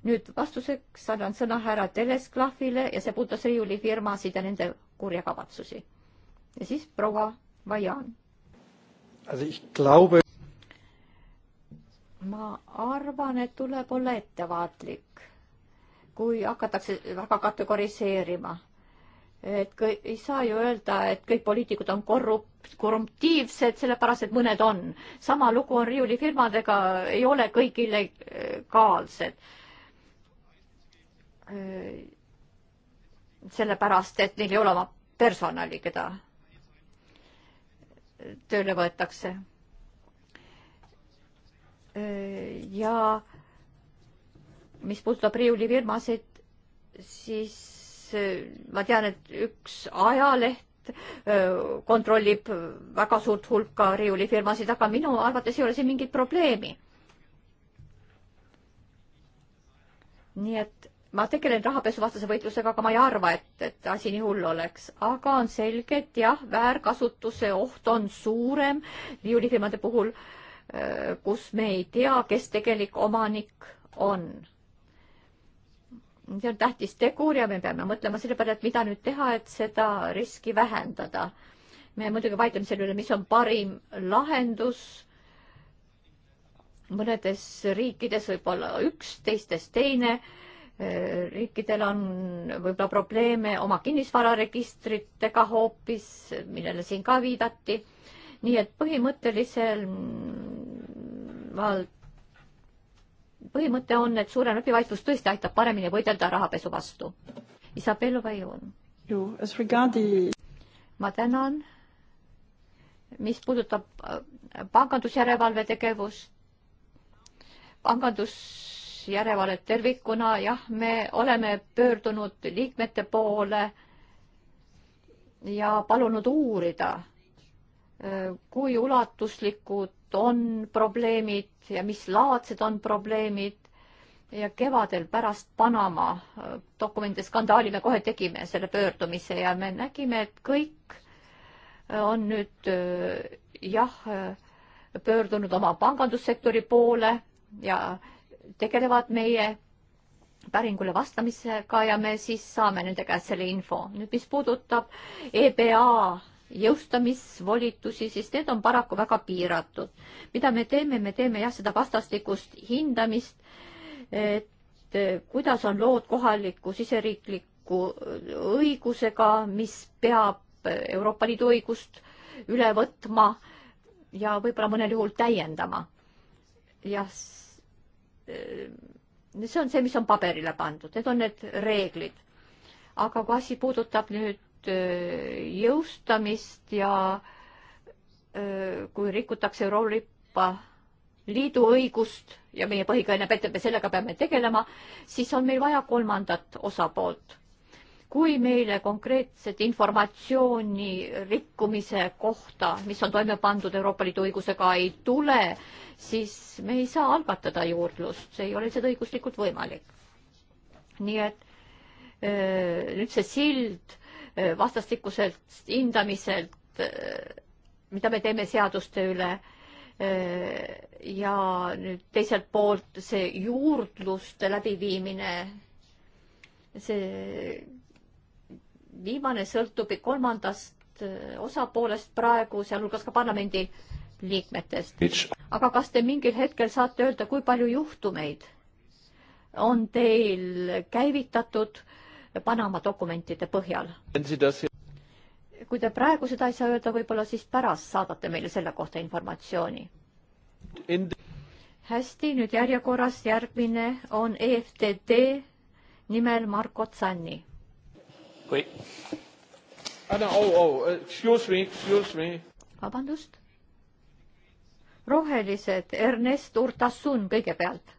nüüd vastuseks annan sõna härra Telesklahvile ja see puudutas riiulifirmasid ja nende kurjakavatsusi. ja siis proua Vajan. Glaube... ma arvan, et tuleb olla ettevaatlik, kui hakatakse väga kategoriseerima et kõik, ei saa ju öelda, et kõik poliitikud on korrup-, korruptiivsed, sellepärast et mõned on. sama lugu on riiulifirmadega, ei ole kõik illegaalsed. Äh, sellepärast, et neil ei ole oma personali, keda tööle võetakse. Äh, ja mis puudutab riiulifirmasid, siis Äh, ma tean, et üks ajaleht äh, kontrollib väga suurt hulka riiulifirmasid, aga minu arvates ei ole siin mingit probleemi. nii et ma tegelen rahapesuvastase võitlusega, aga ma ei arva, et, et asi nii hull oleks. aga on selge, et jah, väärkasutuse oht on suurem riiulifirmade puhul, äh, kus me ei tea, kes tegelik omanik on see on tähtis tegur ja me peame mõtlema selle peale, et mida nüüd teha, et seda riski vähendada. me muidugi vaidleme selle üle, mis on parim lahendus. mõnedes riikides võib-olla üks, teistes teine. Äh, riikidel on võib-olla probleeme oma kinnisvararegistritega hoopis, millele siin ka viidati. nii et põhimõtteliselt vald põhimõte on, et suurem läbipaistvus tõesti aitab paremini võidelda rahapesu vastu. Isabella Vajon. ma tänan. mis puudutab äh, pangandusjärelevalve tegevust, pangandusjärelevalvet tervikuna, jah, me oleme pöördunud liikmete poole ja palunud uurida Äh, kui ulatuslikud on probleemid ja mis laadsed on probleemid ja kevadel pärast Panama äh, dokumentide skandaali me kohe tegime selle pöördumise ja me nägime, et kõik äh, on nüüd jah, pöördunud oma pangandussektori poole ja tegelevad meie päringule vastamisega ja me siis saame nende käest selle info. nüüd, mis puudutab EBA jõustamisvolitusi, siis need on paraku väga piiratud. mida me teeme, me teeme jah, seda vastastikust hindamist, et eh, kuidas on lood kohaliku siseriikliku eh, õigusega, mis peab eh, Euroopa Liidu õigust üle võtma ja võib-olla mõnel juhul täiendama. jah, see on see, mis on paberile pandud, need on need reeglid. aga kui asi puudutab nüüd jõustamist ja kui rikutakse Euroopa Liidu õigust ja meie põhikõne ütleb, et sellega peame tegelema, siis on meil vaja kolmandat osapoolt. kui meile konkreetset informatsiooni rikkumise kohta, mis on toime pandud Euroopa Liidu õigusega, ei tule, siis me ei saa algatada juurdlust, see ei ole lihtsalt õiguslikult võimalik. nii et nüüd see sild vastastikuselt hindamiselt, mida me teeme seaduste üle. ja nüüd teiselt poolt see juurdluste läbiviimine, see viimane sõltub kolmandast osapoolest praegu, sealhulgas ka parlamendi liikmetest. aga kas te mingil hetkel saate öelda, kui palju juhtumeid on teil käivitatud Panama dokumentide põhjal. kui te praegu seda ei saa öelda, võib-olla siis pärast saadate meile selle kohta informatsiooni. hästi, nüüd järjekorras järgmine on EFTD nimel Marko Tsanni. kui Ah, no, oh, oh, uh, excuse me, excuse me. vabandust? rohelised, Ernest Urtasun kõigepealt.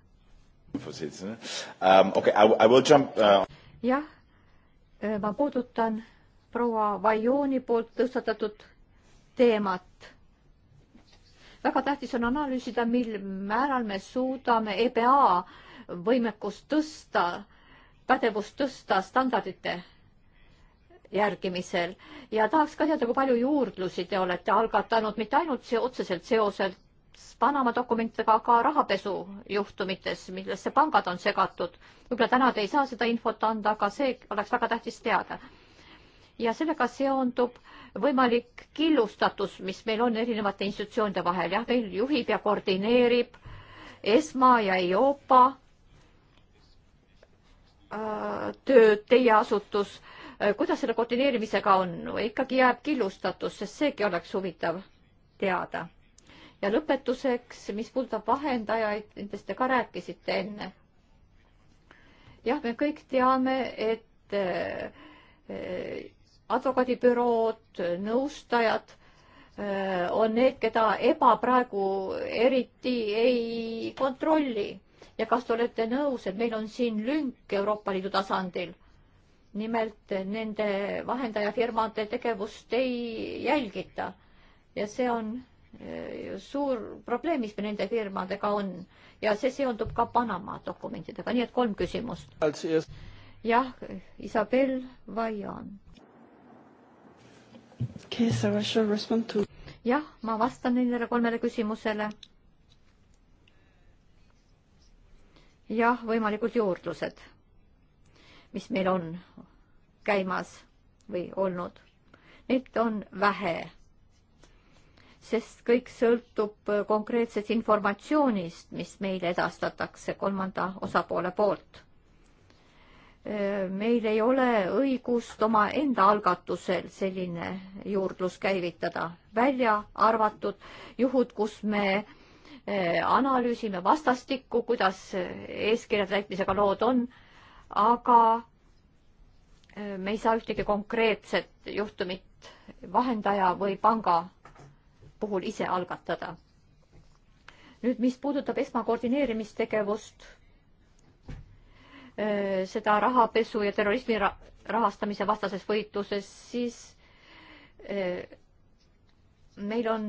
Ehm, uh, jah, Äh, ma puudutan proua Vajooni poolt tõstatatud teemat. väga tähtis on analüüsida, mil määral me suudame EBA võimekust tõsta, pädevust tõsta standardite järgimisel ja tahaks ka teada, kui palju juurdlusi te olete algatanud, mitte ainult see otseselt seoselt Panama dokumentidega, aga rahapesujuhtumites, millesse pangad on segatud. võib-olla täna te ei saa seda infot anda, aga see oleks väga tähtis teada. ja sellega seondub võimalik killustatus, mis meil on erinevate institutsioonide vahel, jah, meil juhib ja koordineerib ESMA ja EIOPA äh, tööd, teie asutus äh, kuidas selle koordineerimisega on, ikkagi jääb killustatus, sest seegi oleks huvitav teada ja lõpetuseks, mis puudutab vahendajaid, nendest te ka rääkisite enne. jah, me kõik teame, et eh, advokaadibürood, nõustajad eh, on need, keda EBA praegu eriti ei kontrolli. ja kas te olete nõus, et meil on siin lünk Euroopa Liidu tasandil? nimelt nende vahendajafirmade tegevust ei jälgita ja see on suur probleem, mis meil nende firmadega on ja see seondub ka Panama dokumentidega, nii et kolm küsimust. jah, Isabel Vajon. jah, ma vastan nendele kolmele küsimusele. jah, võimalikud juurdlused, mis meil on käimas või olnud, neid on vähe sest kõik sõltub äh, konkreetsest informatsioonist, mis meile edastatakse kolmanda osapoole poolt. Äh, meil ei ole õigust omaenda algatusel selline juurdlus käivitada, välja arvatud juhud, kus me äh, analüüsime vastastikku, kuidas eeskirjade täitmisega lood on, aga me ei saa ühtegi konkreetset juhtumit vahendaja või panga puhul ise algatada. nüüd, mis puudutab esmakoordineerimistegevust, äh, seda rahapesu ja terrorismi rahastamise vastases võitluses, siis äh, meil on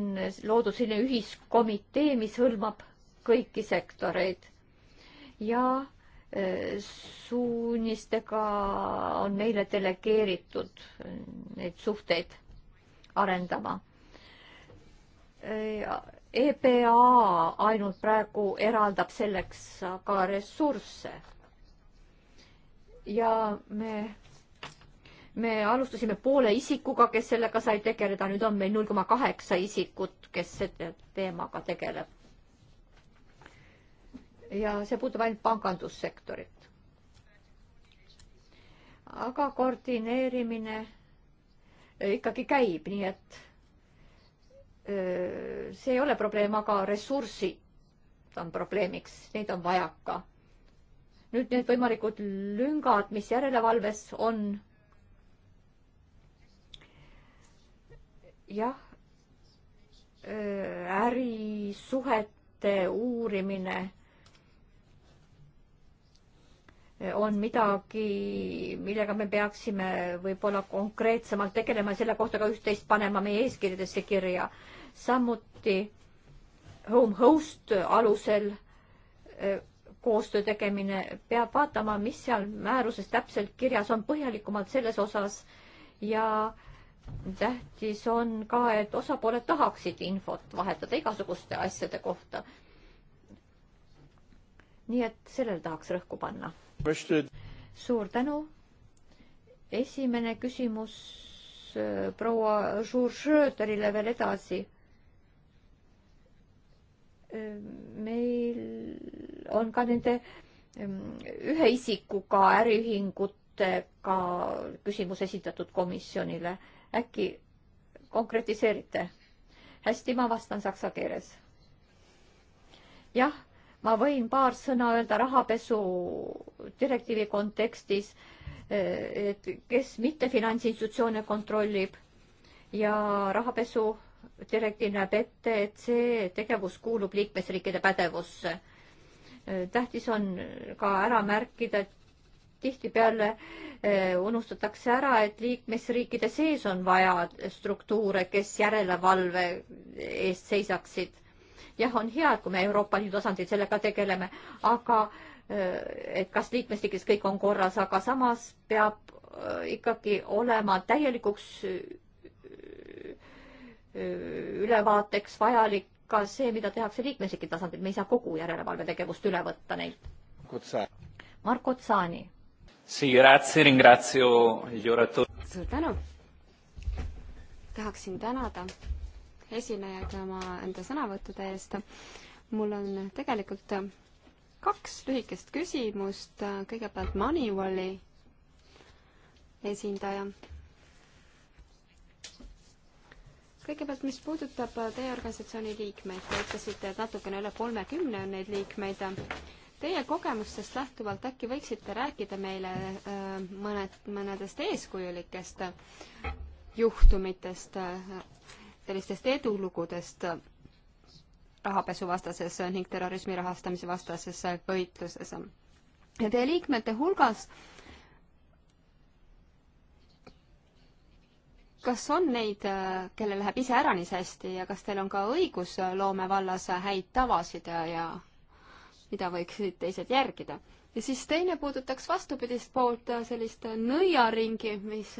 loodud selline ühiskomitee, mis hõlmab kõiki sektoreid ja äh, suunistega on meile delegeeritud neid suhteid arendama. Äh, EPA ainult praegu eraldab selleks aga ressursse. ja me, me alustasime poole isikuga, kes sellega sai tegeleda, nüüd on meil null koma kaheksa isikut, kes selle teemaga tegeleb. ja see puudutab ainult pangandussektorit. aga koordineerimine ikkagi käib, nii et see ei ole probleem, aga ressursid on probleemiks, neid on vajaka. nüüd need võimalikud lüngad, mis järelevalves on. jah, ärisuhete uurimine on midagi, millega me peaksime võib-olla konkreetsemalt tegelema, selle kohta ka üht-teist panema meie eeskirjadesse kirja samuti home host alusel eh, koostöö tegemine, peab vaatama, mis seal määruses täpselt kirjas on, põhjalikumalt selles osas ja tähtis on ka, et osapooled tahaksid infot vahetada igasuguste asjade kohta. nii et sellele tahaks rõhku panna. suur tänu. esimene küsimus eh, proua Schröderile veel edasi meil on ka nende ehm, ühe isikuga äriühingutega küsimus esitatud komisjonile. äkki konkretiseerite? hästi, ma vastan saksa keeles. jah, ma võin paar sõna öelda rahapesu direktiivi kontekstis, eh, et kes mitte finantsinstitutsioone kontrollib ja rahapesu direktiiv näeb ette, et see tegevus kuulub liikmesriikide pädevusse. tähtis on ka ära märkida, et tihtipeale eh, unustatakse ära, et liikmesriikide sees on vaja struktuure, kes järelevalve eest seisaksid. jah, on hea, et kui me Euroopa Liidu tasandil sellega tegeleme, aga eh, et kas liikmesriikides kõik on korras, aga samas peab eh, ikkagi olema täielikuks ülevaateks vajalik ka see, mida tehakse liikmesriigi tasandil, me ei saa kogu järelevalvetegevust üle võtta neilt. Marko Tsaani. suur tänu. tahaksin tänada esinejaid oma enda sõnavõttude eest. mul on tegelikult kaks lühikest küsimust, kõigepealt Moneyvali esindaja kõigepealt, mis puudutab äh, teie organisatsiooni liikmeid, te ütlesite, et natukene üle kolmekümne on neid liikmeid. Teie kogemustest lähtuvalt äkki võiksite rääkida meile äh, mõned, mõnedest eeskujulikest juhtumitest, äh, sellistest edulugudest rahapesuvastases ning terrorismi rahastamise vastases võitluses. ja teie liikmete hulgas äh, kas on neid, äh, kellel läheb ise ära nii hästi ja kas teil on ka õigusloome äh, vallas häid tavasid ja, ja mida võiksid teised järgida? ja siis teine puudutaks vastupidist poolt, äh, sellist nõiaringi, mis,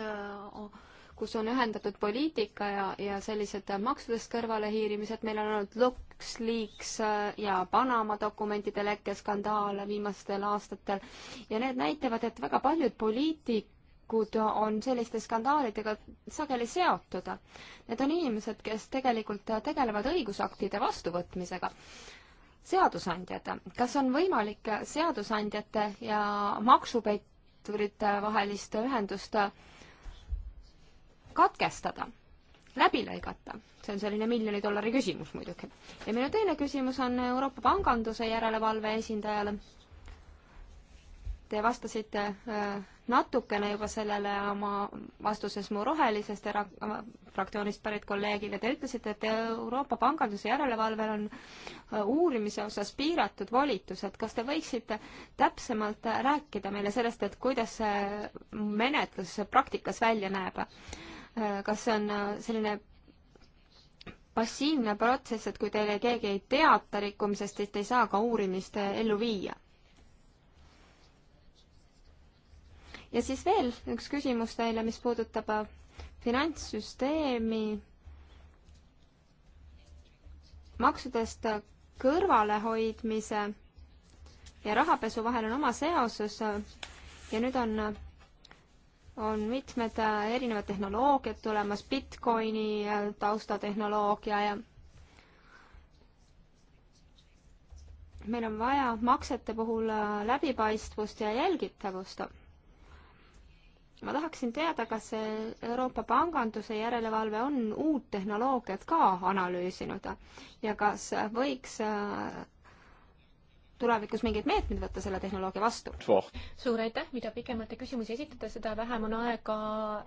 kus on ühendatud poliitika ja, ja sellised maksudest kõrvalehiirimised, meil on olnud LuxLeaks ja Panama dokumentide lekkeskandaal viimastel aastatel ja need näitavad, et väga paljud poliitik-, isikud on selliste skandaalidega sageli seotud. Need on inimesed, kes tegelikult tegelevad õigusaktide vastuvõtmisega seadusandjad, kas on võimalik seadusandjate ja maksupetturite vahelist ühendust katkestada, läbi lõigata? see on selline miljoni dollari küsimus muidugi. ja minu teine küsimus on Euroopa panganduse järelevalve esindajale. Te vastasite äh, natukene juba sellele oma vastuses mu rohelisest era-, fraktsioonist pärit kolleegile, te ütlesite, et Euroopa panganduse järelevalvel on äh, uurimise osas piiratud volitused. kas te võiksite täpsemalt rääkida meile sellest, et kuidas see menetlus praktikas välja näeb? Äh, kas see on äh, selline passiivne protsess, et kui teile keegi ei teata rikkumisest, siis te ei saa ka uurimist ellu viia? ja siis veel üks küsimus teile, mis puudutab äh, finantssüsteemi maksudest äh, kõrvalehoidmise ja rahapesu vahel on oma seoses äh, ja nüüd on, on mitmed erinevad tehnoloogiad tulemas, Bitcoini taustatehnoloogia ja meil on vaja maksete puhul läbipaistvust ja jälgitavust ma tahaksin teada, kas Euroopa panganduse järelevalve on uut tehnoloogiat ka analüüsinud ja kas võiks äh, tulevikus mingeid meetmeid võtta selle tehnoloogia vastu? suur aitäh, mida pikemalt te küsimusi esitate, seda vähem on aega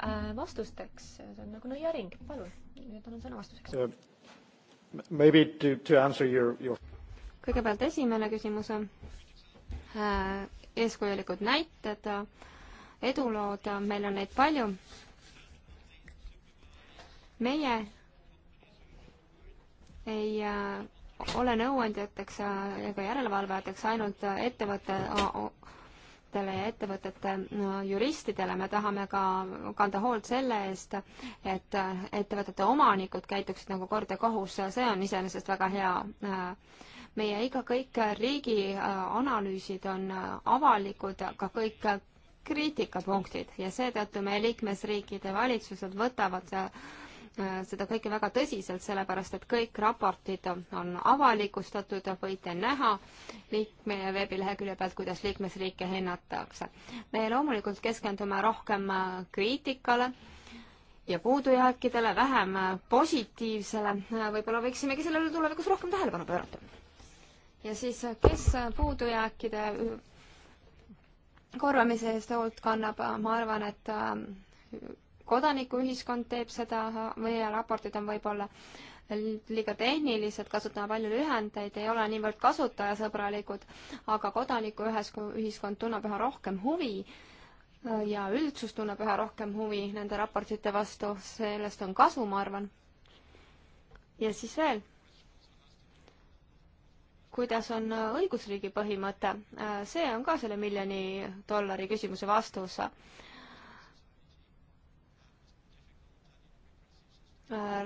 äh, vastusteks. see on nagu nõiaring, palun, nüüd annan sõna vastuseks uh,. Maybe to, to answer your, your kõigepealt esimene küsimus, äh, eeskujulikud näited edulood, meil on neid palju. meie ei äh, ole nõuandjateks äh, ega järelevalvajateks ainult ettevõtetele ja ettevõtete juristidele, me tahame ka kanda hoolt selle eest, et äh, ettevõtete omanikud käituksid nagu kord ja kohus, see on iseenesest väga hea. meie iga, kõik riigi analüüsid on avalikud, aga kõik kriitikapunktid ja seetõttu meie liikmesriikide valitsused võtavad äh, seda kõike väga tõsiselt, sellepärast et kõik raportid on avalikustatud, võite näha liikme veebilehekülje pealt, kuidas liikmesriike hinnatakse. me loomulikult keskendume rohkem äh, kriitikale ja puudujääkidele, vähem äh, positiivsele, võib-olla võiksimegi sellele tulevikus rohkem tähelepanu pöörata. ja siis, kes puudujääkide korvamise eest hoolt kannab, äh, ma arvan, et äh, kodanikuühiskond teeb seda, äh, meie raportid on võib-olla liiga tehnilised, kasutame palju lühendeid, ei ole niivõrd kasutajasõbralikud, aga kodanikuühiskond tunneb üha rohkem huvi ja üldsus tunneb üha rohkem huvi nende raportite vastu, sellest on kasu, ma arvan. ja siis veel kuidas on õigusriigi põhimõte, see on ka selle miljoni dollari küsimuse vastus.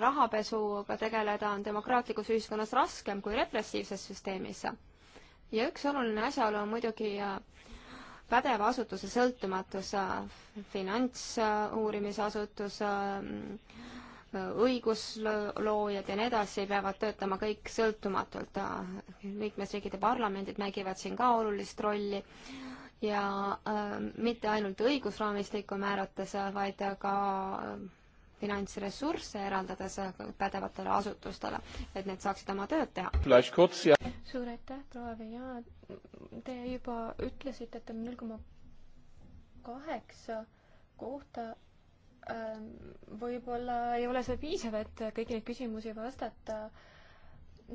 rahapesuga tegeleda on demokraatlikus ühiskonnas raskem kui repressiivses süsteemis. ja üks oluline asjaolu on muidugi pädeva asutuse sõltumatus, finantsuurimisasutus äh,, õigusloojad ja nii edasi peavad töötama kõik sõltumatult. liikmesriikide parlamendid mängivad siin ka olulist rolli ja äh, mitte ainult õigusraamistikku määrates, vaid ka äh, finantsressursse eraldades pädevatele asutustele, et need saaksid oma tööd teha. suur aitäh, proua Veja. Te juba ütlesite, et on null koma kaheksa kohta Ehm, võib-olla ei ole see piisav, et kõiki neid küsimusi vastata.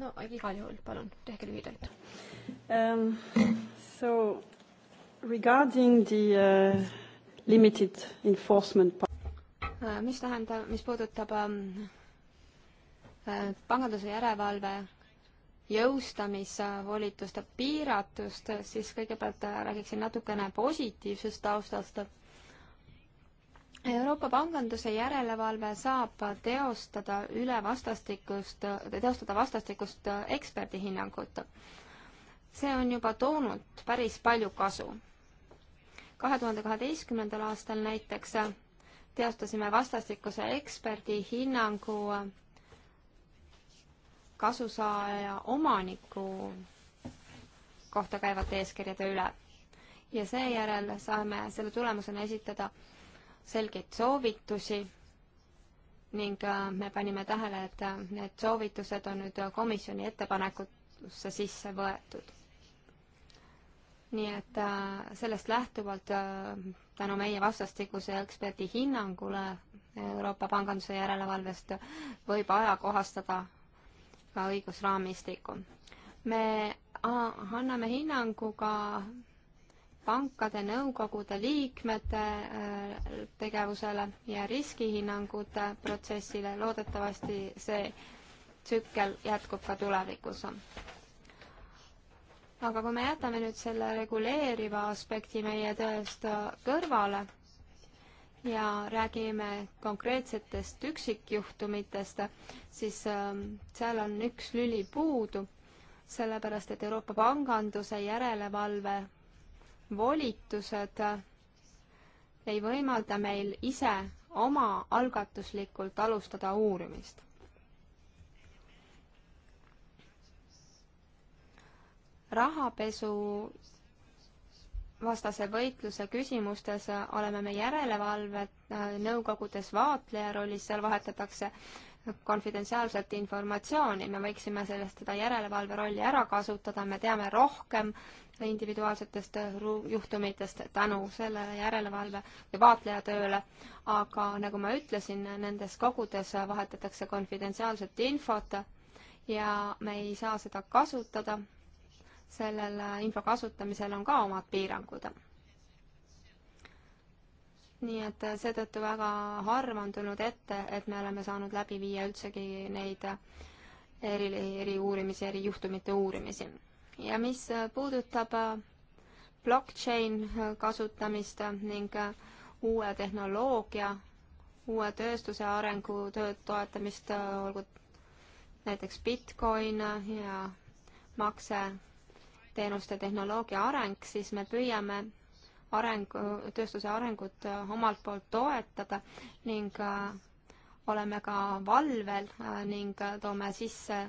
no igal juhul, palun tehke lühidalt um,. So regarding the uh, limited enforcement uh,. mis tähendab, mis puudutab um, uh, panganduse järelevalve jõustamisvolituste piiratust, siis kõigepealt äh, räägiksin natukene positiivsest taustast Euroopa panganduse järelevalve saab teostada üle vastastikust, teostada vastastikust eksperdihinnangut. see on juba toonud päris palju kasu. kahe tuhande kaheteistkümnendal aastal näiteks teostasime vastastikuse eksperdihinnangu kasusaaja omaniku kohta käivate eeskirjade üle. ja seejärel saame selle tulemusena esitada selgeid soovitusi ning äh, me panime tähele, et äh, need soovitused on nüüd komisjoni ettepanekusse sisse võetud. nii et äh, sellest lähtuvalt tänu meie vastastikuse eksperdi hinnangule Euroopa panganduse järelevalvest võib ajakohastada ka õigusraamistikku. me anname hinnangu ka pankade nõukogude liikmete äh, tegevusele ja riskihinnangute protsessile. loodetavasti see tsükkel jätkub ka tulevikus. aga kui me jätame nüüd selle reguleeriva aspekti meie tööst kõrvale ja räägime konkreetsetest üksikjuhtumitest, siis ähm, seal on üks lüli puudu, sellepärast et Euroopa panganduse järelevalve volitused ei võimalda meil ise oma algatuslikult alustada uurimist. rahapesu vastase võitluse küsimustes oleme me järelevalved äh, nõukogudes vaatleja rollis, seal vahetatakse konfidentsiaalset informatsiooni, me võiksime sellest seda järelevalve rolli ära kasutada, me teame rohkem individuaalsetest juhtumitest tänu selle järelevalve ja vaatleja tööle, aga nagu ma ütlesin, nendes kogudes vahetatakse konfidentsiaalset infot ja me ei saa seda kasutada. sellel info kasutamisel on ka omad piirangud. nii et seetõttu väga harva on tulnud ette, et me oleme saanud läbi viia üldsegi neid eri, eri uurimisi, eri juhtumite uurimisi ja mis äh, puudutab äh, blockchain äh, kasutamist ning uue tehnoloogia, uue tööstuse arengu tööd toetamist, olgu näiteks Bitcoin ja makseteenuste tehnoloogia areng, siis me püüame areng, tööstuse arengut omalt poolt toetada ning oleme ka valvel ning toome sisse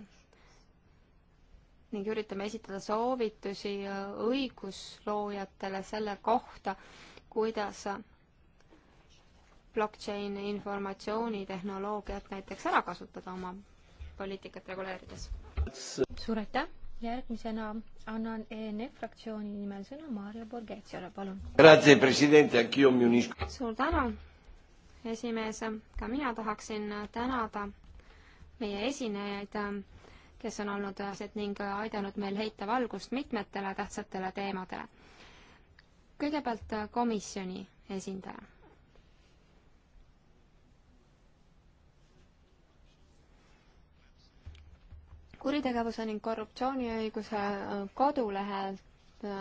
ning üritame esitada soovitusi õigusloojatele selle kohta, kuidas blockchain informatsioonitehnoloogiat näiteks ära kasutada oma poliitikat reguleerides. suur aitäh, järgmisena annan ENF fraktsiooni nimel sõna Mario Borghetsiole, palun. suur tänu, esimees, ka mina tahaksin tänada meie esinejaid kes on olnud asjad ning aidanud meil heita valgust mitmetele tähtsatele teemadele. kõigepealt komisjoni esindaja. kuritegevuse ning korruptsiooniõiguse kodulehel äh,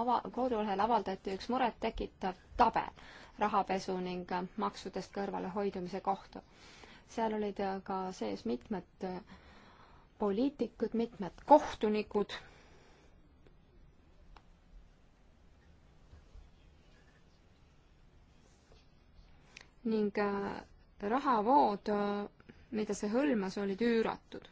ava-, kodulehel avaldati üks murettekitav tabel rahapesu ning maksudest kõrvalehoidumise kohta. seal olid ka sees mitmed äh, poliitikud, mitmed kohtunikud. ning äh, rahavood, äh, mida see hõlmas, olid üüratud.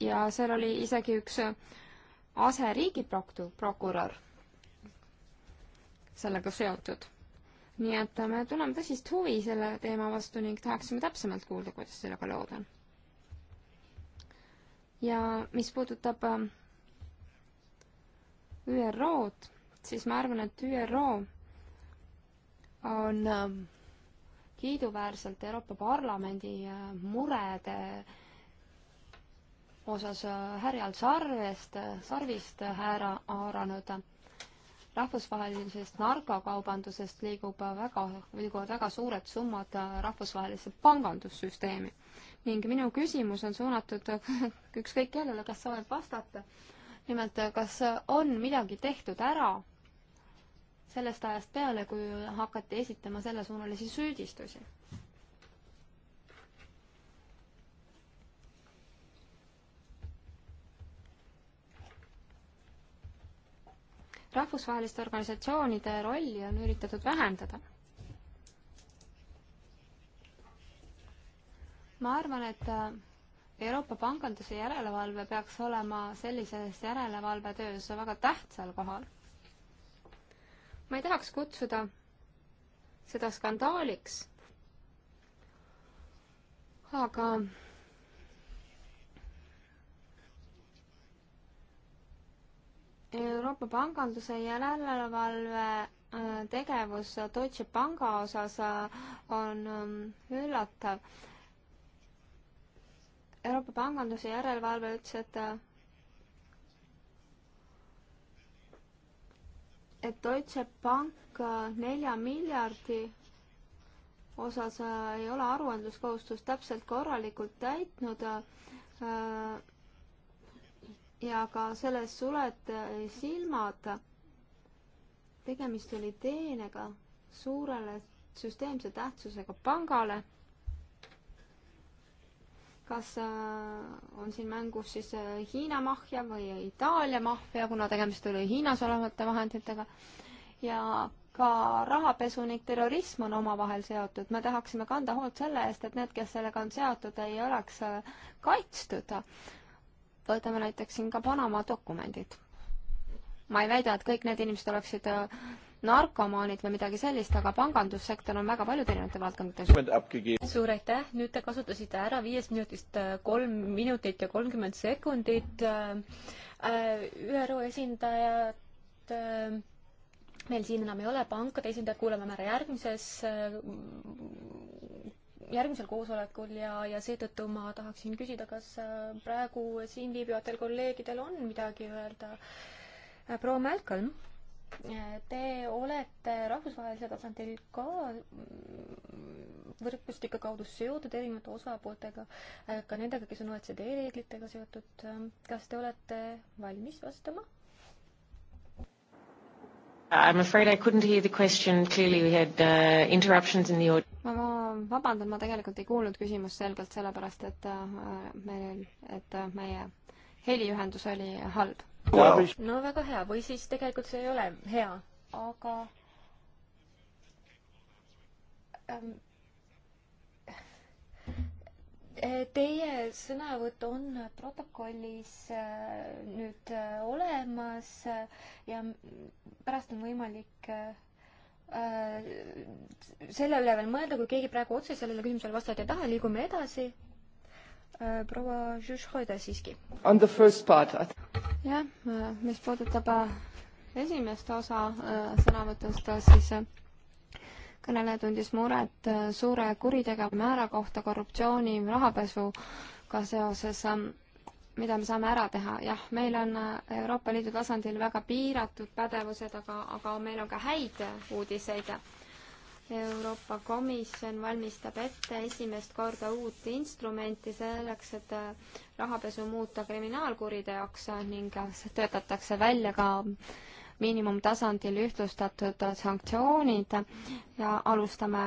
ja seal oli isegi üks äh, aseriigiprokurör sellega seotud nii et me tunneme tõsist huvi selle teema vastu ning tahaksime täpsemalt kuulda, kuidas sellega lood on. ja mis puudutab ähm, ÜRO-d, siis ma arvan, et ÜRO on ähm, kiiduväärselt Euroopa Parlamendi äh, murede osas äh, härjal sarvest, äh, sarvist ära haaranud rahvusvahelisest narkokaubandusest liigub väga, liiguvad väga suured summad rahvusvahelisse pangandussüsteemi. ning minu küsimus on suunatud *laughs* ükskõik kellele, kas sa oled vastata. nimelt, kas on midagi tehtud ära sellest ajast peale, kui hakati esitama sellesuunalisi süüdistusi? rahvusvaheliste organisatsioonide rolli on üritatud vähendada. ma arvan, et äh, Euroopa panganduse järelevalve peaks olema sellises järelevalvetöös väga tähtsal kohal. ma ei tahaks kutsuda seda skandaaliks, aga Euroopa panganduse järelevalve äh, tegevus Deutsche Panga osas äh, on ähm, üllatav. Euroopa panganduse järelevalve ütles, et äh, et Deutsche Pank nelja miljardi osas ei ole aruandluskohustust täpselt korralikult täitnud ja ka selles Suled silmad, tegemist oli teenega suurele süsteemse tähtsusega pangale. kas äh, on siin mängus siis äh, Hiina maffia või Itaalia maffia, kuna tegemist oli Hiinas olevate vahenditega ja ka rahapesu ning terrorism on omavahel seotud. me tahaksime kanda hoolt selle eest, et need, kes sellega on seotud, ei oleks äh, kaitstud võtame näiteks siin ka Panama dokumendid. ma ei väida, et kõik need inimesed oleksid äh, narkomaanid või midagi sellist, aga pangandussektor on väga paljude erinevate valdkondade suur aitäh, nüüd te kasutasite ära viiest minutist äh, kolm minutit ja kolmkümmend sekundit. Äh, ÜRO esindajad meil siin enam ei ole, pankade esindajad kuulame ära järgmises järgmisel koosolekul ja, ja seetõttu ma tahaksin küsida, kas äh, praegu siin viibivatel kolleegidel on midagi öelda. Äh, proua Malcolm, äh, te olete rahvusvahelisel tasandil ka mm, võrgustike kaudu seotud erinevate osapooltega, ka nendega, kes on OECD reeglitega seotud. kas te olete valmis vastama? I'm afraid I couldn't hear the question clearly, we had uh, interruptions in the audio. ma, ma vabandan, ma tegelikult ei kuulnud küsimust selgelt, sellepärast et uh, meil, et uh, meie heliühendus oli halb wow.. no väga hea, või siis tegelikult see ei ole hea, aga um, Eh, teie sõnavõtt on protokollis eh, nüüd eh, olemas ja pärast on võimalik selle üle veel mõelda, kui keegi praegu otse sellele küsimusele vastata ei taha, liigume edasi proua Žužhoida siiski. jah, mis puudutab esimest osa sõnavõtust, siis kõneleja tundis muret äh, suure kuritegevuse määra kohta korruptsiooni, rahapesuga seoses, ähm, mida me saame ära teha. jah, meil on äh, Euroopa Liidu tasandil väga piiratud pädevused, aga, aga meil on ka häid uudiseid. Euroopa Komisjon valmistab ette esimest korda uut instrumenti selleks, et äh, rahapesu muuta kriminaalkuriteoks ning töötatakse välja ka äh, miinimumtasandil ühtlustatud sanktsioonid ja alustame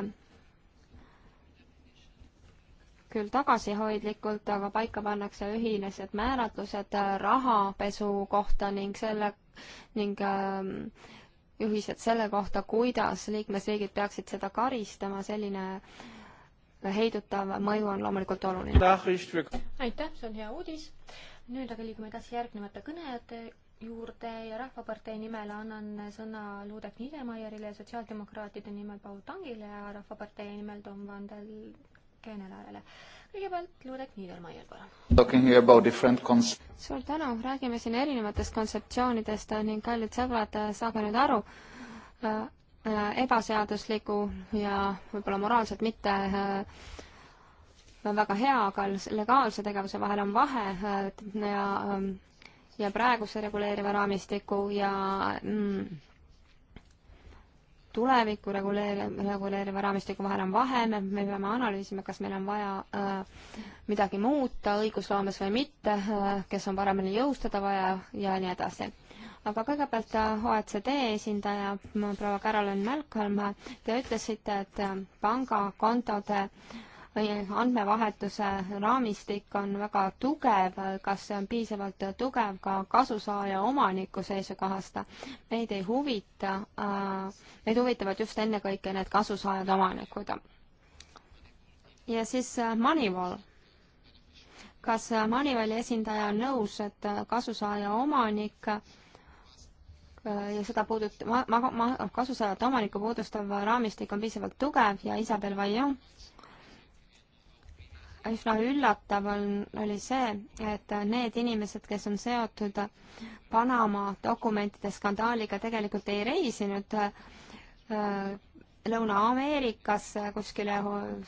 küll tagasihoidlikult, aga paika pannakse ühinesed määratlused rahapesu kohta ning selle ning juhised ähm, selle kohta, kuidas liikmesriigid peaksid seda karistama, selline heidutav mõju on loomulikult oluline. aitäh, see on hea uudis. nüüd aga liigume edasi järgnevate kõnede juurde ja Rahvapartei nimel annan sõna Luudek Niedermayerile ja sotsiaaldemokraatide nimel Paul Tangile ja Rahvapartei nimel Tom van der Keenelaarele. kõigepealt Luudek Niedermayer, palun. suur tänu, räägime siin erinevatest kontseptsioonidest ning kallid sõbrad, saage nüüd aru, äh, äh, ebaseadusliku ja võib-olla moraalselt mitte äh, väga hea, aga legaalse tegevuse vahel on vahe ja ähm, ja praeguse reguleeriva raamistiku ja mm, tulevikku reguleeriv, reguleeriva raamistiku vahel on vahe, me, me peame analüüsima, kas meil on vaja äh, midagi muuta õigusloomes või mitte äh,, kes on paremini jõustada vaja ja nii edasi. aga kõigepealt äh, OECD esindaja proua Carolyn Malcolm, te ütlesite, et äh, pangakontode äh, andmevahetuse raamistik on väga tugev, kas see on piisavalt tugev ka kasusaaja omaniku seisukohast, meid ei huvita, äh, meid huvitavad just ennekõike need kasusaajad, omanikud. ja siis äh, Moneyval. kas äh, Moneyvali esindaja on nõus, et kasusaaja omanik ja seda puudut-, ma, ma, ma, kasusaajate omanikku puudustav raamistik on piisavalt tugev ja Isabel Vaillon üsna üllatav on, oli see, et need inimesed, kes on seotud Panama dokumentide skandaaliga, tegelikult ei reisinud äh, Lõuna-Ameerikas kuskile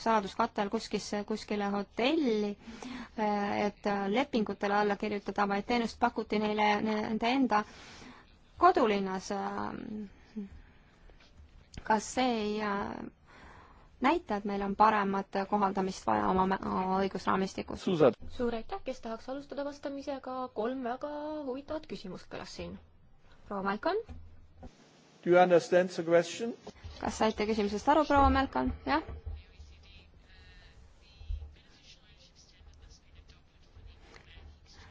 saladuskatte all kuskisse, kuskile hotelli, äh, et lepingutele alla kirjutada, vaid teenust pakuti neile nende enda kodulinnas. Äh. kas see ei näita, et meil on paremat kohaldamist vaja oma õigusraamistikus. suur aitäh, kes tahaks alustada vastamisega, kolm väga huvitavat küsimust kõlas siin. proua Malkon. Do you understand the question? kas saite küsimusest aru, proua Malkon, jah?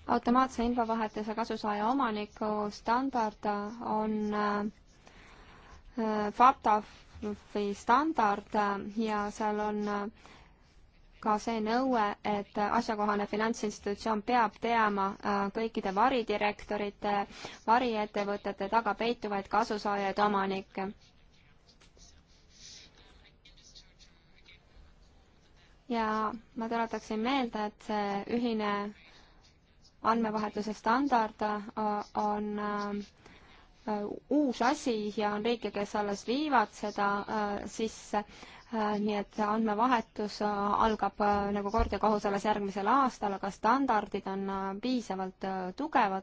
automaatse infovahetuse kasusaaja omaniku standard on äh, äh FATF või standard äh, ja seal on äh, ka see nõue, et asjakohane finantsinstitutsioon peab teama äh, kõikide varidirektorite, variettevõtete taga peituvaid kasusaajaid, omanikke. ja ma tuletaksin meelde, et see ühine andmevahetuse standard on Äh, uus asi ja on riike, kes alles viivad seda äh, sisse, äh, nii et andmevahetus algab nagu kord ja kohus alles järgmisel aastal, aga standardid on piisavalt tugevad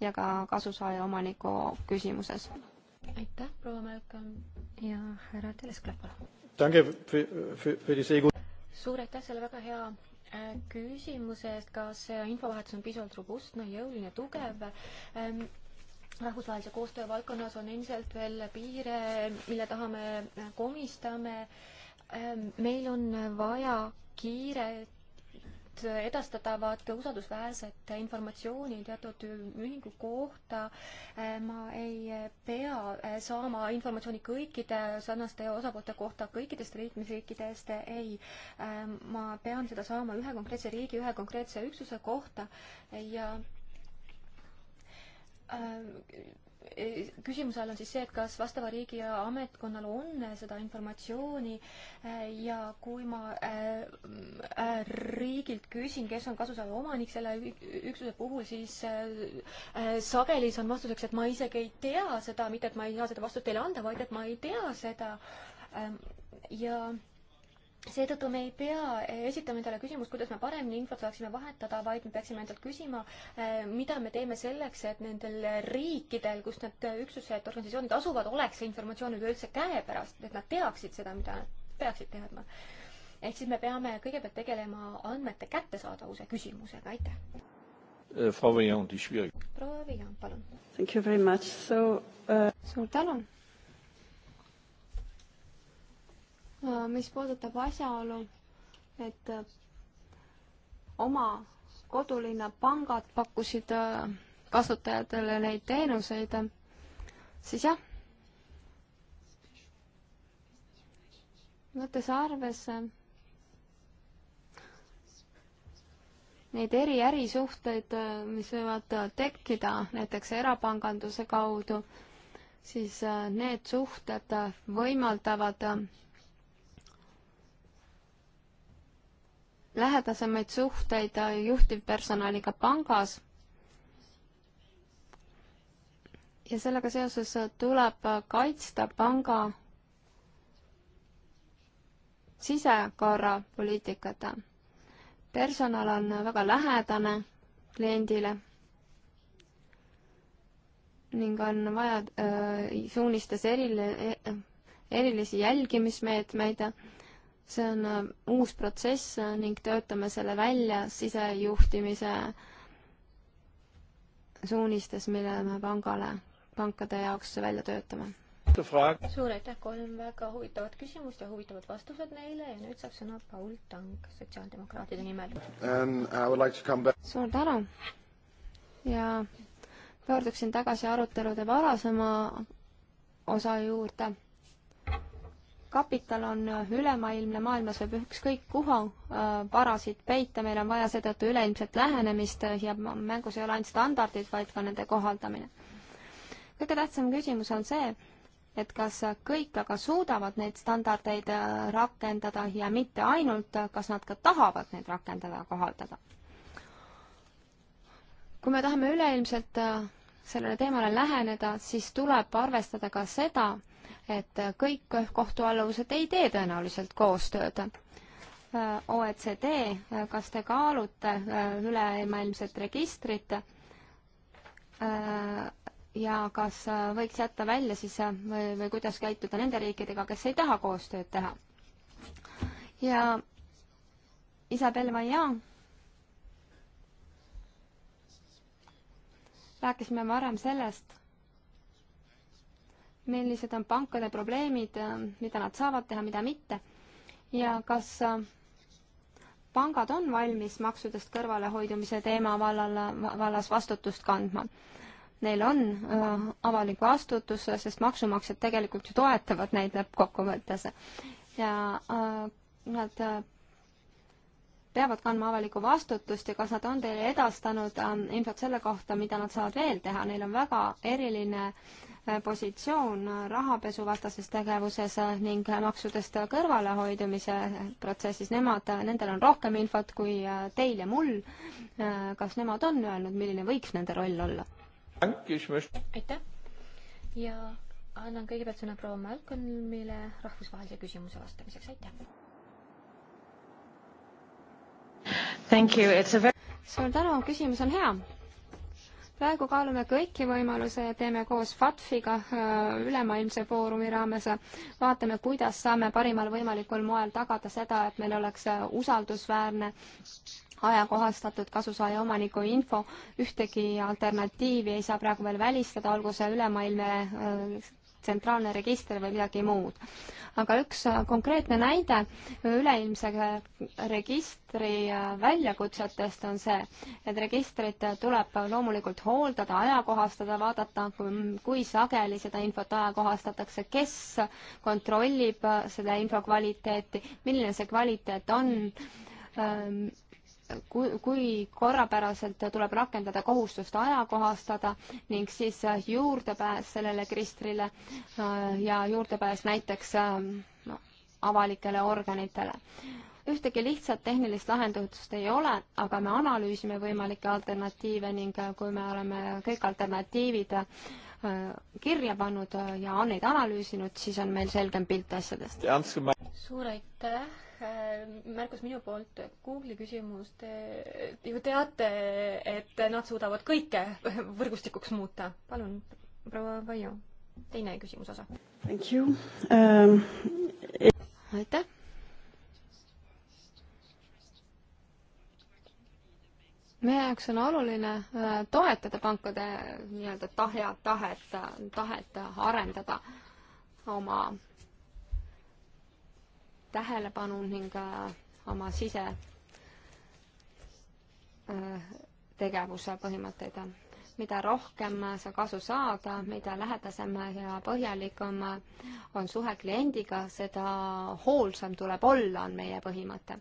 ja ka kasusaaja omaniku küsimuses. aitäh, proua Malcolm ja härra Telesklapp, palun. suur aitäh selle väga hea küsimuse eest, kas infovahetus on piisavalt robustne, jõuline, tugev ähm, rahvusvahelise koostöö valdkonnas on endiselt veel piire, mille taha me komistame. Ähm, meil on vaja kiiret edastatavat usaldusväärset informatsiooni teatud ühingu kohta. Ähm, ma ei pea äh, saama informatsiooni kõikide sarnaste osapoolte kohta kõikidest liikmesriikidest, ei. Ähm, ma pean seda saama ühe konkreetse riigi, ühe konkreetse üksuse kohta ja Äh, küsimuse all on siis see, et kas vastava riigi ametkonnal on äh, seda informatsiooni äh, ja kui ma riigilt küsin, kes on kasusaaja omanik selle üksuse puhul, siis sageli saan vastuseks, et ma isegi ei tea seda, mitte et ma ei saa seda vastust teile anda, vaid et ma ei tea seda. ja seetõttu me ei pea eh, esitama endale küsimust, kuidas me paremini infot saaksime vahetada, vaid me peaksime endalt küsima, eh, mida me teeme selleks, et nendel riikidel, kus need üksused, organisatsioonid asuvad, oleks see informatsioon üleüldse käepärast, et nad teaksid seda, mida nad peaksid teadma. ehk siis me peame kõigepealt tegelema andmete kättesaadavuse küsimusega, aitäh. proua eh, Viljand, palun. Uh, suur tänu Äh, mis puudutab asjaolu, et äh, oma kodulinna pangad pakkusid äh, kasutajatele neid teenuseid, siis jah, võttes arvesse neid eri ärisuhteid, mis võivad tekkida näiteks erapanganduse kaudu, siis need suhted võimaldavad lähedasemaid suhteid juhtivpersonaliga pangas. ja sellega seoses tuleb kaitsta panga sisekorrapoliitikat. personal on väga lähedane kliendile ning on vaja äh, suunistes erile, erilisi jälgimismeetmeid see on äh, uus protsess äh, ning töötame selle välja sisejuhtimise suunistes, mille me pangale, pankade jaoks välja töötame. suur aitäh, kolm väga huvitavat küsimust ja huvitavad vastused neile ja nüüd saab sõna Paul Tang sotsiaaldemokraatide nimel. Like suur tänu ja pöörduksin tagasi arutelude varasema osa juurde kapital on ülemaailmne, maailmas võib ükskõik kuhu äh, varasid peita, meil on vaja seetõttu üleilmset lähenemist äh, ja mängus ei ole ainult standardid, vaid ka nende kohaldamine. kõige tähtsam küsimus on see, et kas kõik aga suudavad neid standardeid äh, rakendada ja mitte ainult, kas nad ka tahavad neid rakendada, kohaldada. kui me tahame üleilmselt sellele teemale läheneda, siis tuleb arvestada ka seda, et kõik kohtualused ei tee tõenäoliselt koostööd. OECD, kas te kaalute äh, ülemaailmset registrit? Äh, ja kas äh, võiks jätta välja siis või, või kuidas käituda nende riikidega, kes ei taha koostööd teha? ja Isabel Vaillant rääkisime varem sellest, millised on pankade probleemid, mida nad saavad teha, mida mitte ja kas äh, pangad on valmis maksudest kõrvalehoidumise teema vallal, vallas vastutust kandma. Neil on äh, avalik vastutus, sest maksumaksjad tegelikult ju toetavad neid lõppkokkuvõttes ja äh, nad äh, peavad kandma avalikku vastutust ja kas nad on teile edastanud äh, infot selle kohta, mida nad saavad veel teha, neil on väga eriline äh, Äh, positsioon rahapesuvastases tegevuses ning maksudest kõrvalehoidumise protsessis, nemad, nendel on rohkem infot kui äh, teil ja mul. Äh, kas nemad on öelnud, milline võiks nende roll olla? aitäh ja annan kõigepealt sõna proua Malcolmile rahvusvahelise küsimuse vastamiseks, aitäh! Thank you, it's a very suur tänu, küsimus on hea praegu kaalume kõiki võimalusi ja teeme koos FATF-iga äh, ülemaailmse foorumi raames, vaatame, kuidas saame parimal võimalikul moel tagada seda, et meil oleks äh, usaldusväärne ajakohastatud kasusaaja omaniku info, ühtegi alternatiivi ei saa praegu veel välistada, olgu see ülemaailmne äh, tsentraalne register või midagi muud. aga üks äh, konkreetne näide üleilmse äh, registri äh, väljakutsetest on see, et registrit tuleb loomulikult hooldada, ajakohastada, vaadata, kui sageli seda infot ajakohastatakse, kes kontrollib selle info kvaliteeti, milline see kvaliteet on ähm, kui, kui korrapäraselt tuleb rakendada kohustust ajakohastada ning siis juurdepääs sellele kristrile äh, ja juurdepääs näiteks no, äh, avalikele organitele. ühtegi lihtsat tehnilist lahendust ei ole, aga me analüüsime võimalikke alternatiive ning äh, kui me oleme kõik alternatiivid kirja pannud ja on neid analüüsinud, siis on meil selgem pilt asjadest. suur aitäh Äh, märkus minu poolt Google'i küsimus, te ju teate, et nad suudavad kõike *laughs* võrgustikuks muuta. palun, proua Vaio, teine küsimuse osa. Um... aitäh. meie jaoks on oluline äh, toetada pankade nii-öelda tahja, tahet, tahet arendada oma tähelepanu ning äh, oma sise äh, tegevuse põhimõtteid. mida rohkem sa kasu saad, mida lähedasem ja põhjalikum on suhe kliendiga, seda hoolsam tuleb olla, on meie põhimõte.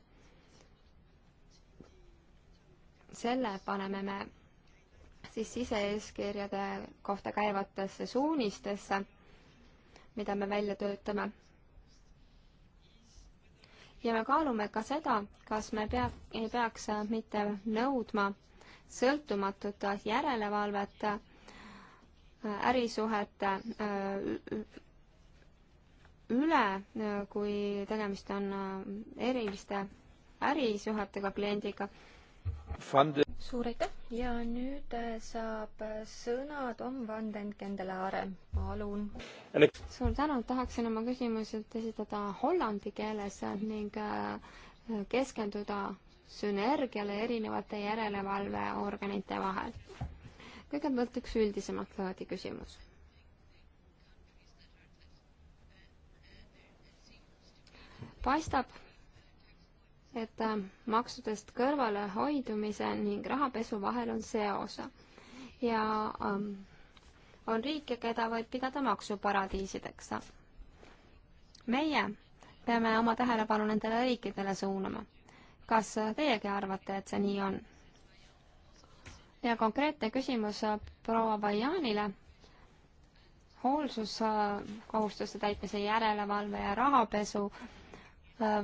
selle paneme me siis sise-eeskirjade kohta käivatesse suunistesse, mida me välja töötame ja me kaalume ka seda, kas me pea, ei peaks äh, mitte nõudma sõltumatut äh, järelevalvet äh, ärisuhete üle, kui tegemist on eriliste ärisuhetega kliendiga Fande. suur aitäh ja nüüd äh, saab äh, sõna Tom van den Kendelaare, palun. suur tänu, tahaksin oma küsimused esitada hollandi keeles ning äh, keskenduda sünergiale erinevate järelevalveorganite vahel. kõigepealt üks üldisemat laadi küsimus paistab, et äh, maksudest kõrvalehoidumise ning rahapesu vahel on seos ja ähm, on riike, keda võib pidada maksuparadiisideks. meie peame oma tähelepanu nendele riikidele suunama. kas teiegi arvate, et see nii on? ja konkreetne küsimus äh, proua Vajanile hoolsuskohustuste täitmise järelevalve ja rahapesu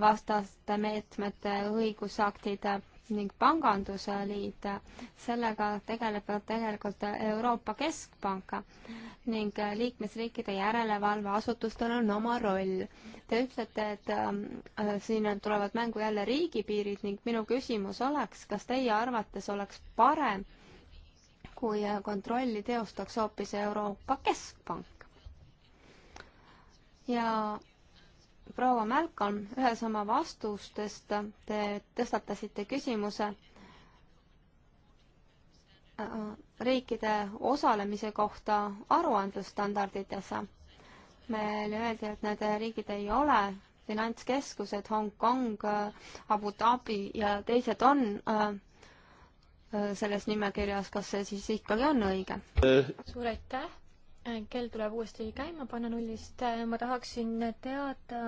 vastaste meetmete õigusaktid ning Pangandusliit, sellega tegeleb tegelikult Euroopa Keskpank ning liikmesriikide järelevalveasutustel on oma roll. Te ütlete, et äh, siin tulevad mängu jälle riigipiirid ning minu küsimus oleks, kas teie arvates oleks parem, kui kontrolli teostaks hoopis Euroopa Keskpank? ja proua Malcolm, ühes oma vastustest te tõstatasite küsimuse äh, riikide osalemise kohta aruandlusstandardites. meile öeldi, et need riigid ei ole finantskeskused, Hongkong, Abu Dhabi ja teised on äh, äh, selles nimekirjas, kas see siis ikkagi on õige? suur aitäh! Äh, kell tuleb uuesti käima panna nullist, äh, ma tahaksin teada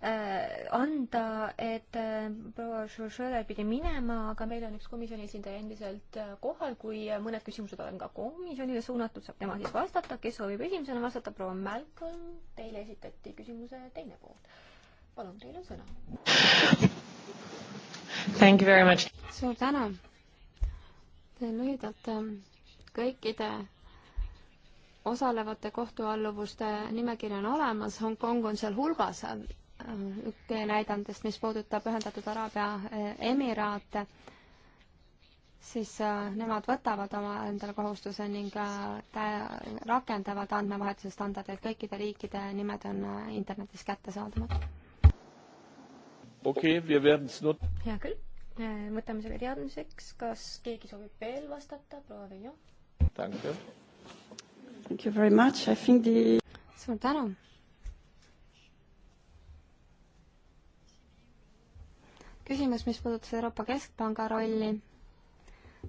äh,, anda, et äh, proua Šošõle pidi minema, aga meil on üks komisjoni esindaja endiselt äh, kohal, kui mõned küsimused on ka komisjonile suunatud, saab tema siis vastata, kes soovib esimesena vastata, proua Malcolm, teile esitati küsimuse teine pool. palun, teil on sõna. Thank you very much. suur tänu. teen lühidalt ähm, kõikide osalevate kohtualluvuste nimekiri on olemas, Hongkong on seal hulgas, äh, näidendist, mis puudutab Ühendatud Araabia äh, Emiraate, siis äh, nemad võtavad oma endale kohustuse ning rakendavad andmevahetuse standardeid, kõikide riikide nimed on internetis kättesaadavad. okei okay,, me peame seda. hea küll, võtame selle teadmiseks, kas keegi soovib veel vastata, proua Riio? tänke Thank you very much, I think the suur tänu! küsimus, mis puudutas Euroopa Keskpanga rolli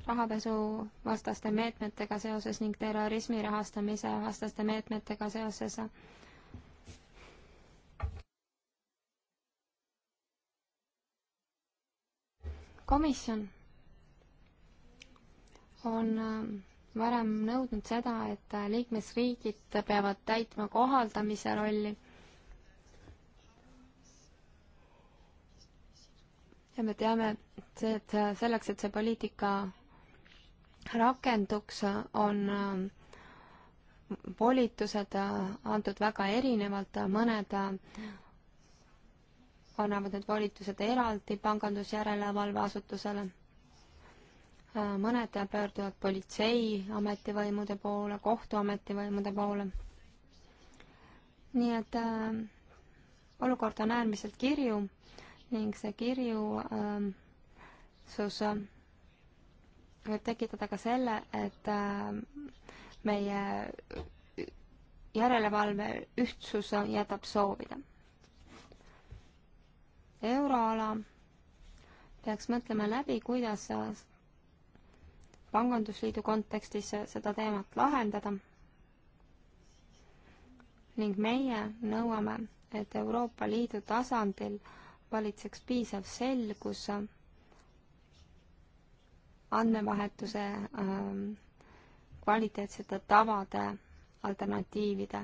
rahapesuvastaste meetmetega seoses ning terrorismi rahastamise vastaste meetmetega seoses. komisjon on ähm, varem nõudnud seda, et liikmesriigid peavad täitma kohaldamise rolli. ja me teame, et see, et selleks, et see poliitika rakenduks, on äh, volitused äh, antud väga erinevalt, mõned äh, annavad need volitused eraldi pangandusjärelevalveasutusele mõned pöörduvad politsei ametivõimude poole, kohtu ametivõimude poole. nii et äh, olukord on äärmiselt kirju ning see kirjusus äh, äh, võib tekitada ka selle, et äh, meie järelevalve ühtsus jätab soovida. euroala peaks mõtlema läbi, kuidas pangandusliidu kontekstis seda teemat lahendada. ning meie nõuame, et Euroopa Liidu tasandil valitseks piisav selgus andmevahetuse ähm, kvaliteetsete tavade alternatiivide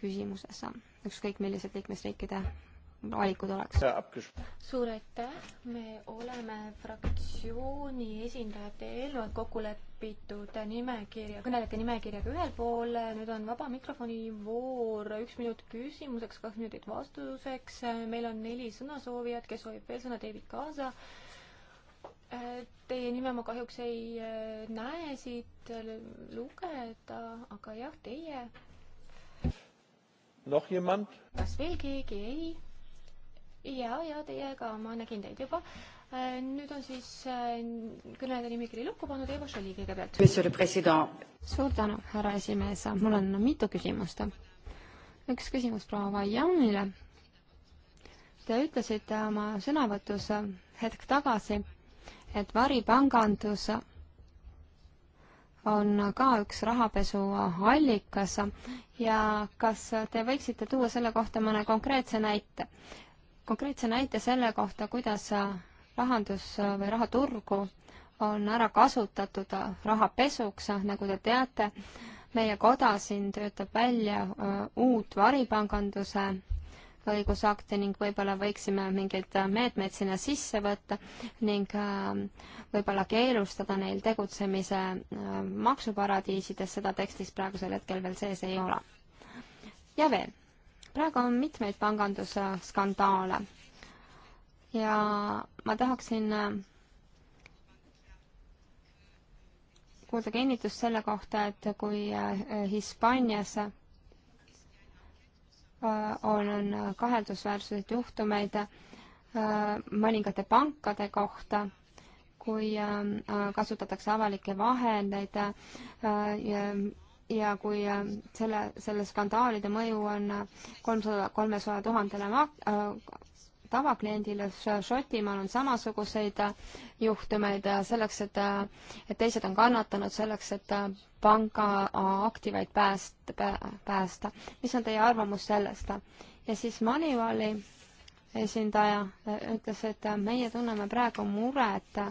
küsimuses, ükskõik millised liikmesriikide valikud oleks. suur aitäh, me oleme fraktsiooni esindajate eelnevalt kokku lepitud nimekirja, kõnelejate nimekirjaga ühel pool, nüüd on vaba mikrofoni voor, üks minut küsimuseks, kaks minutit vastuseks, meil on neli sõnasoovijat, kes soovib veel sõna, David Kaasa. Teie nime ma kahjuks ei eh, näe siit lugeda, aga jah, teie. noh, jemand? kas veel keegi ei? ja, ja teiega ma nägin teid juba. Äh, nüüd on siis äh, kõnede nimekiri lukku pannud, Eva Šoli kõigepealt. suur tänu, härra esimees, mul on mitu küsimust. üks küsimus proua Vaianile. Te ütlesite oma sõnavõtus hetk tagasi, et varipangandus on ka üks rahapesu allikas ja kas te võiksite tuua selle kohta mõne konkreetse näite? konkreetse näite selle kohta, kuidas rahandus- või rahaturgu on ära kasutatud rahapesuks, nagu te teate, meie koda siin töötab välja äh, uut varipanganduse õigusakti ning võib-olla võiksime mingeid meetmeid sinna sisse võtta ning äh, võib-olla keelustada neil tegutsemise äh, maksuparadiisides, seda tekstis praegusel hetkel veel sees ei ole. ja veel praegu on mitmeid pangandusskandaale ja ma tahaksin äh, kuulda kinnitust selle kohta, et kui äh, Hispaanias äh, on kaheldusväärseid juhtumeid mõningate pankade kohta, kui kasutatakse avalikke vahendeid ja kui äh, selle, selle skandaalide mõju on äh, kolmsada, kolmesaja tuhandele äh, tavakliendile, Šotimaal on samasuguseid juhtumeid selleks, et, et teised on kannatanud selleks, et panga aktivaid pääst-, päästa. mis on teie arvamus sellest? ja siis Manivali esindaja ütles, et meie tunneme praegu muret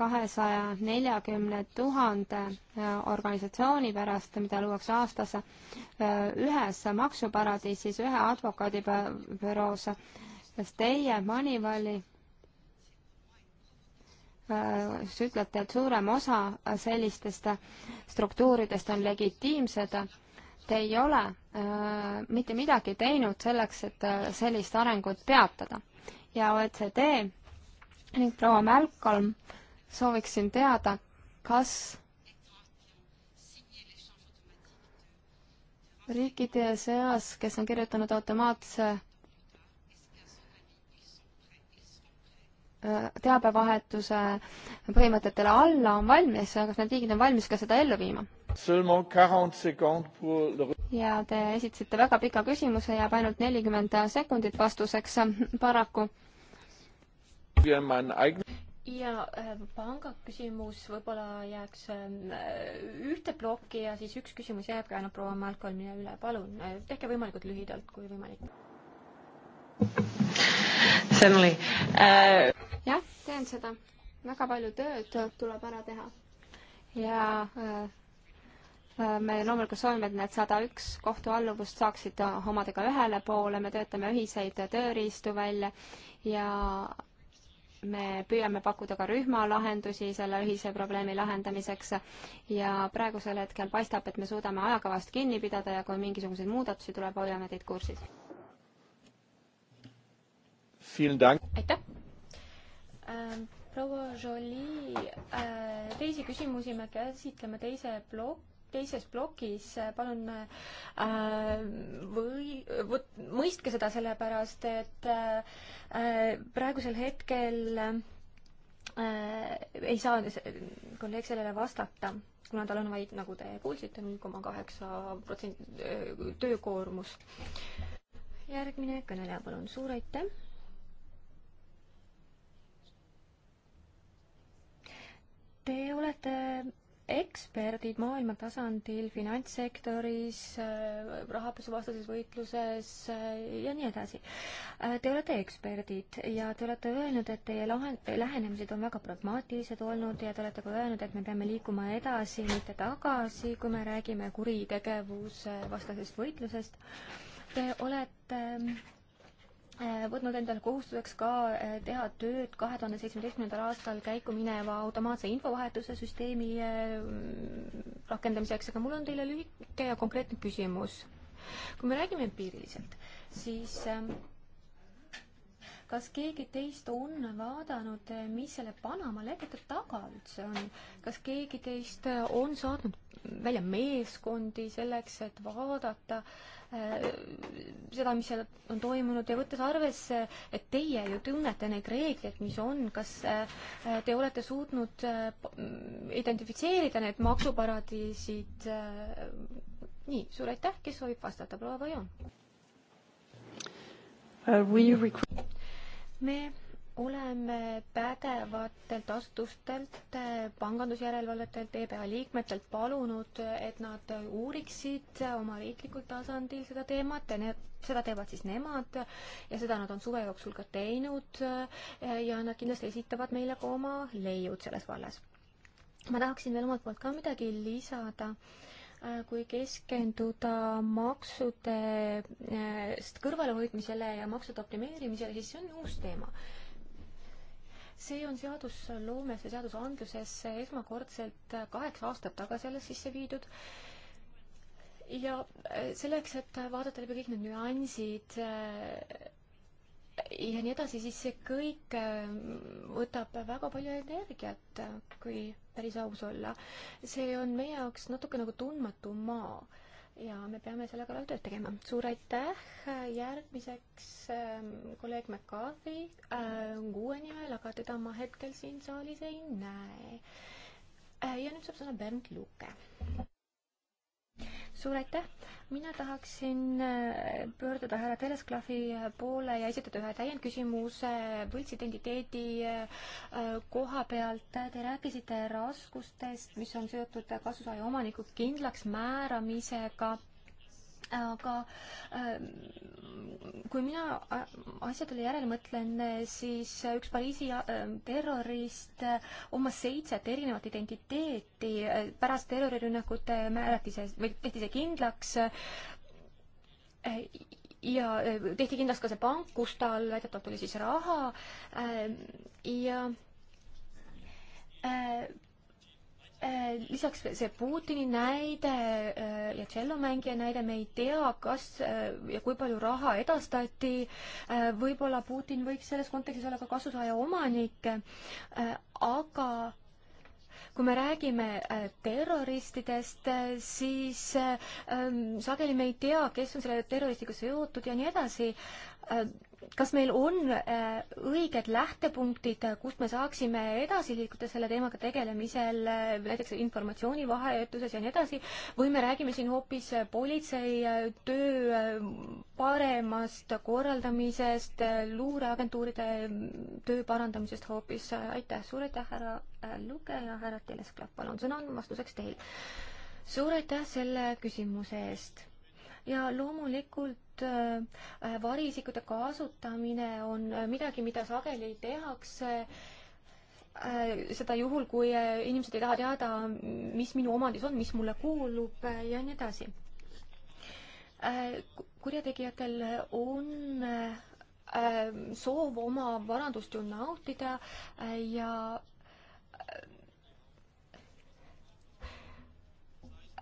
kahesaja neljakümne tuhande äh, organisatsiooni pärast, mida luuakse aastas äh, ühes maksuparadiisis, ühe advokaadibüroos. kas teie Moneyvali siis äh, ütlete, et suurem osa sellistest struktuuridest on legitiimsed, te ei ole äh, mitte midagi teinud selleks, et sellist arengut peatada. ja OECD ning proua Malcolm äh, sooviksin teada, kas riikide seas, kes on kirjutanud automaatse äh, teabevahetuse põhimõtetele alla, on valmis, kas need riigid on valmis ka seda ellu viima? ja te esitasite väga pika küsimuse, jääb ainult nelikümmend sekundit vastuseks paraku ja äh, pangaküsimus võib-olla jääks äh, ühte plokki ja siis üks küsimus jääb ka ainult proua Malcolmile üle. palun, äh, tehke võimalikult lühidalt, kui võimalik. Certainly uh.... jah, teen seda. väga palju tööd tuleb ära teha. ja me loomulikult soovime, et need sada üks kohtualluvust saaksid omadega ühele poole, me töötame ühiseid tööriistu välja ja me püüame pakkuda ka rühmalahendusi selle ühise probleemi lahendamiseks ja praegusel hetkel paistab, et me suudame ajakavast kinni pidada ja kui mingisuguseid muudatusi tuleb, hoiame teid kursis. aitäh! Ähm, proua Jolie, äh, teisi küsimusi me käsitleme teise plokki teises plokis, palun äh, või võt, mõistke seda sellepärast, et äh, praegusel hetkel äh, ei saa kolleeg sellele vastata, kuna tal on vaid, nagu te kuulsite, null koma kaheksa protsenti äh, töökoormus. järgmine kõneleja, palun, suur aitäh Te olete eksperdid maailma tasandil finantssektoris, äh, rahapesuvastases võitluses äh, ja nii edasi. Äh, te olete eksperdid ja te olete öelnud, et teie lahen-, lähenemised on väga pragmaatilised olnud ja te olete ka öelnud, et me peame liikuma edasi, mitte tagasi, kui me räägime kuritegevuse vastasest võitlusest. Te olete Äh, võtnud endale kohustuseks ka äh, teha tööd kahe tuhande seitsmeteistkümnendal aastal käiku mineva automaatse infovahetuse süsteemi äh, rakendamiseks, aga mul on teile lühike ja konkreetne küsimus. kui me räägime empiiriliselt, siis äh, kas keegi teist on vaadanud, eh, mis selle Panama lepete taga üldse on? kas keegi teist eh, on saatnud välja meeskondi selleks, et vaadata eh, seda, mis seal on toimunud ja võttes arvesse, et teie ju tunnete neid reegleid, mis on, kas te olete suutnud identifitseerida need maksuparadiisid? nii, suur aitäh, kes soovib vastata, proua Vajon? Uh, me oleme pädevatelt asutustelt, pangandusjärelevalvetelt, EBA liikmetelt palunud, et nad uuriksid oma riiklikul tasandil seda teemat ja need, seda teevad siis nemad ja seda nad on suve jooksul ka teinud ja nad kindlasti esitavad meile ka oma leiud selles vallas. ma tahaksin veel omalt poolt ka midagi lisada äh, Äh, kui keskenduda maksudest äh, kõrvalehoidmisele ja maksude optimeerimisele, siis see on uus teema. see on seadusloomes ja seadusandluses esmakordselt kaheksa aastat tagasi alles sisse viidud ja äh, selleks, et vaadata läbi kõik need nüansid, ja nii edasi, siis see kõik äh, võtab väga palju energiat, kui päris aus olla. see on meie jaoks natuke nagu tundmatu maa ja me peame selle kallal tööd tegema. suur aitäh, järgmiseks ähm, kolleeg McCarthy äh, on kuue nimel, aga teda ma hetkel siin saalis ei näe. Äh, ja nüüd saab sõna Bernd Luke suur aitäh, mina tahaksin äh, pöörduda härra Telesklaafi poole ja esitada ühe täiendküsimuse võltsidentiteedi äh, koha pealt. Te rääkisite raskustest, mis on seotud kasusaaja omaniku kindlaksmääramisega aga ähm, kui mina äh, asjadele järele mõtlen, siis üks Pariisi ähm, terrorist äh, omas seitset erinevat identiteeti, äh, pärast terrorirünnakut määrati see või tehti see kindlaks ja tehti kindlaks ka see pank, kus tal väidetavalt oli siis raha ähm, ja Äh, lisaks see Putini näide äh, ja tšellomängija näide, me ei tea, kas äh, ja kui palju raha edastati, võib-olla Putin võiks selles kontekstis olla ka kasusaaja omanik, aga kui me räägime terroristidest, siis ähm, sageli me ei tea, kes on selle terroristiga seotud ja nii edasi kas meil on äh, õiged lähtepunktid, äh, kust me saaksime edasi liikuda selle teemaga tegelemisel, äh, näiteks informatsiooni vahetuses ja nii edasi, või me räägime siin hoopis politsei töö paremast korraldamisest, luureagentuuride töö parandamisest hoopis, aitäh, suur aitäh, härra lugeja, härra Telesklapp, palun, sõna on vastuseks teil. suur aitäh selle küsimuse eest ja loomulikult äh, variisikute kasutamine on äh, midagi, mida sageli tehakse äh, seda juhul, kui inimesed ei taha teada, mis minu omandis on, mis mulle kuulub ja nii edasi. kurjategijatel on soov oma varandust ju nautida ja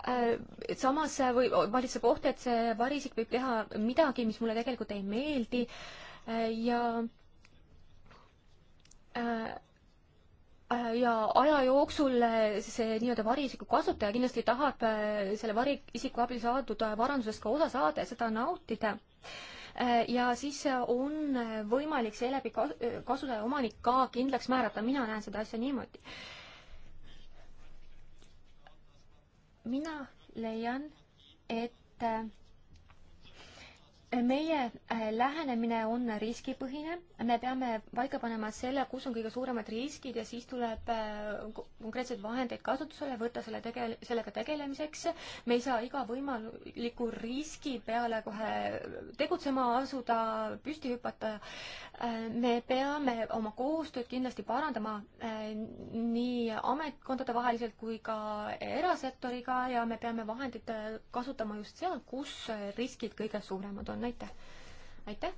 Äh, samas võib, valitseb oht, et see varisik võib teha midagi, mis mulle tegelikult ei meeldi äh, ja äh, ja aja jooksul see nii-öelda variisiku kasutaja kindlasti tahab selle variisiku abil saadud varandusest ka osa saada ja seda nautida. ja siis on võimalik seeläbi kas-, kasutaja omanik ka kindlaks määrata, mina näen seda asja niimoodi mina leian, et äh, meie äh, lähenemine on riskipõhine, me peame paika panema selle, kus on kõige suuremad riskid ja siis tuleb äh, konkreetseid vahendeid kasutusele võtta selle tege-, sellega tegelemiseks. me ei saa iga võimaliku riski peale kohe tegutsema asuda, püsti hüpata. Äh, me peame oma koostööd kindlasti parandama nii ametkondade vaheliselt kui ka erasektoriga ja me peame vahendeid kasutama just seal, kus riskid kõige suuremad on on, aitäh. aitäh,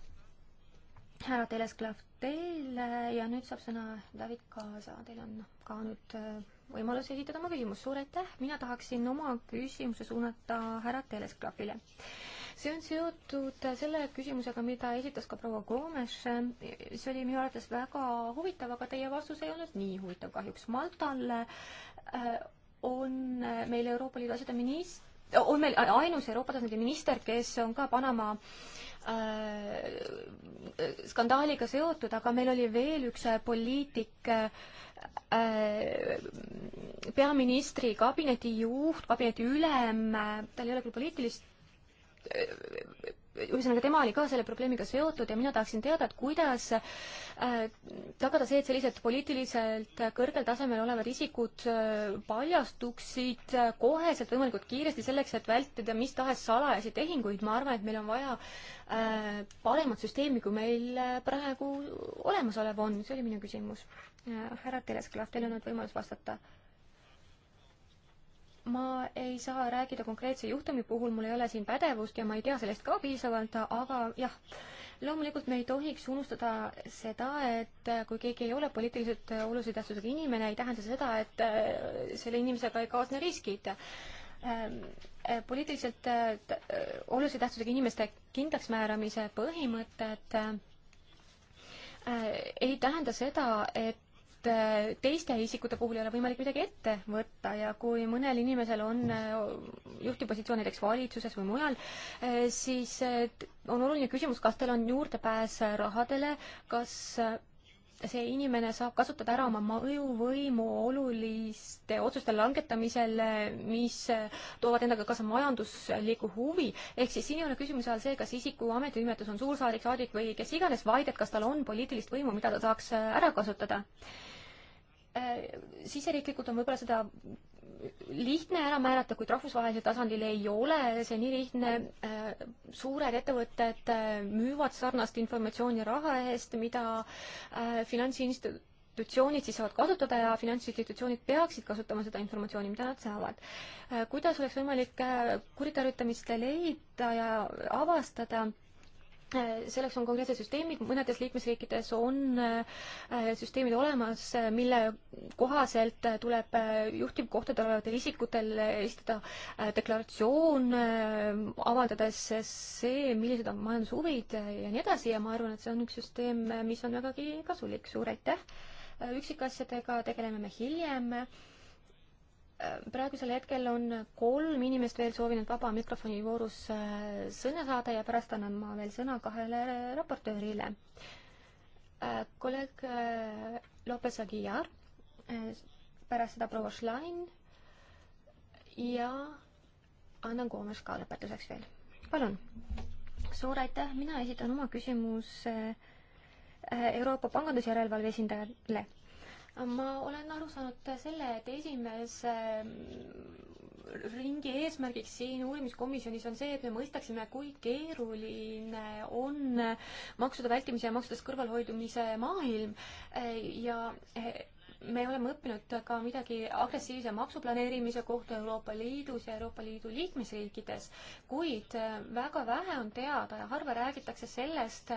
härra Telesklav, teile ja nüüd saab sõna David Kaasa, teil on ka nüüd äh, võimalus esitada oma küsimus, suur aitäh, mina tahaksin oma küsimuse suunata härra Telesklapile. see on seotud selle küsimusega, mida esitas ka proua Gomes, see oli minu arvates väga huvitav, aga teie vastus ei olnud nii huvitav kahjuks. Maltal äh, on meil Euroopa Liidu asjade minister, on meil ainus Euroopa tasandi minister, kes on ka Panama äh, skandaaliga seotud, aga meil oli veel üks äh, poliitik äh,, peaministri kabineti juht, kabineti ülem, äh, tal ei ole küll poliitilist äh, ühesõnaga, tema oli ka selle probleemiga seotud ja mina tahaksin teada, et kuidas äh, tagada see, et sellised poliitiliselt kõrgel tasemel olevad isikud äh, paljastuksid äh, koheselt võimalikult kiiresti selleks, et vältida mis tahes salajasi tehinguid. ma arvan, et meil on vaja paremat süsteemi, kui meil praegu olemasolev on. see oli minu küsimus. härra Teles Klaaf, teil on nüüd võimalus vastata ma ei saa rääkida konkreetse juhtumi puhul, mul ei ole siin pädevust ja ma ei tea sellest ka piisavalt, aga jah, loomulikult me ei tohiks unustada seda, et kui keegi ei ole poliitiliselt olulise tähtsusega inimene, ei tähenda seda, et äh, selle inimesega ei kaasne riskid. Ähm, äh, poliitiliselt äh, olulise tähtsusega inimeste kindlaksmääramise põhimõtted ei tähenda seda, et et äh, teiste isikute puhul ei ole võimalik midagi ette võtta ja kui mõnel inimesel on äh, juhtivpositsioon näiteks valitsuses või mujal, äh, siis on oluline küsimus, kas tal on juurdepääs rahadele, kas see inimene saab kasutada ära oma mõjuvõimu oluliste otsuste langetamisel, mis toovad endaga kaasa majanduslikku huvi. ehk siis siin ei ole küsimuse all see, kas isiku ametinimetus on suursaadik, saadik või kes iganes, vaid et kas tal on poliitilist võimu, mida ta saaks ära kasutada äh, siseriiklikult on võib-olla seda lihtne ära määrata, kuid rahvusvahelisel tasandil ei ole see nii lihtne. Äh, suured ettevõtted äh, müüvad sarnast informatsiooni raha eest, mida äh, finantsinstitutsioonid siis saavad kasutada ja finantsinstitutsioonid peaksid kasutama seda informatsiooni, mida nad saavad. kuidas oleks võimalik kuritarvitamist leida ja avastada selleks on konkreetsed süsteemid, mõnedes liikmesriikides on äh, süsteemid olemas, äh, mille kohaselt äh, tuleb juhtivkohtadel olevatel isikutel esitada deklaratsioon, avaldades see, millised on majandushuvid ja nii edasi ja ma arvan, et see on üks süsteem, mis on vägagi kasulik, suur aitäh! üksikasjadega tegeleme me hiljem praegusel hetkel on kolm inimest veel soovinud vaba mikrofoni voorus äh, sõna saada ja pärast annan ma veel sõna kahele raportöörile. Äh, kolleeg äh, Lopez Aguiar, pärast seda proua Schlein ja annan Koomas ka lõpetuseks veel. palun. suur aitäh, mina esitan oma küsimuse Euroopa pangandusjärelevalve esindajale ma olen aru saanud selle, et esimese mm, ringi eesmärgiks siin uurimiskomisjonis on see, et me mõistaksime, kui keeruline on maksude vältimise ja maksudest kõrvalhoidumise maailm ja me oleme õppinud ka midagi agressiivse maksuplaneerimise kohta Euroopa Liidus ja Euroopa Liidu liikmesriikides, kuid väga vähe on teada ja harva räägitakse sellest,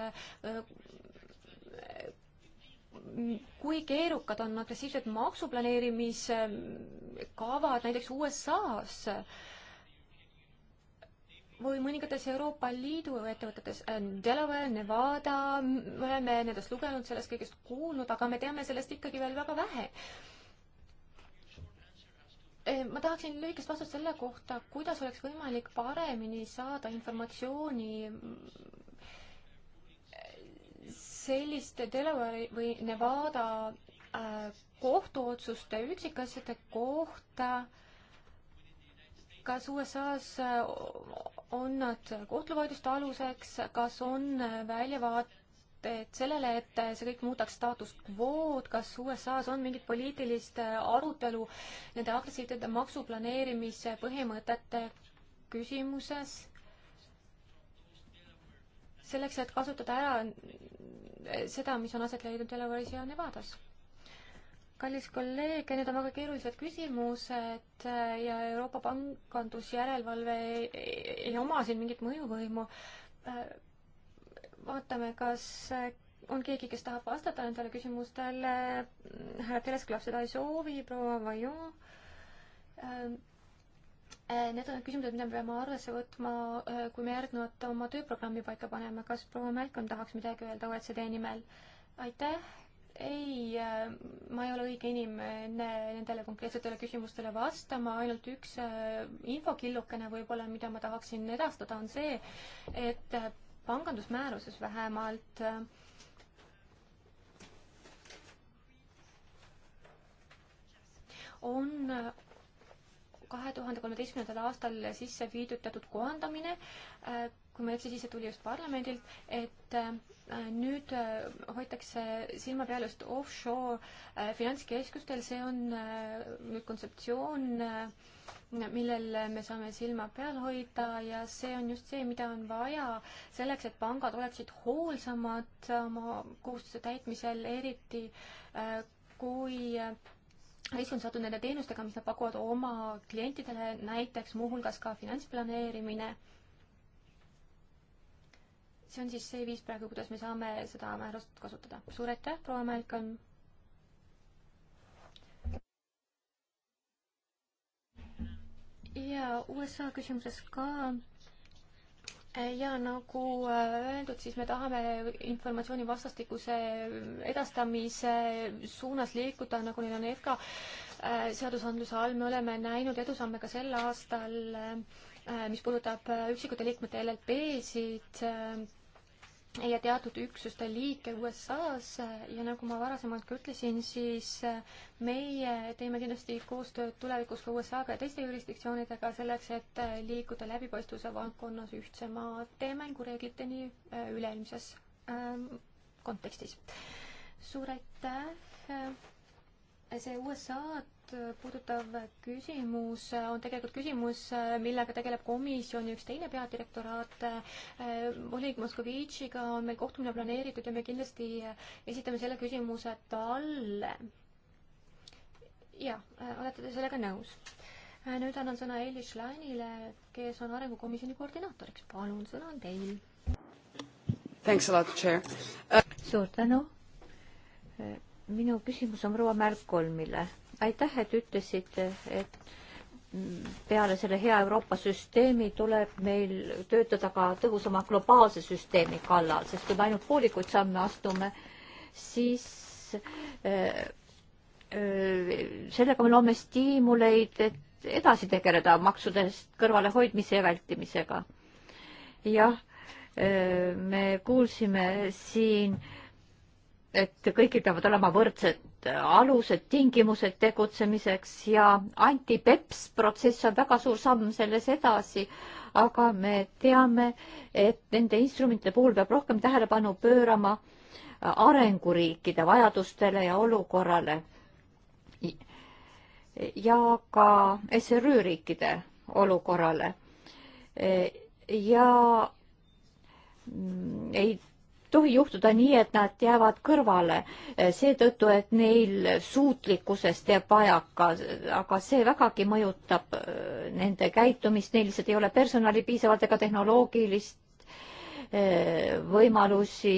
kui keerukad on agressiivsed maksuplaneerimiskavad näiteks USA-s või mõningates Euroopa Liidu ettevõtetes, Delaware, Nevada, me oleme nendest lugenud, sellest kõigest kuulnud, aga me teame sellest ikkagi veel väga vähe eh, ma tahaksin lühikest vastust selle kohta, kuidas oleks võimalik paremini saada informatsiooni selliste Delaware või Nevada äh, kohtuotsuste üksikasjade kohta, kas USA-s äh, on nad kohtuvaidluste aluseks, kas on äh, väljavaated sellele, et see kõik muudaks staatust kvood, kas USA-s on mingit poliitilist arutelu nende agressiivsete maksuplaneerimise põhimõtete küsimuses? selleks, et kasutada ära seda, mis on aset leidnud Delaware'is ja Nevadas. kallis kolleeg, need on väga keerulised küsimused äh, ja Euroopa pangandusjärelevalve ei, ei, ei oma siin mingit mõjuvõimu. Äh, vaatame, kas äh, on keegi, kes tahab vastata nendele küsimustele. härra Telesklav seda ei soovi, proua Vajon Äh, need on need küsimused, mida me peame arvesse võtma, äh, kui me järgnevalt oma tööprogrammi paika paneme. kas proua Malcolm tahaks midagi öelda OECD nimel? aitäh. ei, äh, ma ei ole õige inimene nendele konkreetsetele küsimustele vastama, ainult üks infokillukene võib-olla, mida ma tahaksin edastada, on see, et pangandusmääruses vähemalt on kahe tuhande kolmeteistkümnendal aastal sisse viidud teatud kohandamine, äh, kui ma ei eksi, siis see tuli just parlamendilt, et äh, nüüd äh, hoitakse silma peal just offshore finantskeskustel, see on nüüd kontseptsioon, millel me saame silma peal hoida ja see on just see, mida on vaja selleks, et pangad oleksid hoolsamad oma kohustuse täitmisel, eriti kui risk on seotud nende teenustega, mis nad pakuvad oma klientidele, näiteks muuhulgas ka finantsplaneerimine. see on siis see viis praegu, kuidas me saame seda määrust kasutada. suur aitäh, proua Melkon. ja USA küsimuses ka ja nagu äh, öeldud, siis me tahame informatsiooni vastastikuse ähm, edastamise suunas liikuda, nagu neil on EFKA äh, seadusandluse all, me oleme näinud edusamme ka sel aastal, äh, mis puudutab üksikute liikmete LLP-sid ja teatud üksuste liike USA-s ja nagu ma varasemalt ka ütlesin, siis äh, meie teeme kindlasti koostööd tulevikus ka USA-ga ja teiste jurisdiktsioonidega selleks, et äh, liikuda läbipaistvuse valdkonnas ühtsemate mängureegliteni äh, üleilmses ähm, kontekstis. suur aitäh! see USA puudutav küsimus on tegelikult küsimus, millega tegeleb komisjoni üks teine peadirektoraat. Oleg Moskovitšiga on meil kohtumine planeeritud ja me kindlasti esitame selle küsimuse talle. jah, olete te sellega nõus? nüüd annan sõna Elis Lainile, kes on arengukomisjoni koordinaatoriks. palun, sõna on teil. Thanks a lot, chair uh.... suur tänu. minu küsimus on proua Märkolmile aitäh, et ütlesite, et peale selle hea Euroopa süsteemi tuleb meil töötada ka tõhusama globaalse süsteemi kallal, sest kui me ainult poolikuid samme astume, siis äh, äh, sellega me loome stiimuleid, et edasi tegeleda maksudest kõrvalehoidmise ja vältimisega. jah äh,, me kuulsime siin, et kõigil peavad olema võrdsed Äh, alused, tingimused tegutsemiseks ja anti-PEPS protsess on väga suur samm selles edasi, aga me teame, et nende instrumentide puhul peab rohkem tähelepanu pöörama äh, arenguriikide vajadustele ja olukorrale ja ka SRÜ riikide olukorrale. Äh, ja mm, ei tohi juhtuda nii, et nad jäävad kõrvale eh, seetõttu, et neil suutlikkusest jääb vajaka, aga see vägagi mõjutab eh, nende käitumist, neil lihtsalt ei ole personali piisavalt ega tehnoloogilist eh, võimalusi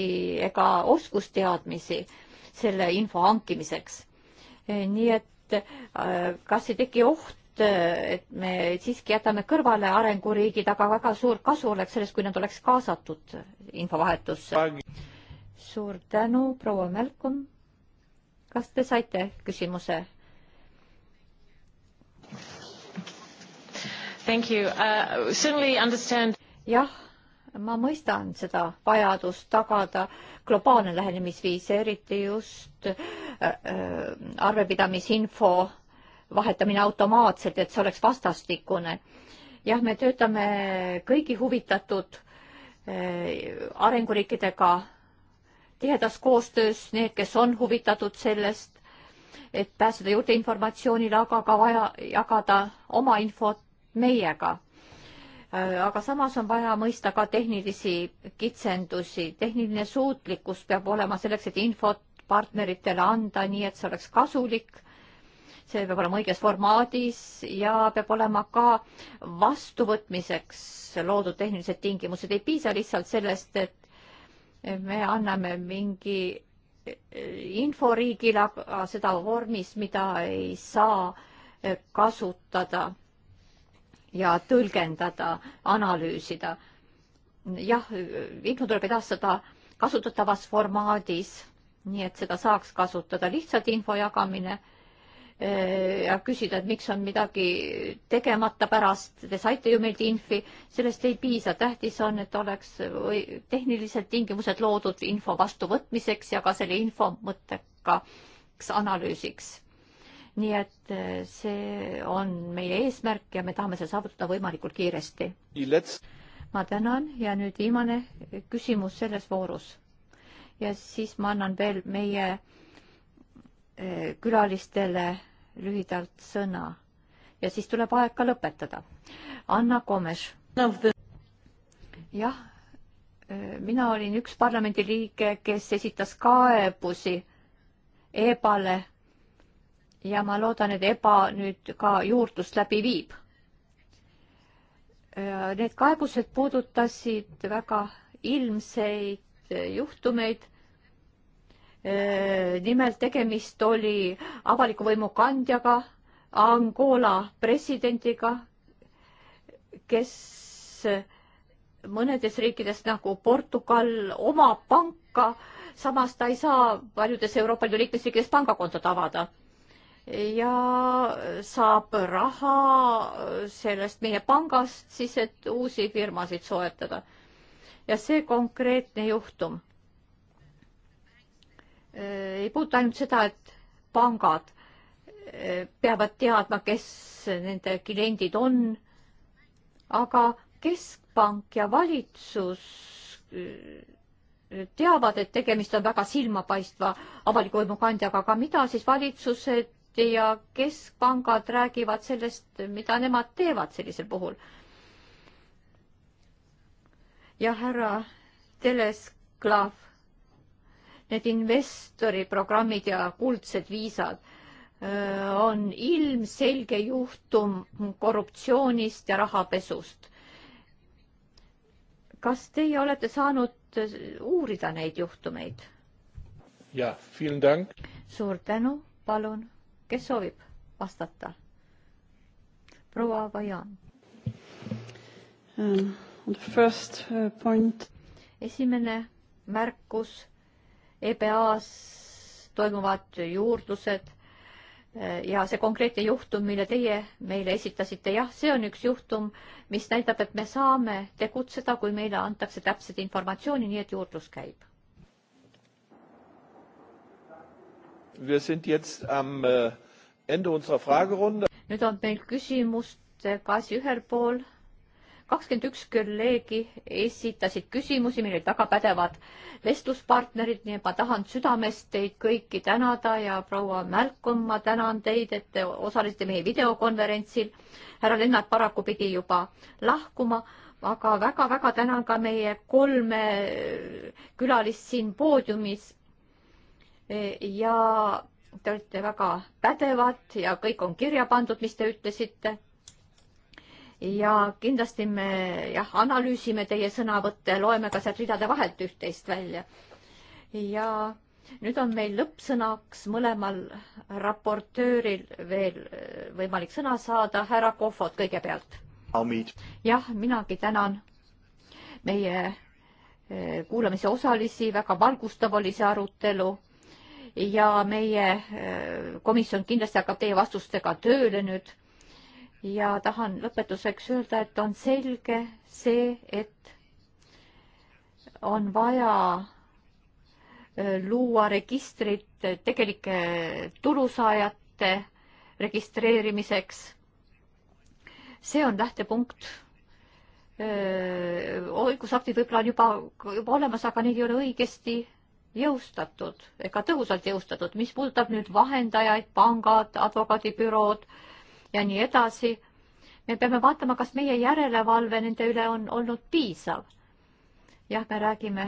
ega oskusteadmisi selle info hankimiseks. nii et kas ei teki oht, et me siiski jätame kõrvale arenguriigid, aga väga suur kasu oleks sellest, kui nad oleks kaasatud infovahetusse. suur tänu, proua Malcolm. kas te saite küsimuse? Thank you uh,. Certainly understand. jah, ma mõistan seda vajadust tagada globaalne lähenemisviis, eriti just uh, uh, arvepidamisinfo vahetamine automaatselt, et see oleks vastastikune. jah, me töötame kõigi huvitatud eh, arenguriikidega tihedas koostöös, need, kes on huvitatud sellest, et pääseda juurde informatsioonile, aga ka vaja jagada oma infot meiega. Eh, aga samas on vaja mõista ka tehnilisi kitsendusi, tehniline suutlikkus peab olema selleks, et infot partneritele anda, nii et see oleks kasulik see peab olema õiges formaadis ja peab olema ka vastuvõtmiseks loodud tehnilised tingimused. ei piisa lihtsalt sellest, et me anname mingi info riigile, aga seda vormis, mida ei saa kasutada ja tõlgendada, analüüsida. jah, info tuleb edastada kasutatavas formaadis, nii et seda saaks kasutada. lihtsalt info jagamine ja küsida, et miks on midagi tegemata pärast, te saite ju meilt infi, sellest ei piisa, tähtis on, et oleks tehnilised tingimused loodud info vastuvõtmiseks ja ka selle info mõttekaks analüüsiks. nii et äh, see on meie eesmärk ja me tahame seda saavutada võimalikult kiiresti. ma tänan ja nüüd viimane küsimus selles voorus. ja siis ma annan veel meie Eh, külalistele lühidalt sõna ja siis tuleb aeg ka lõpetada. Anna Komes. jah, eh, mina olin üks parlamendiliige, kes esitas kaebusi EBA-le ja ma loodan, et EBA nüüd ka juurdlust läbi viib. Eh, need kaebused puudutasid väga ilmseid juhtumeid Äh, nimelt tegemist oli avaliku võimu kandjaga, Angola presidendiga, kes mõnedes riikides nagu Portugal omab panka, samas ta ei saa paljudes Euroopa Liidu liikmesriikides pangakontot avada. ja saab raha sellest meie pangast siis, et uusi firmasid soetada. ja see konkreetne juhtum Äh, ei puuduta ainult seda, et pangad äh, peavad teadma, kes nende kliendid on, aga keskpank ja valitsus äh, teavad, et tegemist on väga silmapaistva avaliku võimu kandjaga, aga mida siis valitsused ja keskpangad räägivad sellest, mida nemad teevad sellisel puhul? ja härra Telesklav need investoriprogrammid ja kuldsed viisad on ilmselge juhtum korruptsioonist ja rahapesust. kas teie olete saanud uurida neid juhtumeid? jah, suur tänu, palun, kes soovib vastata? proua Vajan um,. First uh, point. esimene märkus EBA-s toimuvad juurdlused eh, ja see konkreetne juhtum, mille teie meile esitasite, jah, see on üks juhtum, mis näitab, et me saame tegutseda, kui meile antakse täpset informatsiooni, nii et juurdlus käib. Wir sind jetzt am äh, Ende unserer Fragerunde. nüüd on meil küsimustega asi ühel pool kakskümmend üks kolleegi esitasid küsimusi, millel taga pädevad vestluspartnerid, nii et ma tahan südamest teid kõiki tänada ja proua Mälkom, ma tänan teid, et te osalesite meie videokonverentsil. härra Lennart paraku pidi juba lahkuma, aga väga-väga tänan ka meie kolme külalist siin poodiumis. ja te olite väga pädevad ja kõik on kirja pandud, mis te ütlesite ja kindlasti me jah, analüüsime teie sõnavõtte, loeme ka sealt ridade vahelt üht-teist välja. ja nüüd on meil lõppsõnaks mõlemal raportööril veel äh, võimalik sõna saada, härra Kohvot kõigepealt. jah, minagi tänan meie äh, kuulamise osalisi, väga valgustav oli see arutelu ja meie äh, komisjon kindlasti hakkab teie vastustega tööle nüüd ja tahan lõpetuseks öelda, et on selge see, et on vaja äh, luua registrid tegelike tulusaajate registreerimiseks. see on lähtepunkt. Äh, õigusaktid võib-olla on juba, juba olemas, aga neid ei ole õigesti jõustatud ega tõhusalt jõustatud. mis puudutab nüüd vahendajaid, pangad, advokaadibürood, ja nii edasi. me peame vaatama, kas meie järelevalve nende üle on olnud piisav. jah, me räägime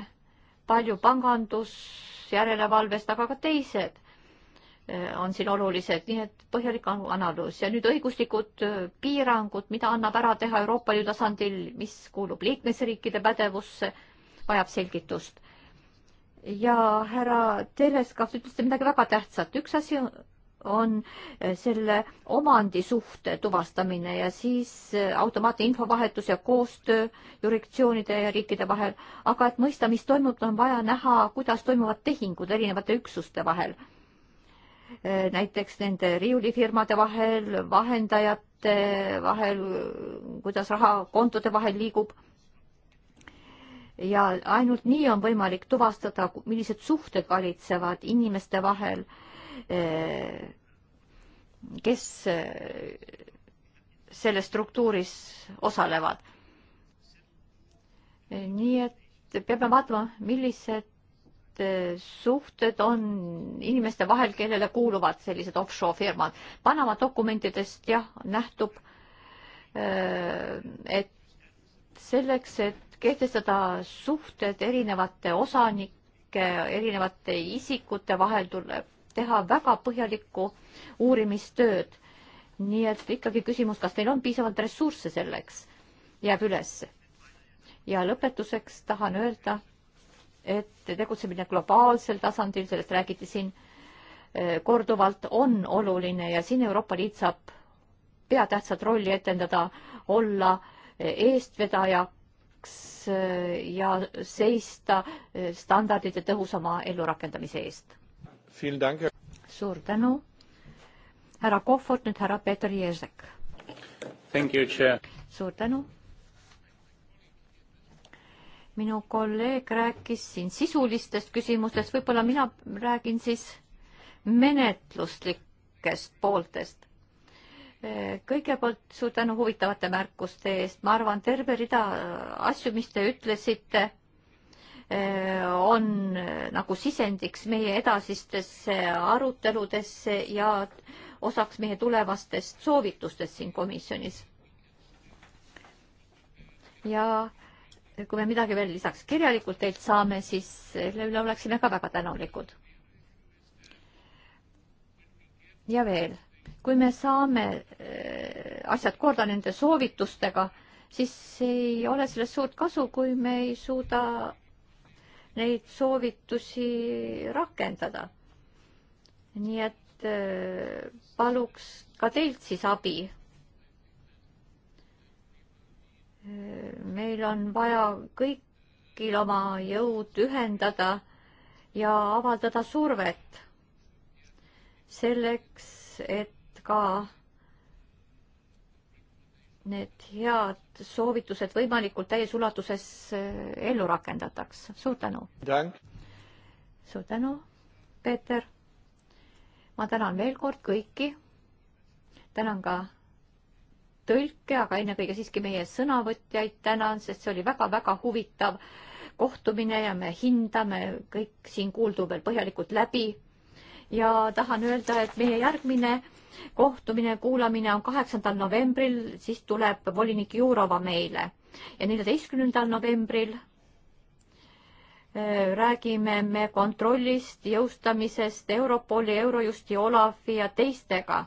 palju pangandusjärelevalvest, aga ka teised eh, on siin olulised, nii et põhjalik analüüs ja nüüd õiguslikud eh, piirangud, mida annab ära teha Euroopa Liidu tasandil, mis kuulub liikmesriikide pädevusse, vajab selgitust. ja härra Tereskav, te ütlesite midagi väga tähtsat, üks asi on eh, selle omandisuhte tuvastamine ja siis eh, automaatne infovahetus ja koostöö jurisdiktsioonide ja riikide vahel. aga et mõista, mis toimub, on vaja näha, kuidas toimuvad tehingud erinevate üksuste vahel. Eh, näiteks nende riiulifirmade vahel, vahendajate vahel, kuidas raha kontode vahel liigub. ja ainult nii on võimalik tuvastada, millised suhted valitsevad inimeste vahel Äh, kes äh, selles struktuuris osalevad. Äh, nii et peame vaatama, millised suhted on inimeste vahel, kellele kuuluvad sellised offshore firmad. Panama dokumentidest jah, nähtub, et selleks, et kehtestada suhted erinevate osanike, erinevate isikute vahel, tuleb teha väga põhjalikku uurimistööd. nii et ikkagi küsimus, kas teil on piisavalt ressursse selleks, jääb üles. ja lõpetuseks tahan öelda, et tegutsemine globaalsel tasandil, sellest räägiti siin eh, korduvalt, on oluline ja siin Euroopa Liit saab peatähtsat rolli etendada, olla eh, eestvedajaks eh, ja seista standardite tõhusama ellurakendamise eest suur tänu. härra Kohvot, nüüd härra Peeter Ježek. suur tänu. minu kolleeg rääkis siin sisulistest küsimustest, võib-olla mina räägin siis menetluslikest pooltest. kõigepealt suur tänu huvitavate märkuste eest, ma arvan, terve rida asju, mis te ütlesite Äh, on äh, nagu sisendiks meie edasistesse aruteludesse ja osaks meie tulevastest soovitustest siin komisjonis. ja kui me midagi veel lisaks kirjalikult teilt saame, siis selle üle oleksime ka väga tänulikud. ja veel, kui me saame äh, asjad korda nende soovitustega, siis ei ole sellest suurt kasu, kui me ei suuda neid soovitusi rakendada. nii et äh, paluks ka teilt siis abi. Äh, meil on vaja kõikil oma jõud ühendada ja avaldada survet selleks, et ka need head soovitused võimalikult täies ulatuses eh, ellu rakendataks. suur tänu! suur tänu, Peeter! ma tänan veel kord kõiki, tänan ka tõlke, aga ennekõike siiski meie sõnavõtjaid tänan, sest see oli väga-väga huvitav kohtumine ja me hindame kõik siin kuuldu veel põhjalikult läbi ja tahan öelda, et meie järgmine kohtumine, kuulamine on kaheksandal novembril, siis tuleb volinik Jurova meile ja neljateistkümnendal novembril äh, räägime me kontrollist, jõustamisest Europoli, Eurojusti, Olavi ja teistega.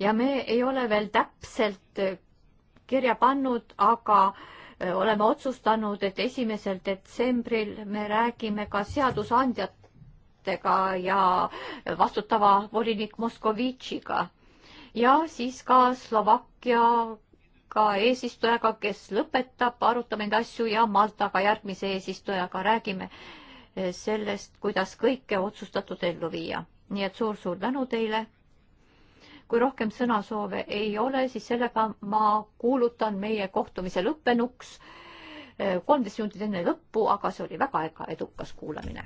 ja me ei ole veel täpselt äh, kirja pannud, aga äh, oleme otsustanud, et esimesel detsembril me räägime ka seadusandjat, ekspertidega ja vastutava volinik Moskovitšiga ja siis ka Slovakkiaga eesistujaga, kes lõpetab, arutame neid asju ja Maltaga järgmise eesistujaga räägime eh, sellest, kuidas kõike otsustatud ellu viia. nii et suur-suur tänu teile. kui rohkem sõnasoove ei ole, siis sellega ma kuulutan meie kohtumise lõppenuks eh, kolmteist minutit enne lõppu, aga see oli väga edukas kuulamine.